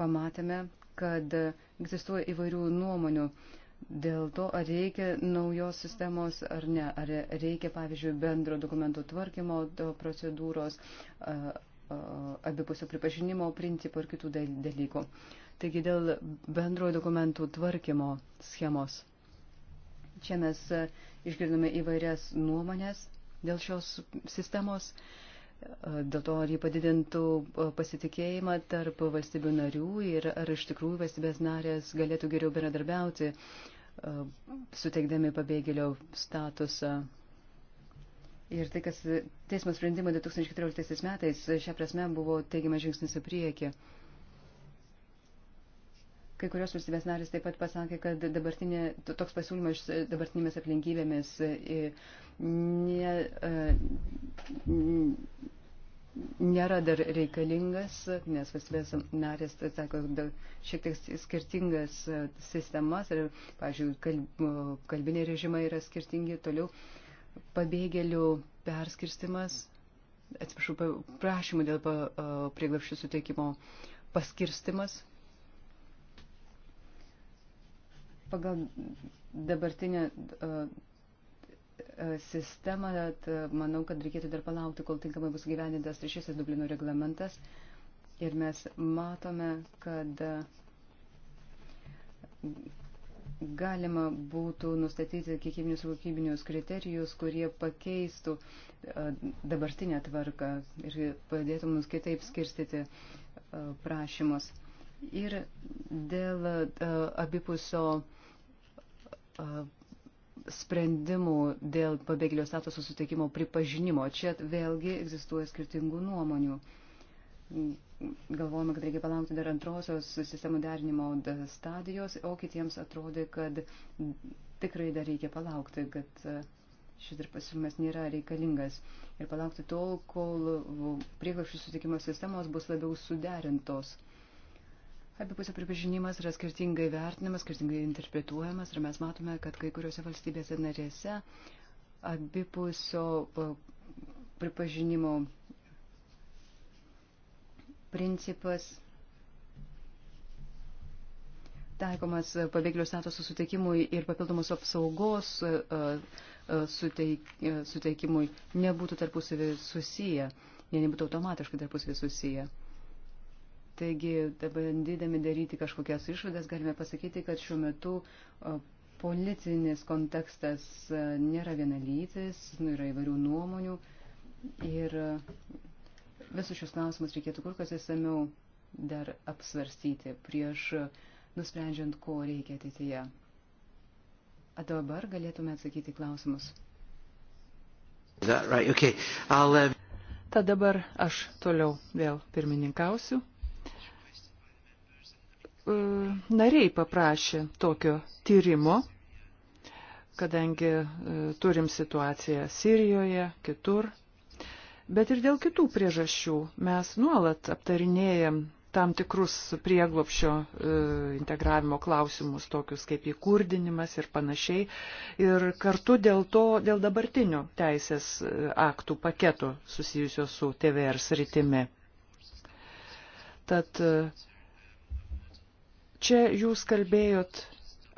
pamatėme, kad egzistuoja įvairių nuomonių. Uh, dėl to, ar reikia naujos sistemos ar ne, ar reikia, pavyzdžiui, bendro dokumentų tvarkymo procedūros, abipusio pripažinimo principų ir kitų dalykų. Taigi dėl bendro dokumentų tvarkymo schemos. Čia mes išgirdome įvairias nuomonės dėl šios sistemos. Uh, Dėl to ar jį padidintų e, pasitikėjimą tarp valstybių narių ir ar iš tikrųjų valstybės narės galėtų geriau bendradarbiauti, e, suteikdami pabėgėlio statusą. Ir tai, kas teismo sprendimo 2014 metais, šią prasme buvo teigiamas žingsnis į priekį. Kai kurios valstybės narės taip pat pasakė, kad toks pasiūlymas dabartinėmis aplinkybėmis e, ne, e, nėra dar reikalingas, nes valstybės narės, tai sako, šiek tiek skirtingas e, sistemas ir, pažiūrėjau, kalbiniai režimai yra skirtingi, toliau pabėgėlių perskirstimas, atsiprašau, prašymų dėl prieglapščių suteikimo paskirstimas pagal dabartinę sistemą, manau, kad reikėtų dar palaukti, kol tinkamai bus gyvenintas trečiasis Dublino reglamentas. Ir mes matome, kad galima būtų nustatyti kiekybinius ir kokybinius kriterijus, kurie pakeistų dabartinę tvarką ir padėtų mums kitaip skirstyti prašymus. Ir dėl abipusio sprendimų dėl pabėgėlio statuso suteikimo pripažinimo. Čia vėlgi egzistuoja skirtingų nuomonių. Galvojame, kad reikia palaukti dar antrosios sistemų derinimo stadijos, o kitiems atrodė, kad tikrai dar reikia palaukti, kad šis dar pasiūlymas nėra reikalingas ir palaukti tol, kol prieglašių sutikimo sistemos bus labiau suderintos abipusio pripažinimas yra skirtingai vertinamas, skirtingai interpretuojamas ir mes matome, kad kai kuriuose valstybėse narėse abipusio pripažinimo principas taikomas pabėgėlių statusų suteikimui ir papildomos apsaugos suteikimui nebūtų tarpusavį susiję, jie nebūtų automatiškai tarpusavį susiję. Taigi, bandydami daryti kažkokias išvadas, galime pasakyti, kad šiuo metu politinis kontekstas e, nėra vienalytis, nu, yra įvairių nuomonių ir e, visus šios klausimus reikėtų kur kas įsamiau dar apsvarstyti prieš e, nusprendžiant, ko reikia ateityje. O dabar galėtume atsakyti klausimus. Right? Okay. I'll, um... Tad dabar aš toliau vėl pirmininkausiu. E, nariai paprašė tokio tyrimo, kadangi e, turim situaciją Sirijoje, kitur. Bet ir dėl kitų priežasčių mes nuolat aptarinėjam tam tikrus prieglopšio e, integravimo klausimus, tokius kaip įkurdinimas ir panašiai. Ir kartu dėl to, dėl dabartinių teisės aktų paketo susijusio su TVR sritimi. Tad e, čia jūs kalbėjot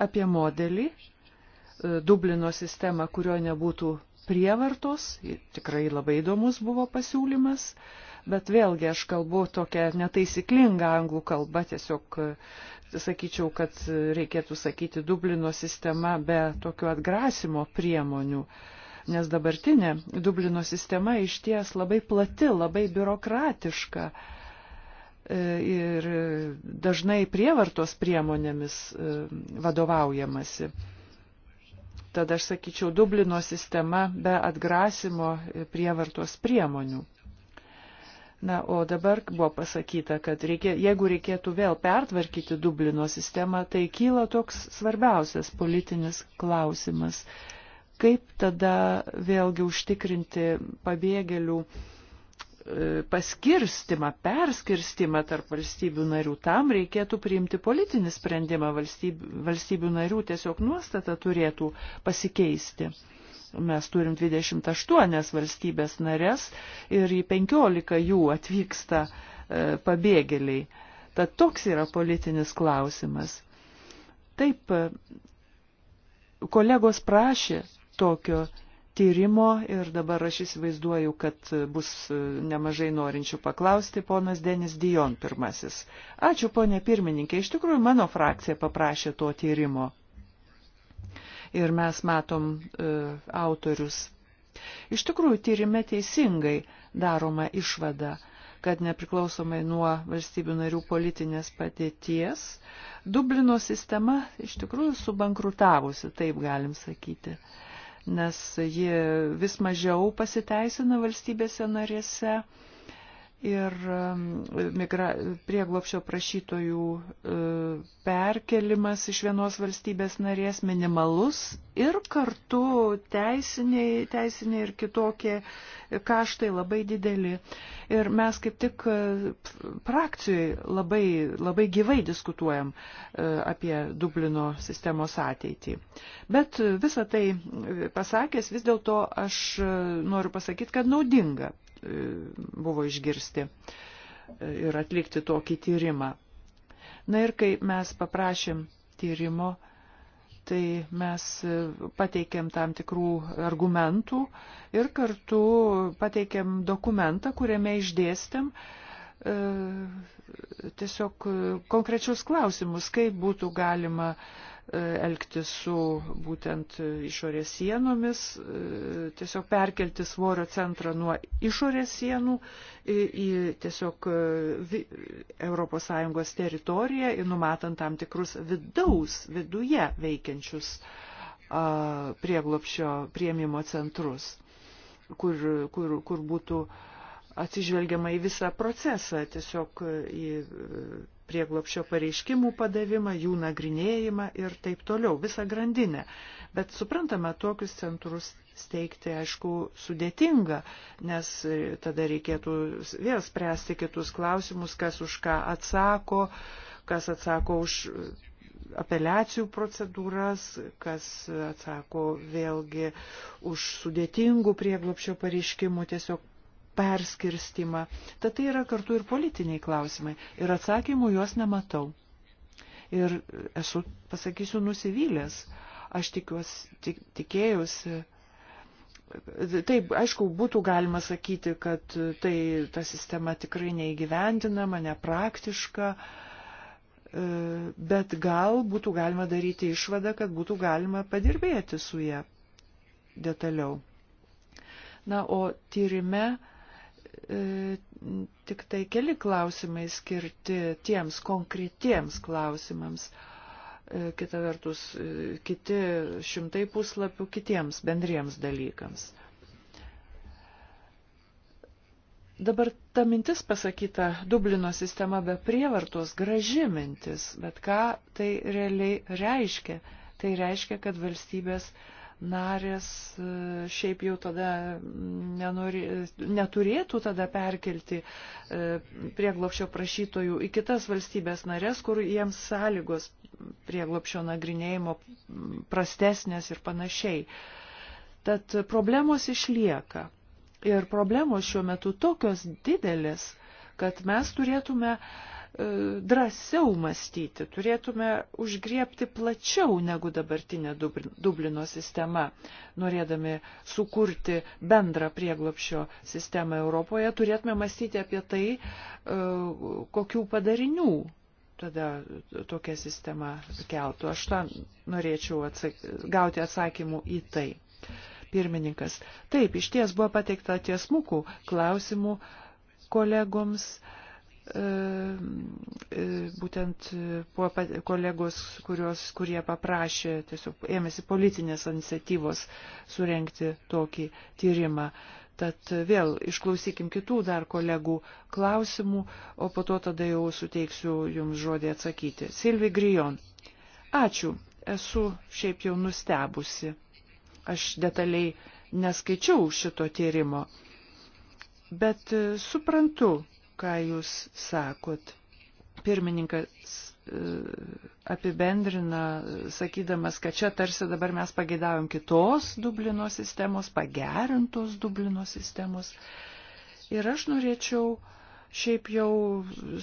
apie modelį, e, Dublino sistemą, kurio nebūtų prievartos, tikrai labai įdomus buvo pasiūlymas, bet vėlgi aš kalbu tokią netaisyklingą anglų kalbą, tiesiog e, sakyčiau, kad reikėtų sakyti Dublino sistema be tokio atgrasimo priemonių, nes dabartinė Dublino sistema iš ties labai plati, labai biurokratiška. E, ir dažnai prievartos priemonėmis e, vadovaujamasi. Tad aš sakyčiau, Dublino sistema be atgrasimo prievartos priemonių. Na, o dabar buvo pasakyta, kad reikė, jeigu reikėtų vėl pertvarkyti Dublino sistemą, tai kyla toks svarbiausias politinis klausimas. Kaip tada vėlgi užtikrinti pabėgėlių uh, E, paskirstimą, perskirstimą tarp valstybių narių. Tam reikėtų priimti politinį sprendimą, valstybių, valstybių narių tiesiog nuostata turėtų pasikeisti. Mes turim 28 valstybės narės ir į 15 jų atvyksta e, pabėgėliai. Tad toks yra politinis klausimas. Taip, e, kolegos prašė tokio tyrimo ir dabar aš įsivaizduoju, kad bus e, nemažai norinčių paklausti ponas Denis Dion pirmasis. Ačiū ponė pirmininkė, iš tikrųjų mano frakcija paprašė to tyrimo. Ir mes matom e, autorius. Iš tikrųjų, tyrime teisingai daroma išvada, kad nepriklausomai nuo valstybių narių politinės padėties, Dublino sistema iš tikrųjų subankrutavusi, taip galim sakyti. E, nes ji vis mažiau pasiteisina valstybėse narėse ir um, migra, prieglopšio prašytojų uh, perkelimas iš vienos valstybės narės minimalus ir kartu teisiniai, teisiniai ir kitokie kaštai labai dideli. Ir mes kaip tik uh, frakcijoje labai, labai gyvai diskutuojam uh, apie Dublino sistemos ateitį. Bet visą tai pasakęs, vis dėlto aš noriu pasakyti, kad naudinga buvo išgirsti ir atlikti tokį tyrimą. Na ir kai mes paprašėm tyrimo, tai mes pateikėm tam tikrų argumentų ir kartu pateikėm dokumentą, kuriame išdėstėm e, tiesiog konkrečius klausimus, kaip būtų galima uh, E, elgtis su būtent išorės sienomis, e, tiesiog perkelti svorio centrą nuo išorės sienų į tiesiog ES teritoriją ir numatant tam tikrus vidaus, viduje veikiančius prieglopšio prieimimo centrus, kur, kur, kur būtų atsižvelgiama į visą procesą, tiesiog į prieglopšio pareiškimų padavimą, jų nagrinėjimą ir taip toliau, visą grandinę. Bet suprantama, tokius centrus steigti, aišku, sudėtinga, nes e, tada reikėtų vėl spręsti kitus klausimus, kas už ką atsako, kas atsako už e, apeliacijų procedūras, kas atsako vėlgi už sudėtingų prieglopšio pareiškimų tiesiog perskirstimą. Tad tai yra kartu ir politiniai klausimai. Ir atsakymų juos nematau. Ir esu, pasakysiu, nusivylęs. Aš tikiuosi, tik, tikėjausi. Taip, aišku, būtų galima sakyti, kad tai ta sistema tikrai neįgyvendinama, nepraktiška, e, bet gal būtų galima daryti išvadą, kad būtų galima padirbėti su ją detaliau. Na, o tyrime E, tik tai keli klausimai skirti tiems konkretiems klausimams. E, kita vertus, e, kiti šimtai puslapių kitiems bendriems dalykams. Dabar ta mintis pasakyta Dublino sistema be prievartos graži mintis, bet ką tai realiai reiškia? Tai reiškia, kad valstybės narės e, šiaip jau tada nenori, neturėtų tada perkelti e, prieglopšio prašytojų į kitas valstybės narės, kur jiems sąlygos prieglopšio nagrinėjimo prastesnės ir panašiai. Tad problemos išlieka. Ir problemos šiuo metu tokios didelės, kad mes turėtume uh, E, drąsiau mąstyti, turėtume užgriepti plačiau negu dabartinė Dublino sistema. Norėdami sukurti bendrą prieglopšio sistemą Europoje, turėtume mąstyti apie tai, e, kokių padarinių tada tokia sistema keltų. Aš tą norėčiau atsak gauti atsakymų į tai. Pirmininkas. Taip, iš ties buvo pateikta tiesmukų klausimų kolegoms. Uh, E, e, būtent buvo kolegos, kurios, kurie paprašė, tiesiog ėmėsi politinės iniciatyvos surenkti tokį tyrimą. Tad vėl išklausykim kitų dar kolegų klausimų, o po to tada jau suteiksiu jums žodį atsakyti. Silvi Grijon. Ačiū, esu šiaip jau nustebusi. Aš detaliai neskaičiau šito tyrimo, bet suprantu, ką jūs sakot. Pirmininkas e, apibendrina, sakydamas, kad čia tarsi dabar mes pageidavom kitos Dublino sistemos, pagerintos Dublino sistemos. Ir aš norėčiau šiaip jau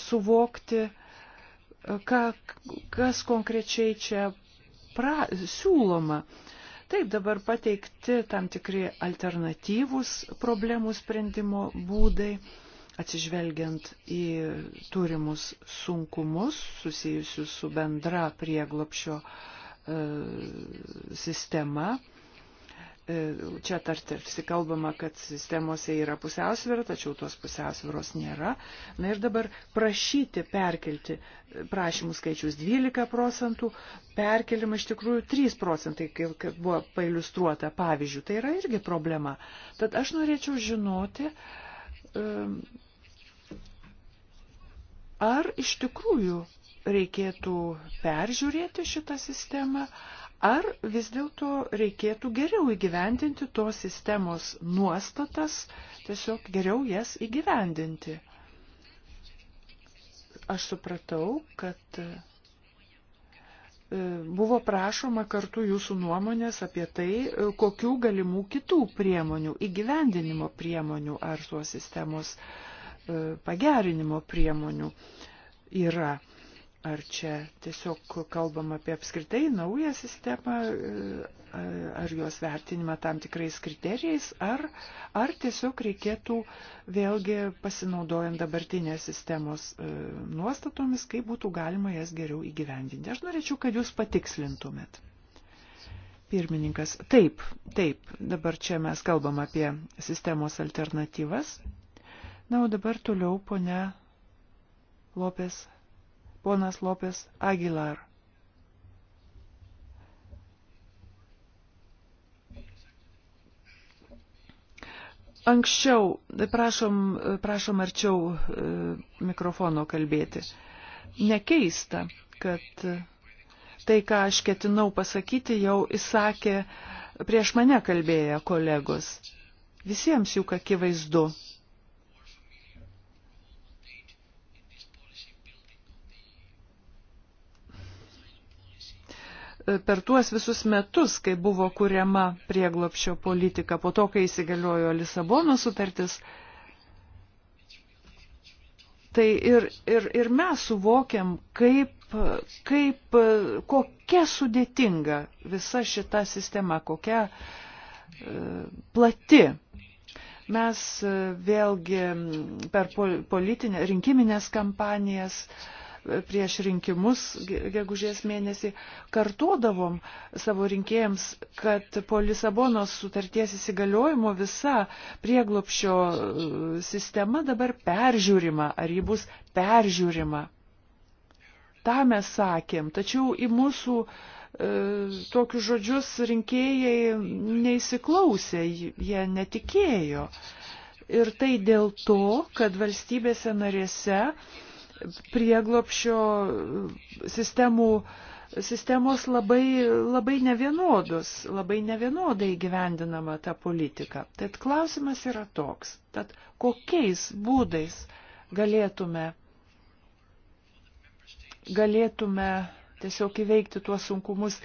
suvokti, e, ką, kas konkrečiai čia pra, siūloma. Taip dabar pateikti tam tikri alternatyvūs problemų sprendimo būdai atsižvelgiant į turimus sunkumus susijusius su bendra prieglopšio e, sistema. E, čia tarsi kalbama, kad sistemose yra pusiausvėra, tačiau tos pusiausvėros nėra. Na ir dabar prašyti perkelti e, prašymų skaičius 12 procentų, perkelimą iš tikrųjų 3 procentai, kaip buvo pailustruota pavyzdžių. Tai yra irgi problema. Tad aš norėčiau žinoti, ar iš tikrųjų reikėtų peržiūrėti šitą sistemą, ar vis dėlto reikėtų geriau įgyvendinti tos sistemos nuostatas, tiesiog geriau jas įgyvendinti. Aš supratau, kad e, buvo prašoma kartu jūsų nuomonės apie tai, e, kokių galimų kitų priemonių, įgyvendinimo priemonių ar tuos sistemos uh, E, pagerinimo priemonių yra. Ar čia tiesiog kalbam apie apskritai naują sistemą, e, ar jos vertinimą tam tikrais kriterijais, ar, ar tiesiog reikėtų vėlgi pasinaudojant dabartinės sistemos e, nuostatomis, kaip būtų galima jas geriau įgyvendinti. Aš norėčiau, kad jūs patikslintumėt. Pirmininkas, taip, taip, dabar čia mes kalbam apie sistemos alternatyvas, Na, o dabar toliau ponia Lopės, ponas Lopės Agilar. Anksčiau, prašom, prašom arčiau e, mikrofono kalbėti. Nekeista, kad tai, ką aš ketinau pasakyti, jau įsakė prieš mane kalbėję kolegos. Visiems juk akivaizdu, per tuos visus metus, kai buvo kuriama prieglopščio politika, po to, kai įsigaliojo Lisabono sutartis, tai ir, ir, ir mes suvokiam, kaip, kaip, kokia sudėtinga visa šita sistema, kokia e, plati. Mes e, vėlgi per politinę, rinkiminės kampanijas uh, prieš rinkimus gegužės mėnesį kartodavom savo rinkėjams, kad po Lisabonos sutarties įsigaliojimo visa prieglopšio e, sistema dabar peržiūrima, ar ji bus peržiūrima. Ta mes sakėm, tačiau į mūsų e, tokius žodžius rinkėjai neįsiklausė, jie netikėjo. Ir tai dėl to, kad valstybėse narėse e, prieglopšio sistemų, sistemos labai, labai nevienodus, labai nevienodai gyvendinama ta politika. Tad klausimas yra toks, tad kokiais būdais galėtume, galėtume tiesiog įveikti tuos sunkumus,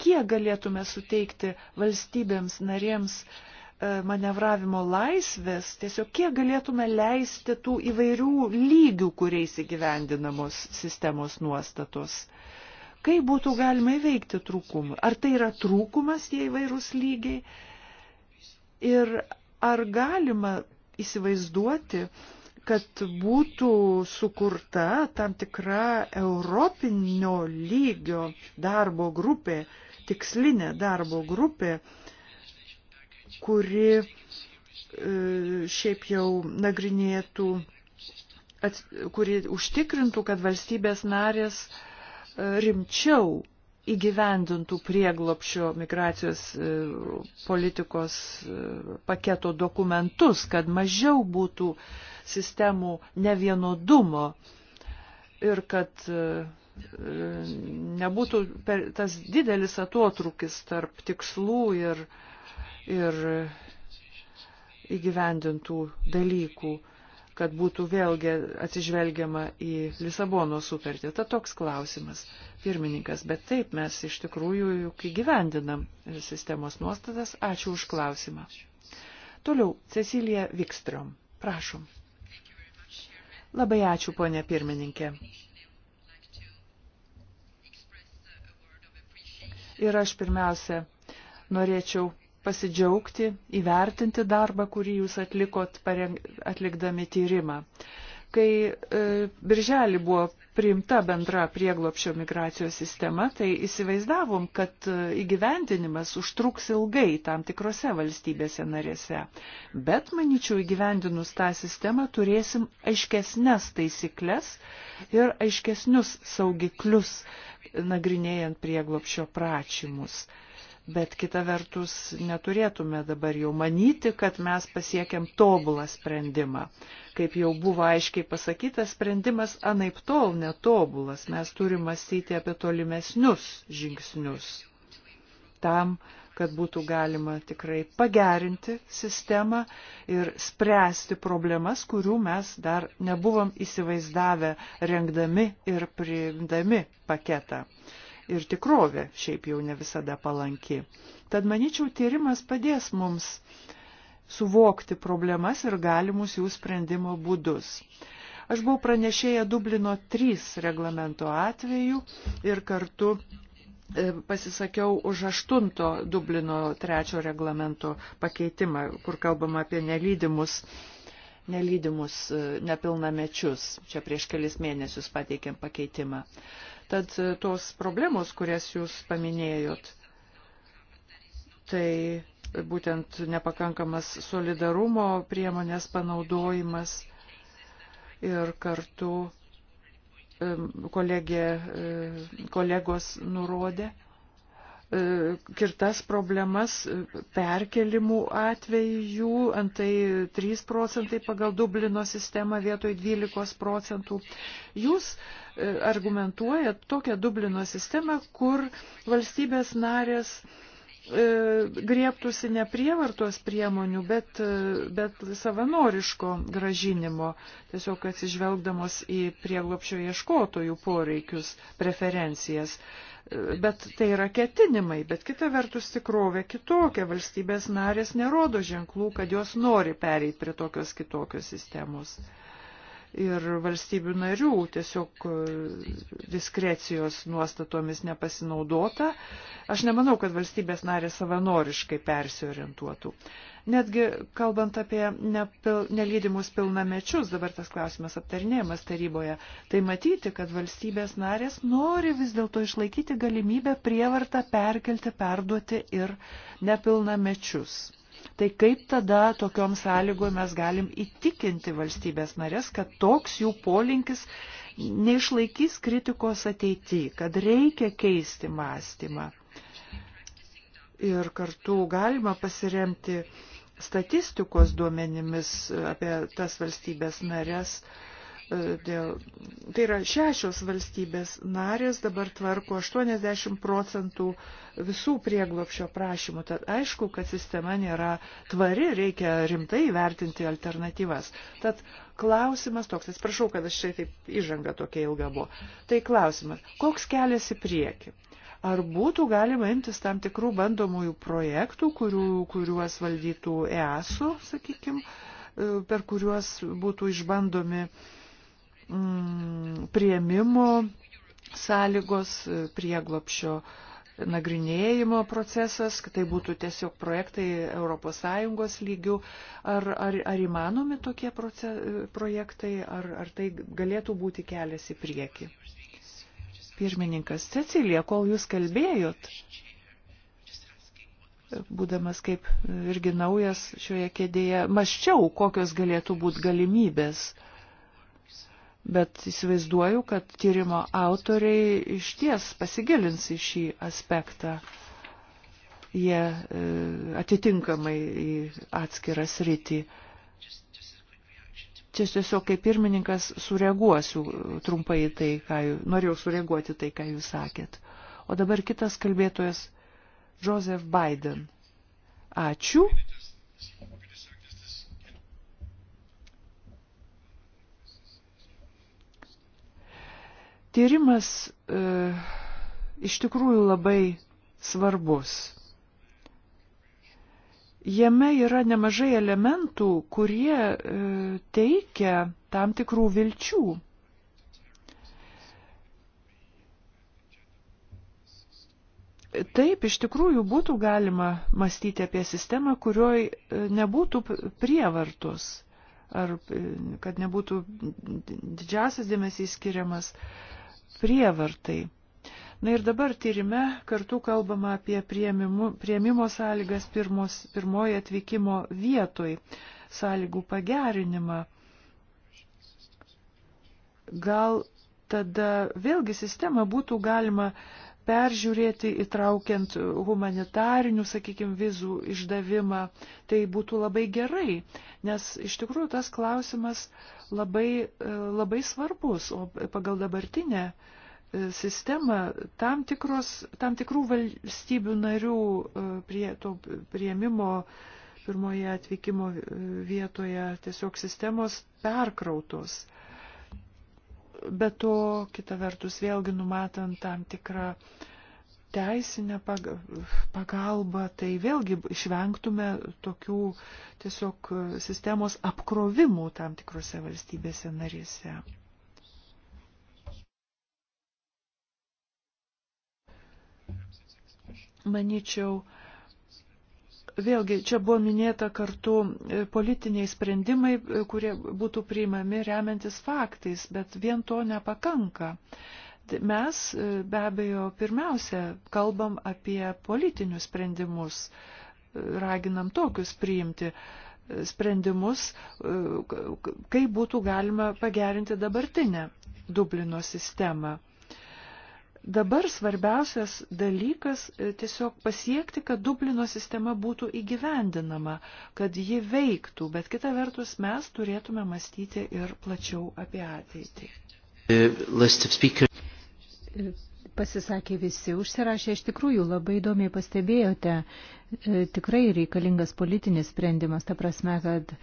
kiek galėtume suteikti valstybėms narėms uh, E, manevravimo laisvės, tiesiog kiek galėtume leisti tų įvairių lygių, kuriais įgyvendinamos sistemos nuostatos. Kaip būtų galima įveikti trūkumą? Ar tai yra trūkumas tie įvairūs lygiai? Ir ar galima įsivaizduoti, kad būtų sukurta tam tikra europinio lygio darbo grupė, tikslinė darbo grupė, uh, kuri e, šiaip jau nagrinėtų, at, kuri užtikrintų, kad valstybės narės e, rimčiau įgyvendintų prieglopšio migracijos e, politikos paketo dokumentus, kad mažiau būtų sistemų nevienodumo ir kad nebūtų tas didelis atotrukis tarp tikslų ir uh, ir įgyvendintų dalykų, kad būtų vėlgi atsižvelgiama į Lisabono sutartį. Ta toks klausimas, pirmininkas, bet taip mes iš tikrųjų juk įgyvendinam sistemos nuostatas. Ačiū už klausimą. Toliau, Cecilija Vikstrom. Prašom. Labai ačiū, ponė pirmininkė. Ir aš pirmiausia norėčiau pasidžiaugti, įvertinti darbą, kurį jūs atlikot pareng, atlikdami tyrimą. Kai e, birželį buvo priimta bendra prieglopšio migracijos sistema, tai įsivaizdavom, kad e, įgyvendinimas užtruks ilgai tam tikrose valstybėse narėse. Bet, manyčiau, įgyvendinus tą sistemą turėsim aiškesnės taisyklės ir aiškesnius saugiklius nagrinėjant prieglopšio prašymus. E, Bet kita vertus, neturėtume dabar jau manyti, kad mes pasiekėm tobulą sprendimą. Kaip jau buvo aiškiai pasakyta, sprendimas anaip tol netobulas. Mes turime mąstyti apie tolimesnius žingsnius. Tam, kad būtų galima tikrai pagerinti sistemą ir spręsti problemas, kurių mes dar nebuvom įsivaizdavę rengdami ir priimdami paketą ir tikrovė šiaip jau ne visada palanki. Tad manyčiau, tyrimas padės mums suvokti problemas ir galimus jų sprendimo būdus. Aš buvau pranešėję Dublino 3 reglamento atveju ir kartu e, pasisakiau už aštunto Dublino trečio reglamento pakeitimą, kur kalbama apie nelydimus nelydimus e, nepilnamečius. Čia prieš kelis mėnesius pateikėm pakeitimą. Tad e, tos problemos, kurias jūs paminėjot, tai būtent nepakankamas solidarumo priemonės panaudojimas ir kartu kolegė, e, kolegos nurodė, E, kirtas problemas e, perkelimų atveju, antai 3 procentai pagal Dublino sistemą vietoj 12 procentų. Jūs e, argumentuojat tokią Dublino sistemą, kur valstybės narės E, griebtųsi ne prievartos priemonių, bet, e, bet savanoriško gražinimo, tiesiog atsižvelgdamos į prieglopšio ieškotojų poreikius, preferencijas. E, bet tai yra ketinimai, bet kita vertus tikrovė kitokia, valstybės narės nerodo ženklų, kad jos nori pereiti prie tokios kitokios sistemos ir valstybių narių tiesiog e, diskrecijos nuostatomis nepasinaudota. Aš nemanau, kad valstybės narė savanoriškai persiorientuotų. Netgi kalbant apie nepil, nelydimus pilnamečius, dabar tas klausimas aptarnėjimas taryboje, tai matyti, kad valstybės narės nori vis dėlto išlaikyti galimybę prievartą perkelti, perduoti ir nepilnamečius. Tai kaip tada tokiom sąlygom mes galim įtikinti valstybės narės, kad toks jų polinkis neišlaikys kritikos ateityje, kad reikia keisti mąstymą. Ir kartu galima pasiremti statistikos duomenimis apie tas valstybės narės, uh, E, dėl, tai yra šešios valstybės narės dabar tvarko 80 procentų visų prieglopšio prašymų. Tad aišku, kad sistema nėra tvari, reikia rimtai vertinti alternatyvas. Tad klausimas toks, atsiprašau, kad aš čia taip įžanga tokia ilga buvo. Tai klausimas, koks kelias į priekį? Ar būtų galima imtis tam tikrų bandomųjų projektų, kurių, kuriuos valdytų EASO, sakykime, per kuriuos būtų išbandomi uh, mm, prieimimo sąlygos, prieglopšio nagrinėjimo procesas, kad tai būtų tiesiog projektai ES lygių. Ar, ar, ar įmanomi tokie proce, projektai, ar, ar tai galėtų būti kelias į priekį? Pirmininkas Cecilija, kol jūs kalbėjot, būdamas kaip irgi naujas šioje kėdėje, maščiau, kokios galėtų būti galimybės uh, bet įsivaizduoju, kad tyrimo autoriai iš ties pasigilins į šį aspektą. Jie e, atitinkamai į atskirą sritį. Čia tiesiog kaip pirmininkas sureaguosiu trumpai tai, ką jūs, norėjau sureaguoti tai, ką jūs sakėt. O dabar kitas kalbėtojas, Joseph Biden. Ačiū. Tyrimas e, iš tikrųjų labai svarbus. Jame yra nemažai elementų, kurie e, teikia tam tikrų vilčių. Taip, iš tikrųjų būtų galima mąstyti apie sistemą, kurioj e, nebūtų prievartos ar e, kad nebūtų didžiasias dėmesys skiriamas uh, prievartai. Na ir dabar tyrime kartu kalbama apie prieimimu, prieimimo sąlygas pirmos, pirmoji atvykimo vietoj, sąlygų pagerinimą. Gal tada vėlgi sistemą būtų galima peržiūrėti, įtraukiant humanitarinių, sakykime, vizų išdavimą. Tai būtų labai gerai, nes iš tikrųjų tas klausimas labai, e, labai svarbus, o pagal dabartinę e, sistemą tam, tikros, tam tikrų valstybių narių e, prie to prieimimo pirmoje atvykimo vietoje tiesiog sistemos perkrautos. Be to, kita vertus, vėlgi numatant tam tikrą teisinę pagalbą, tai vėlgi išvengtume tokių tiesiog sistemos apkrovimų tam tikrose valstybėse narėse. Manyčiau, Vėlgi, čia buvo minėta kartu e, politiniai sprendimai, e, kurie būtų priimami remiantis faktais, bet vien to nepakanka. Mes e, be abejo pirmiausia kalbam apie politinius sprendimus, raginam tokius priimti sprendimus, kaip būtų galima pagerinti dabartinę Dublino sistemą. Dabar svarbiausias dalykas e, tiesiog pasiekti, kad Dublino sistema būtų įgyvendinama, kad ji veiktų, bet kita vertus mes turėtume mąstyti ir plačiau apie ateitį. E, pasisakė visi, užsirašė, iš tikrųjų labai įdomiai pastebėjote, e, tikrai reikalingas politinis sprendimas, ta prasme, kad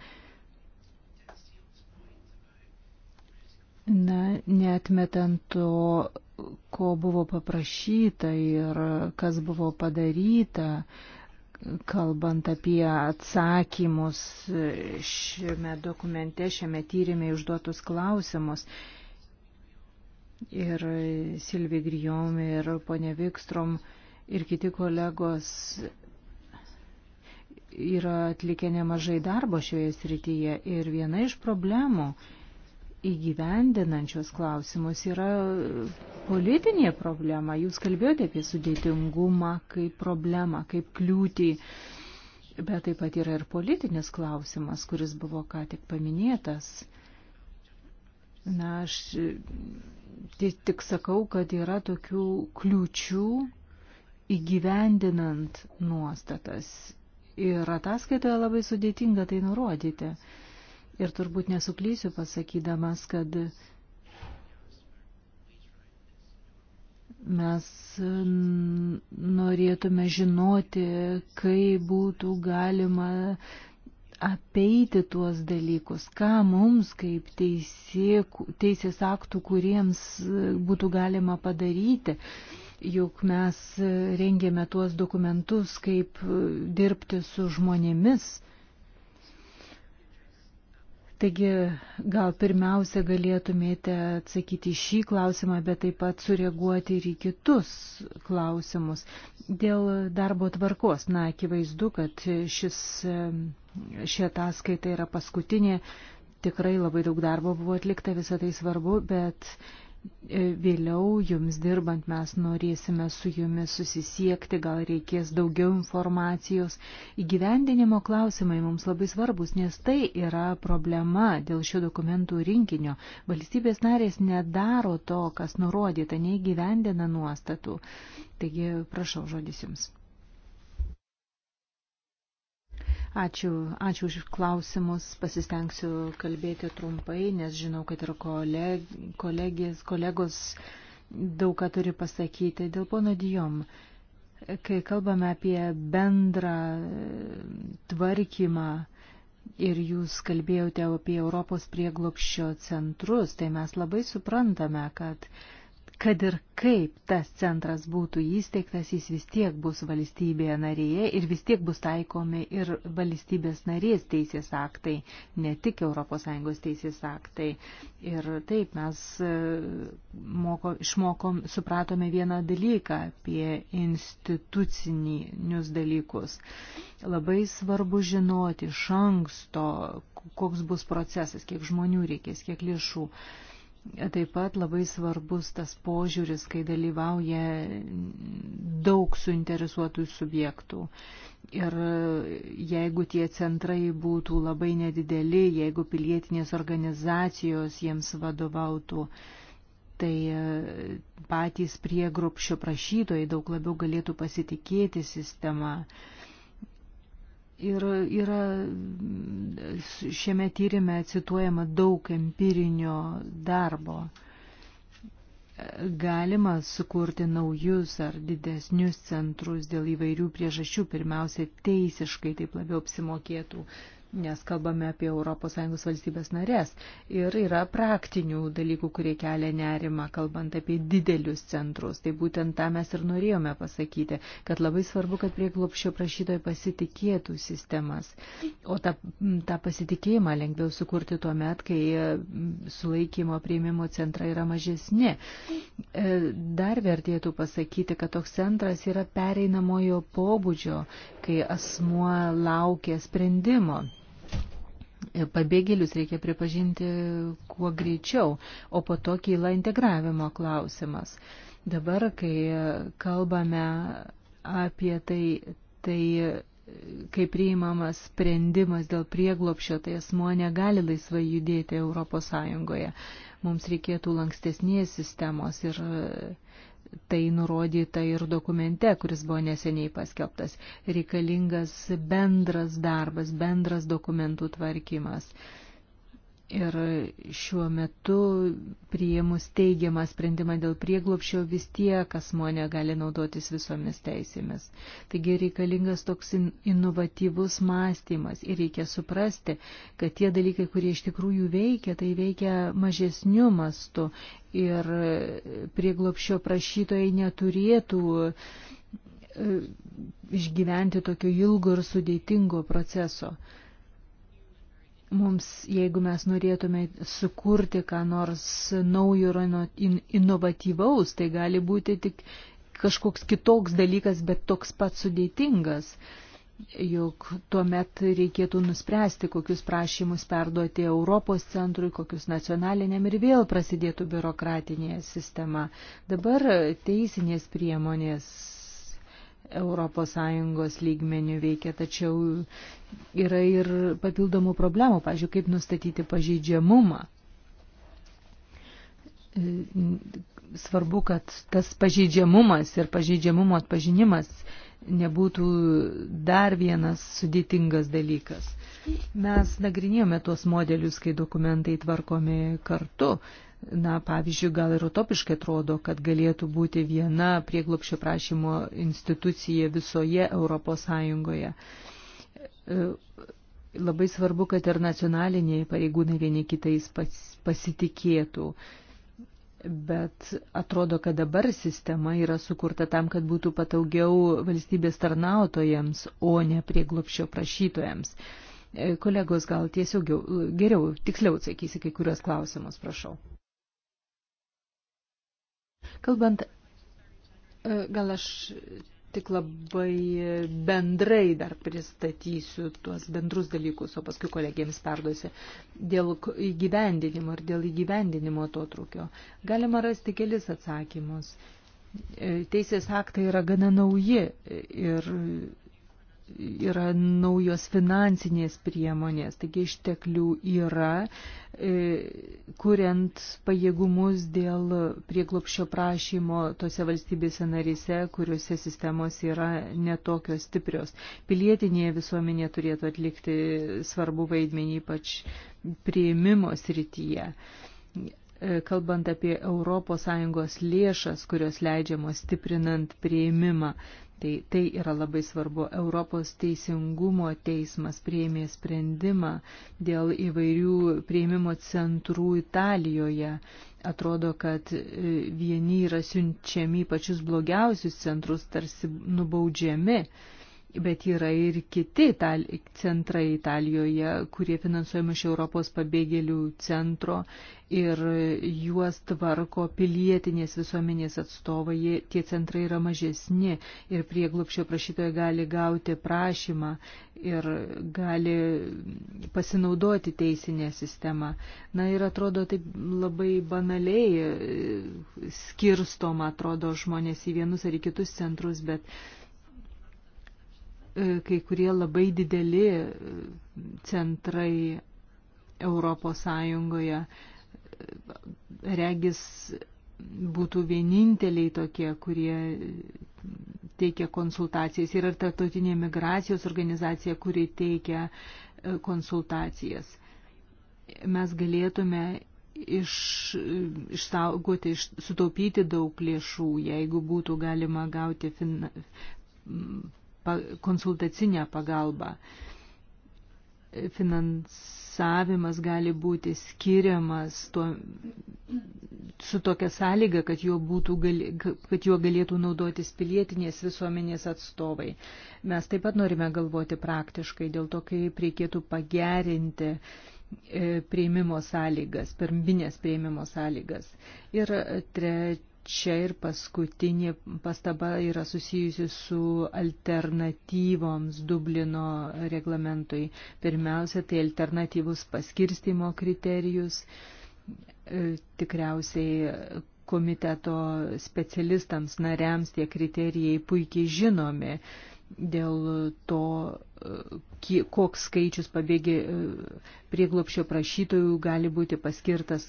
Na, netmetant to ko buvo paprašyta ir kas buvo padaryta, kalbant apie atsakymus šiame dokumente, šiame tyrimė užduotus klausimus. Ir Silvi Grijom ir ponė Vikstrom ir kiti kolegos yra atlikę nemažai darbo šioje srityje ir viena iš problemų įgyvendinančios klausimus yra politinė problema. Jūs kalbėjote apie sudėtingumą kaip problemą, kaip kliūtį, bet taip pat yra ir politinis klausimas, kuris buvo ką tik paminėtas. Na, aš tai tik sakau, kad yra tokių kliūčių įgyvendinant nuostatas. Ir ataskaitoje labai sudėtinga tai nurodyti. Ir turbūt nesuklysiu pasakydamas, kad mes norėtume žinoti, kaip būtų galima apeiti tuos dalykus, ką mums kaip teisė, teisės aktų, kuriems būtų galima padaryti. Juk mes rengėme tuos dokumentus, kaip dirbti su žmonėmis. Taigi gal pirmiausia galėtumėte atsakyti šį klausimą, bet taip pat sureaguoti ir į kitus klausimus. Dėl darbo tvarkos, na, akivaizdu, kad šis, ši ataskaita yra paskutinė, tikrai labai daug darbo buvo atlikta, visą tai svarbu, bet E, vėliau jums dirbant mes norėsime su jumis susisiekti, gal reikės daugiau informacijos. Įgyvendinimo klausimai mums labai svarbus, nes tai yra problema dėl šio dokumentų rinkinio. Valstybės narės nedaro to, kas nurodyta, neįgyvendina nuostatų. Taigi, prašau, žodis jums. Ačiū, ačiū už klausimus. Pasistengsiu kalbėti trumpai, nes žinau, kad ir koleg, kolegės, kolegos daug ką turi pasakyti. Dėl pono Dijom, kai kalbame apie bendrą e, tvarkymą, Ir jūs kalbėjote apie Europos prieglopščio centrus, tai mes labai suprantame, kad uh, kad ir kaip tas centras būtų įsteigtas, jis vis tiek bus valstybėje narėje ir vis tiek bus taikomi ir valstybės narės teisės aktai, ne tik ES teisės aktai. Ir taip mes e, moko, išmokom, supratome vieną dalyką apie institucinius dalykus. Labai svarbu žinoti iš anksto, koks bus procesas, kiek žmonių reikės, kiek lėšų. Taip pat labai svarbus tas požiūris, kai dalyvauja daug suinteresuotų subjektų. Ir jeigu tie centrai būtų labai nedideli, jeigu pilietinės organizacijos jiems vadovautų, tai e, patys priegrupščio prašytojai daug labiau galėtų pasitikėti sistemą. Ir yra šiame tyrimė cituojama daug empirinio darbo. Galima sukurti naujus ar didesnius centrus dėl įvairių priežasčių, pirmiausia, teisiškai taip labiau apsimokėtų nes kalbame apie ES valstybės narės. Ir yra praktinių dalykų, kurie kelia nerimą, kalbant apie didelius centrus. Tai būtent tą mes ir norėjome pasakyti, kad labai svarbu, kad prieglopščio prašytojai pasitikėtų sistemas. O tą, tą pasitikėjimą lengviau sukurti tuo met, kai mm, sulaikymo prieimimo centrai yra mažesni. E, dar vertėtų pasakyti, kad toks centras yra pereinamojo pobūdžio, kai asmuo laukia sprendimo pabėgėlius reikia pripažinti kuo greičiau, o po to kyla integravimo klausimas. Dabar, kai kalbame apie tai, tai kai priimamas sprendimas dėl prieglopšio, tai asmuo negali laisvai judėti Europos Sąjungoje. Mums reikėtų lankstesnės sistemos ir Tai nurodyta ir dokumente, kuris buvo neseniai paskelbtas. Reikalingas bendras darbas, bendras dokumentų tvarkymas. Uh, Ir šiuo metu priėmus teigiamą sprendimą dėl prieglopšio vis tiek asmo negali naudotis visomis teisėmis. Taigi reikalingas toks in inovatyvus mąstymas ir reikia suprasti, kad tie dalykai, kurie iš tikrųjų veikia, tai veikia mažesniu mastu ir prieglopšio prašytojai neturėtų e, išgyventi tokio ilgo ir sudėtingo proceso mums, jeigu mes norėtume sukurti ką nors naujo ir inovatyvaus, tai gali būti tik kažkoks kitoks dalykas, bet toks pat sudėtingas. Juk tuomet reikėtų nuspręsti, kokius prašymus perduoti Europos centrui, kokius nacionaliniam ir vėl prasidėtų biurokratinė sistema. Dabar teisinės priemonės ES lygmenių veikia, tačiau yra ir papildomų problemų, pažiūrėjau, kaip nustatyti pažeidžiamumą. Svarbu, kad tas pažeidžiamumas ir pažeidžiamumo atpažinimas nebūtų dar vienas sudėtingas dalykas. Mes nagrinėjome tuos modelius, kai dokumentai tvarkomi kartu Na, pavyzdžiui, gal ir utopiškai atrodo, kad galėtų būti viena prieglopščio prašymo institucija visoje Europos Sąjungoje. E, labai svarbu, kad ir nacionaliniai pareigūnai vieni kitais pasitikėtų. Bet atrodo, kad dabar sistema yra sukurta tam, kad būtų patogiau valstybės tarnautojams, o ne prieglopščio prašytojams e, kolegos gal tiesiog geriau, tiksliau atsakysi kai kurios klausimus, prašau. Kalbant, e, gal aš tik labai bendrai dar pristatysiu tuos bendrus dalykus, o paskui kolegijams perduosiu dėl įgyvendinimo ir dėl įgyvendinimo to trūkio. Galima rasti kelis atsakymus. E, teisės aktai yra gana nauji e, ir yra naujos finansinės priemonės, taigi išteklių yra, e, kuriant pajėgumus dėl prieklopščio prašymo tose valstybėse narise, kuriuose sistemos yra netokios stiprios. Pilietinėje visuomenė turėtų atlikti svarbu vaidmenį, ypač prieimimo srityje e, kalbant apie ES lėšas, kurios leidžiamos stiprinant prieimimą. Tai, tai yra labai svarbu. Europos teisingumo teismas prieimė sprendimą dėl įvairių prieimimo centrų Italijoje. Atrodo, kad e, vieni yra siunčiami pačius blogiausius centrus, tarsi nubaudžiami bet yra ir kiti itali centrai Italijoje, kurie finansuojami iš Europos pabėgėlių centro ir juos tvarko pilietinės visuomenės atstovai. Tie centrai yra mažesni ir prieglupščio prašytojai gali gauti prašymą ir gali pasinaudoti teisinę sistemą. Na ir atrodo taip labai banaliai e, skirstoma, atrodo žmonės į vienus ar į kitus centrus, bet E, kai kurie labai dideli e, centrai Europos Sąjungoje e, regis būtų vieninteliai tokie, kurie teikia konsultacijas ir ar tarptautinė migracijos organizacija, kuri teikia konsultacijas. Mes galėtume iš, išsaugoti, iš, sutaupyti daug lėšų, jeigu būtų galima gauti fin, konsultacinę pagalbą. Finansavimas gali būti skiriamas tuo, su tokia sąlyga, kad juo, būtų, kad juo galėtų naudotis pilietinės visuomenės atstovai. Mes taip pat norime galvoti praktiškai dėl to, kaip reikėtų pagerinti e, prieimimo sąlygas, pirminės prieimimo sąlygas. Ir tre, čia ir paskutinė pastaba yra susijusi su alternatyvoms Dublino reglamentui. Pirmiausia, tai alternatyvus paskirstimo kriterijus. E, tikriausiai komiteto specialistams, nariams tie kriterijai puikiai žinomi dėl to, e, koks skaičius pabėgė e, prieglopšio prašytojų gali būti paskirtas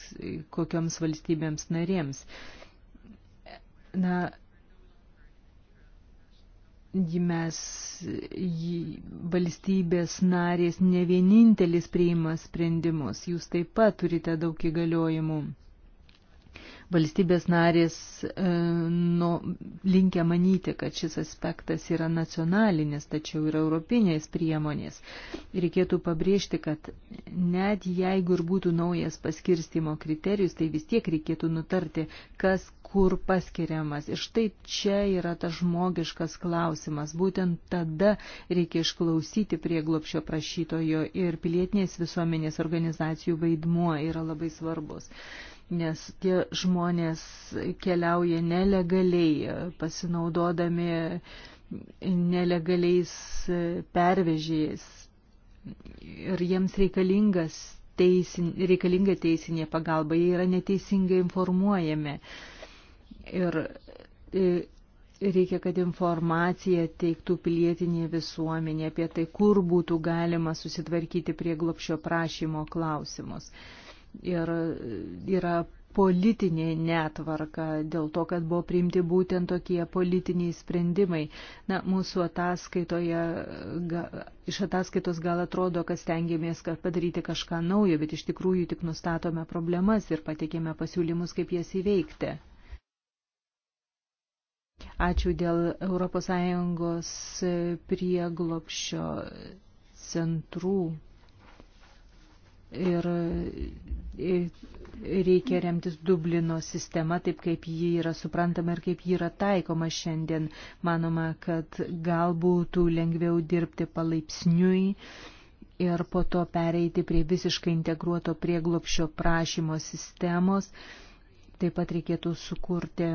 kokioms valstybėms narėms. Na, mes valstybės narės ne vienintelis priima sprendimus, jūs taip pat turite daug įgaliojimų. Valstybės narės e, no, nu, linkia manyti, kad šis aspektas yra nacionalinis, tačiau yra europinės priemonės. Reikėtų pabrėžti, kad net jeigu ir būtų naujas paskirstimo kriterijus, tai vis tiek reikėtų nutarti, kas kur paskiriamas. Ir štai čia yra tas žmogiškas klausimas. Būtent tada reikia išklausyti prieglopšio prašytojo ir pilietinės visuomenės organizacijų vaidmuo yra labai svarbus. Nes tie žmonės keliauja nelegaliai, pasinaudodami nelegaliais pervežėjais. Ir jiems reikalingas teisin, reikalinga teisinė pagalba, jie yra neteisingai informuojami. Uh, Ir reikia, kad informacija teiktų pilietinė visuomenė apie tai, kur būtų galima susitvarkyti prie glopšio prašymo klausimus. Ir yra politinė netvarka dėl to, kad buvo priimti būtent tokie politiniai sprendimai. Na, mūsų ataskaitoje, ga, iš ataskaitos gal atrodo, kad stengiamės kad padaryti kažką naujo, bet iš tikrųjų tik nustatome problemas ir pateikėme pasiūlymus, kaip jas įveikti. Ačiū dėl ES prieglopščio centrų. Ir reikia remtis Dublino sistema, taip kaip ji yra suprantama ir kaip ji yra taikoma šiandien. Manoma, kad gal būtų lengviau dirbti palaipsniui ir po to pereiti prie visiškai integruoto prieglopščio prašymo sistemos. Taip pat reikėtų sukurti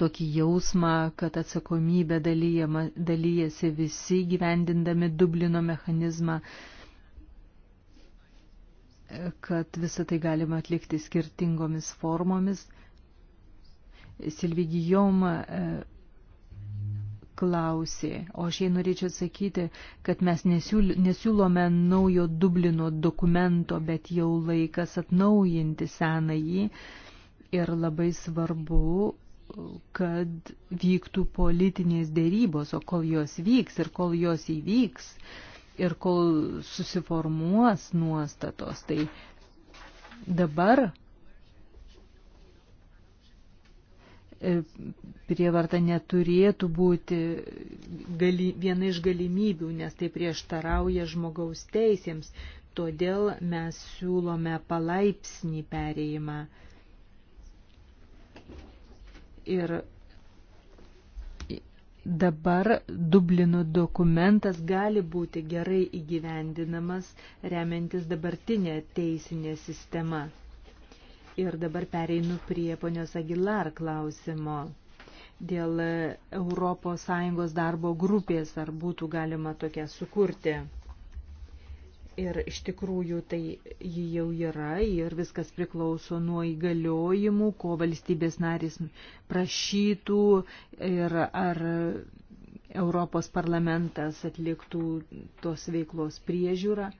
tokį jausmą, kad atsakomybė dalyjama, dalyjasi visi gyvendindami Dublino mechanizmą, kad visą tai galima atlikti skirtingomis formomis. Silvigijoma e, klausė, o aš jai norėčiau atsakyti, kad mes nesiūlome naujo Dublino dokumento, bet jau laikas atnaujinti senąjį. Ir labai svarbu kad vyktų politinės dėrybos, o kol jos vyks ir kol jos įvyks ir kol susiformuos nuostatos, tai dabar e, prievarta neturėtų būti gali, viena iš galimybių, nes tai prieštarauja žmogaus teisėms. Todėl mes siūlome palaipsnį pereimą Ir dabar Dublino dokumentas gali būti gerai įgyvendinamas remiantis dabartinė teisinė sistema. Ir dabar pereinu prie ponios Agilar klausimo dėl ES darbo grupės, ar būtų galima tokią sukurti. Ir iš tikrųjų tai ji jau yra ir viskas priklauso nuo įgaliojimų, ko valstybės narys prašytų ir ar Europos parlamentas atliktų tos veiklos priežiūrą.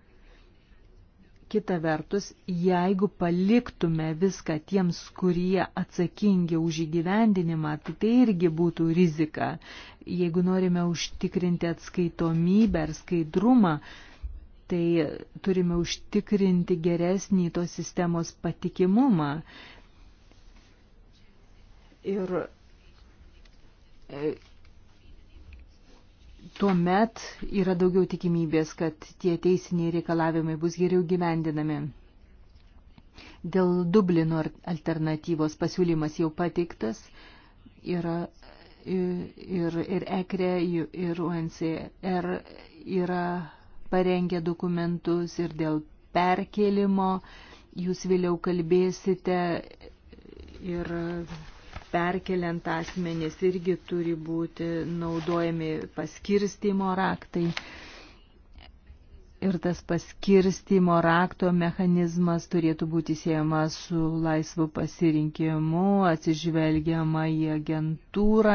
Kita vertus, jeigu paliktume viską tiems, kurie atsakingi už įgyvendinimą, tai tai irgi būtų rizika. Jeigu norime užtikrinti atskaitomybę ar skaidrumą, tai turime užtikrinti geresnį tos sistemos patikimumą. Ir e, tuomet yra daugiau tikimybės, kad tie teisiniai reikalavimai bus geriau gyvendinami. Dėl Dublino alternatyvos pasiūlymas jau pateiktas yra ir, ir ECRE, ir UNCR yra parengė dokumentus ir dėl perkelimo. Jūs vėliau kalbėsite ir perkeliant asmenys irgi turi būti naudojami paskirstimo raktai ir tas paskirstimo rakto mechanizmas turėtų būti siejamas su laisvu pasirinkimu, atsižvelgiama į agentūrą,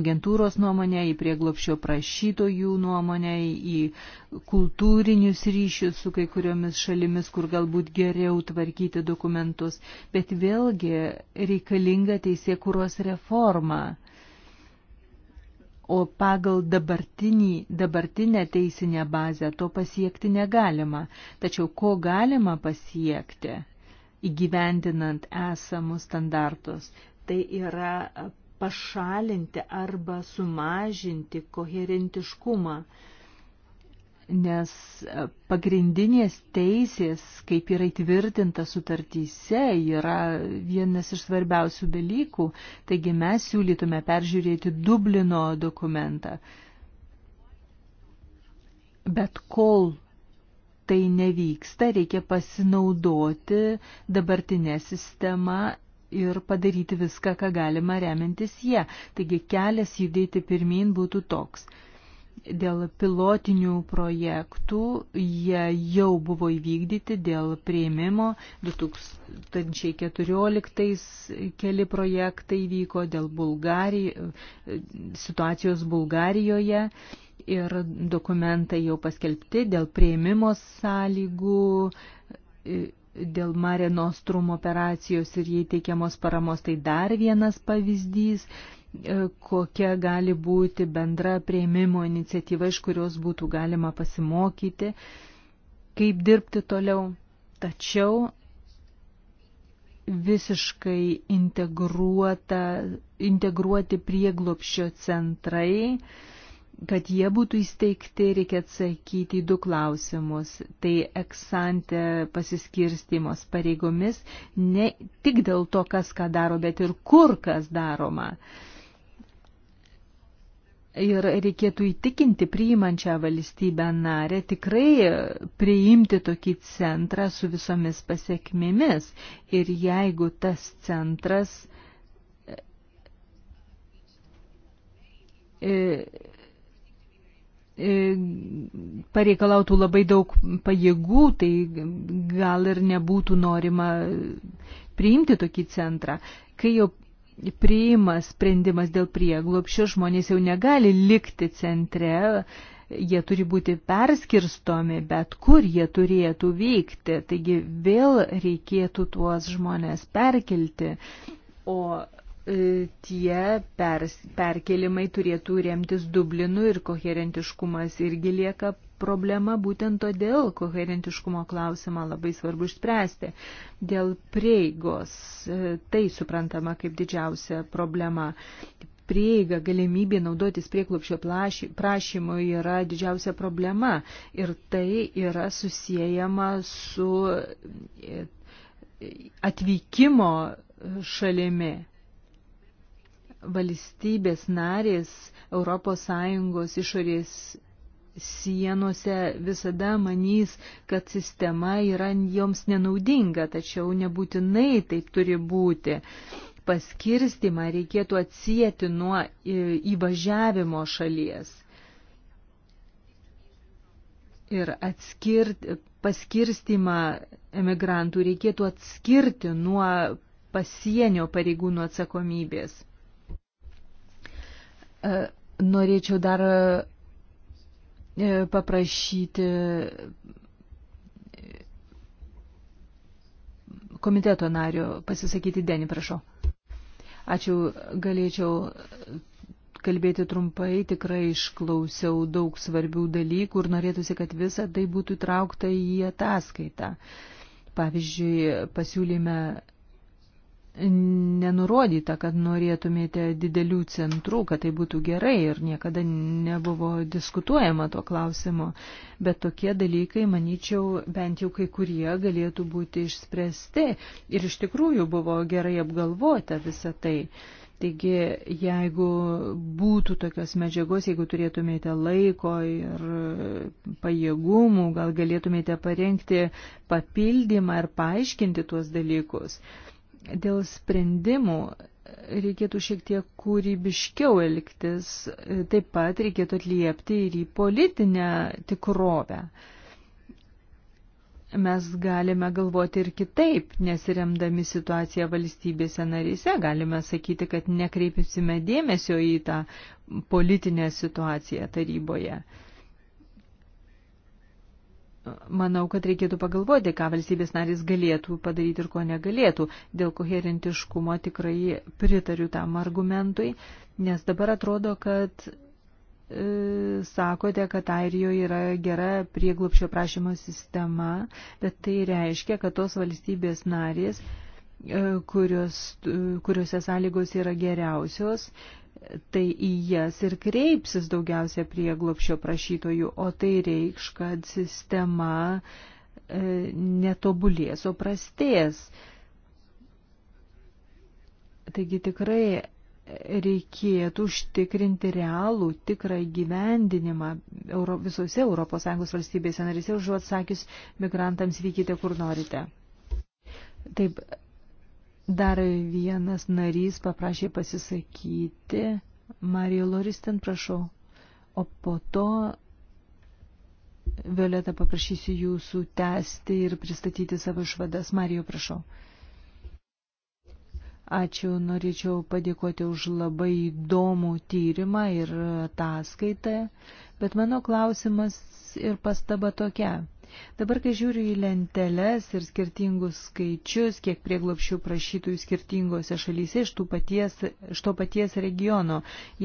agentūros nuomonę, į prieglopšio prašytojų nuomonę, į kultūrinius ryšius su kai kuriomis šalimis, kur galbūt geriau tvarkyti dokumentus, bet vėlgi reikalinga teisėkuros reforma o pagal dabartinį, dabartinę teisinę bazę to pasiekti negalima. Tačiau ko galima pasiekti, įgyvendinant esamus standartus, tai yra pašalinti arba sumažinti koherentiškumą nes pagrindinės teisės, kaip yra įtvirtinta sutartyse, yra vienas iš svarbiausių dalykų. Taigi mes siūlytume peržiūrėti Dublino dokumentą. Bet kol tai nevyksta, reikia pasinaudoti dabartinę sistemą ir padaryti viską, ką galima remintis jie. Taigi kelias judėti pirmin būtų toks dėl pilotinių projektų, jie jau buvo įvykdyti dėl prieimimo, 2014 keli projektai vyko dėl Bulgarijos, situacijos Bulgarijoje ir dokumentai jau paskelbti dėl prieimimo sąlygų dėl Mare Nostrum operacijos ir jai teikiamos paramos tai dar vienas pavyzdys. E, kokia gali būti bendra prieimimo iniciatyva, iš kurios būtų galima pasimokyti, kaip dirbti toliau. Tačiau visiškai integruoti prieglopščio centrai, kad jie būtų įsteigti, reikia atsakyti į du klausimus. Tai eksante pasiskirstimos pareigomis ne tik dėl to, kas ką daro, bet ir kur kas daroma. Uh, ir reikėtų įtikinti priimančią valstybę narę tikrai priimti tokį centrą su visomis pasiekmėmis. Ir jeigu tas centras e, e, pareikalautų labai daug pajėgų, tai gal ir nebūtų norima priimti tokį centrą. Kai jau priima sprendimas dėl prieglopščio, žmonės jau negali likti centre, jie turi būti perskirstomi, bet kur jie turėtų vykti. Taigi vėl reikėtų tuos žmonės perkelti, o e, tie pers, perkelimai turėtų remtis Dublinu ir koherentiškumas irgi lieka problema, būtent todėl koherentiškumo klausimą labai svarbu išspręsti. Dėl prieigos e, tai suprantama kaip didžiausia problema. Prieiga, galimybė naudotis prieklopšio prašymu yra didžiausia problema ir tai yra susijęjama su e, atvykimo šalimi valstybės narės ES išorės sienose visada manys, kad sistema yra joms nenaudinga, tačiau nebūtinai taip turi būti. Paskirstimą reikėtų atsijėti nuo įvažiavimo šalies ir atskirti, paskirstimą emigrantų reikėtų atskirti nuo pasienio pareigūnų atsakomybės. E, norėčiau dar E, paprašyti komiteto nario pasisakyti Denį, prašau. Ačiū, galėčiau kalbėti trumpai, tikrai išklausiau daug svarbių dalykų ir norėtųsi, kad visa tai būtų įtraukta į ataskaitą. Pavyzdžiui, pasiūlyme nenurodyta, kad norėtumėte didelių centrų, kad tai būtų gerai ir niekada nebuvo diskutuojama tuo klausimu, bet tokie dalykai, manyčiau, bent jau kai kurie galėtų būti išspręsti ir iš tikrųjų buvo gerai apgalvota visa tai. Taigi, jeigu būtų tokios medžiagos, jeigu turėtumėte laiko ir pajėgumų, gal galėtumėte parengti papildymą ir paaiškinti tuos dalykus dėl sprendimų reikėtų šiek tiek kūrybiškiau elgtis, taip pat reikėtų atliepti ir į politinę tikrovę. Mes galime galvoti ir kitaip, nesiremdami situaciją valstybėse narise, galime sakyti, kad nekreipsime dėmesio į tą politinę situaciją taryboje manau, kad reikėtų pagalvoti, ką valstybės narys galėtų padaryti ir ko negalėtų. Dėl koherentiškumo tikrai pritariu tam argumentui, nes dabar atrodo, kad e, sakote, kad Airijoje yra gera prieglupščio prašymo sistema, bet tai reiškia, kad tos valstybės narės, e, kurios, e, kuriuose sąlygos yra geriausios, e, tai į jas ir kreipsis daugiausia prieglopšio prašytojų, o tai reikš, kad sistema e, netobulės, o prastės. Taigi tikrai reikėtų užtikrinti realų, tikrą įgyvendinimą Euro, visose ES valstybėse narėse, užuot sakius, migrantams vykite kur norite. Taip, Dar vienas narys paprašė pasisakyti. Marija Loristin, prašau. O po to, Violeta, paprašysiu jūsų tęsti ir pristatyti savo išvadas. Marijo, prašau. Ačiū, norėčiau padėkoti už labai įdomų tyrimą ir ataskaitą, bet mano klausimas ir pastaba tokia. Dabar, kai žiūriu į lenteles ir skirtingus skaičius, kiek prieglopšių prašytojų skirtingose šalyse iš, paties, iš to paties regiono,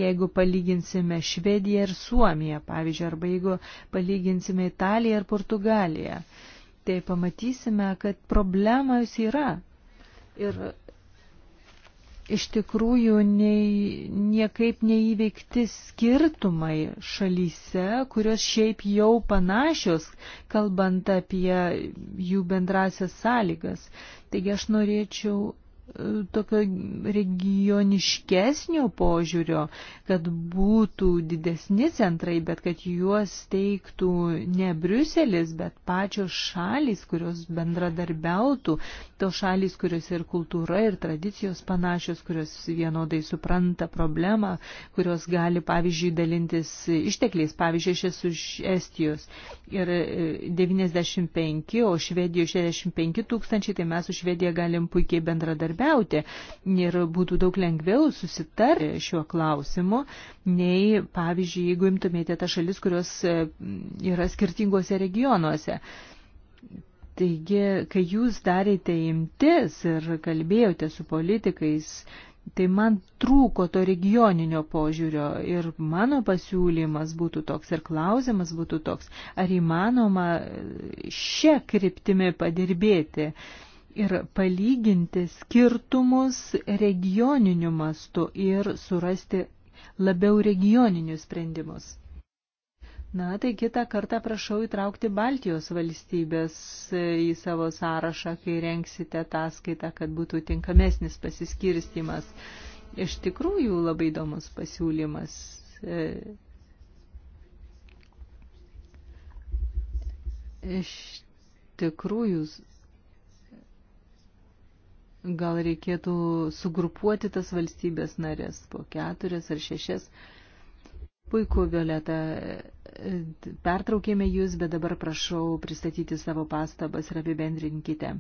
jeigu palyginsime Švediją ir Suomiją, pavyzdžiui, arba jeigu palyginsime Italiją ir Portugaliją, tai pamatysime, kad problema jūs yra. Ir iš tikrųjų nei, niekaip neįveikti skirtumai šalyse, kurios šiaip jau panašios, kalbant apie jų bendrasias sąlygas. Taigi aš norėčiau tokio regioniškesnio požiūrio, kad būtų didesni centrai, bet kad juos teiktų ne Briuselis, bet pačios šalys, kurios bendradarbiautų, to šalys, kurios ir kultūra, ir tradicijos panašios, kurios vienodai supranta problemą, kurios gali, pavyzdžiui, dalintis ištekliais. Pavyzdžiui, aš esu iš Estijos ir 95, e, o Švedijoje 65 tūkstančiai, tai mes su Švedija galim puikiai bendradarbiauti bendradarbiauti ir būtų daug lengviau susitarti šiuo klausimu, nei, pavyzdžiui, jeigu imtumėte tą šalis, kurios e, yra skirtingose regionuose. Taigi, kai jūs darėte imtis ir kalbėjote su politikais, tai man trūko to regioninio požiūrio ir mano pasiūlymas būtų toks ir klausimas būtų toks, ar įmanoma šią kryptimį padirbėti. Uh, ir palyginti skirtumus regioniniu mastu ir surasti labiau regioninius sprendimus. Na, tai kitą kartą prašau įtraukti Baltijos valstybės į savo sąrašą, kai renksite ataskaitą, kad būtų tinkamesnis pasiskirstimas. Iš tikrųjų labai įdomus pasiūlymas. Iš tikrųjų Gal reikėtų sugrupuoti tas valstybės narės po keturias ar šešias. Puiku, Violeta, pertraukėme jūs, bet dabar prašau pristatyti savo pastabas ir apibendrinkite.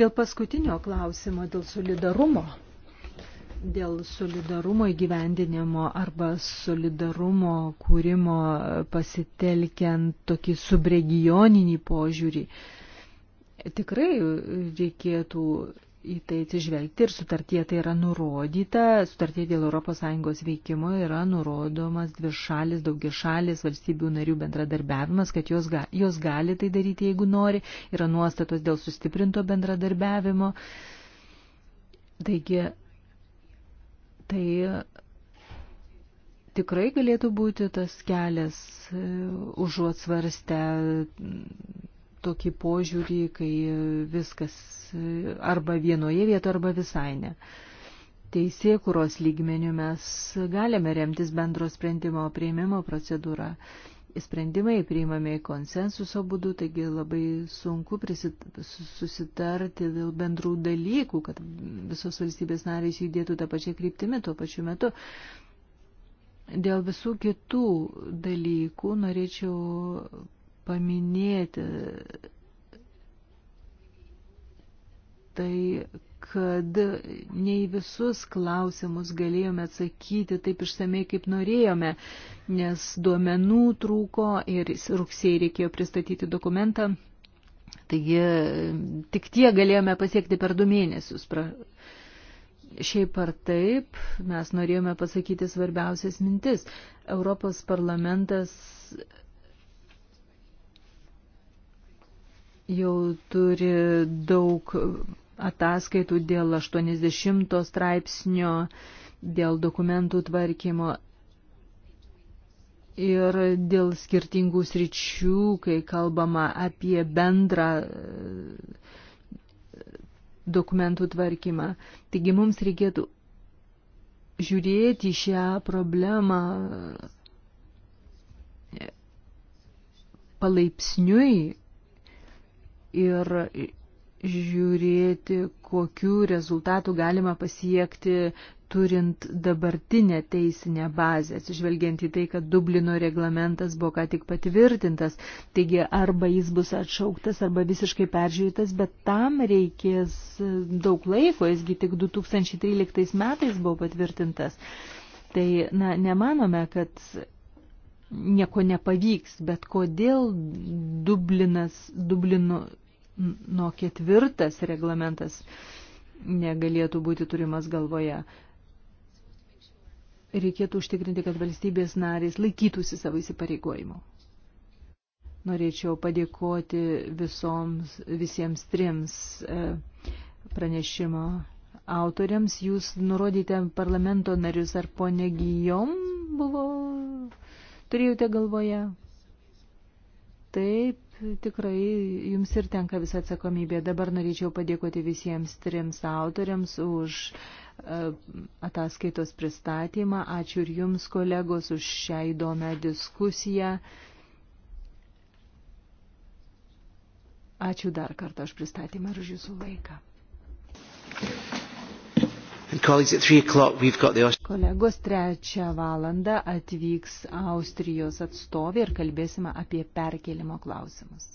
Dėl paskutinio klausimo, dėl solidarumo dėl solidarumo įgyvendinimo arba solidarumo kūrimo pasitelkiant tokį subregioninį požiūrį. Uh, Tikrai reikėtų į tai atsižvelgti ir sutartie tai yra nurodyta, sutartie dėl ES veikimo yra nurodomas dvišalis, daugišalis valstybių narių bendradarbiavimas, kad jos, ga, jos gali tai daryti, jeigu nori, yra nuostatos dėl sustiprinto bendradarbiavimo. Taigi, tai tikrai galėtų būti tas kelias e, užuot svarstę tokį požiūrį, kai viskas arba vienoje vietoje, arba visai ne. Teisėkuros lygmenių mes galime remtis bendro sprendimo prieimimo procedūrą. Sprendimai priimami konsensuso būdu, taigi labai sunku prisit, susitarti dėl bendrų dalykų, kad visos valstybės narės judėtų tą pačią kryptimį tuo pačiu metu. Dėl visų kitų dalykų norėčiau paminėti tai, kad ne į visus klausimus galėjome atsakyti taip išsamei, kaip norėjome, nes duomenų trūko ir rugsėjai reikėjo pristatyti dokumentą. Taigi tik tie galėjome pasiekti per du mėnesius. Pra... Šiaip ar taip, mes norėjome pasakyti svarbiausias mintis. Europos parlamentas jau turi daug ataskaitų dėl 80 straipsnio, dėl dokumentų tvarkymo ir dėl skirtingų sričių, kai kalbama apie bendrą e, dokumentų tvarkymą. Taigi mums reikėtų žiūrėti šią problemą e, palaipsniui ir žiūrėti, kokiu rezultatu galima pasiekti turint dabartinę teisinę bazę, atsižvelgiant į tai, kad Dublino reglamentas buvo ką tik patvirtintas, taigi arba jis bus atšauktas, arba visiškai peržiūrėtas, bet tam reikės daug laiko, jisgi tik 2013 metais buvo patvirtintas. Tai, na, nemanome, kad nieko nepavyks, bet kodėl Dublinas, Dublino nuo ketvirtas reglamentas negalėtų būti turimas galvoje. Reikėtų užtikrinti, kad valstybės narės laikytųsi savo įsipareigojimų. Norėčiau padėkoti visoms, visiems trims e, pranešimo autoriams. Jūs nurodėte parlamento narius, ar ponė Gijom buvo, turėjote galvoje? Taip, tikrai jums ir tenka visą atsakomybę. Dabar norėčiau padėkoti visiems trims autoriams už e, ataskaitos pristatymą. Ačiū ir jums, kolegos, už šią įdomią diskusiją. Ačiū dar kartą už pristatymą ir už jūsų laiką. Thank you. Kolegos trečią valandą atvyks Austrijos atstovė ir kalbėsime apie perkelimo klausimus.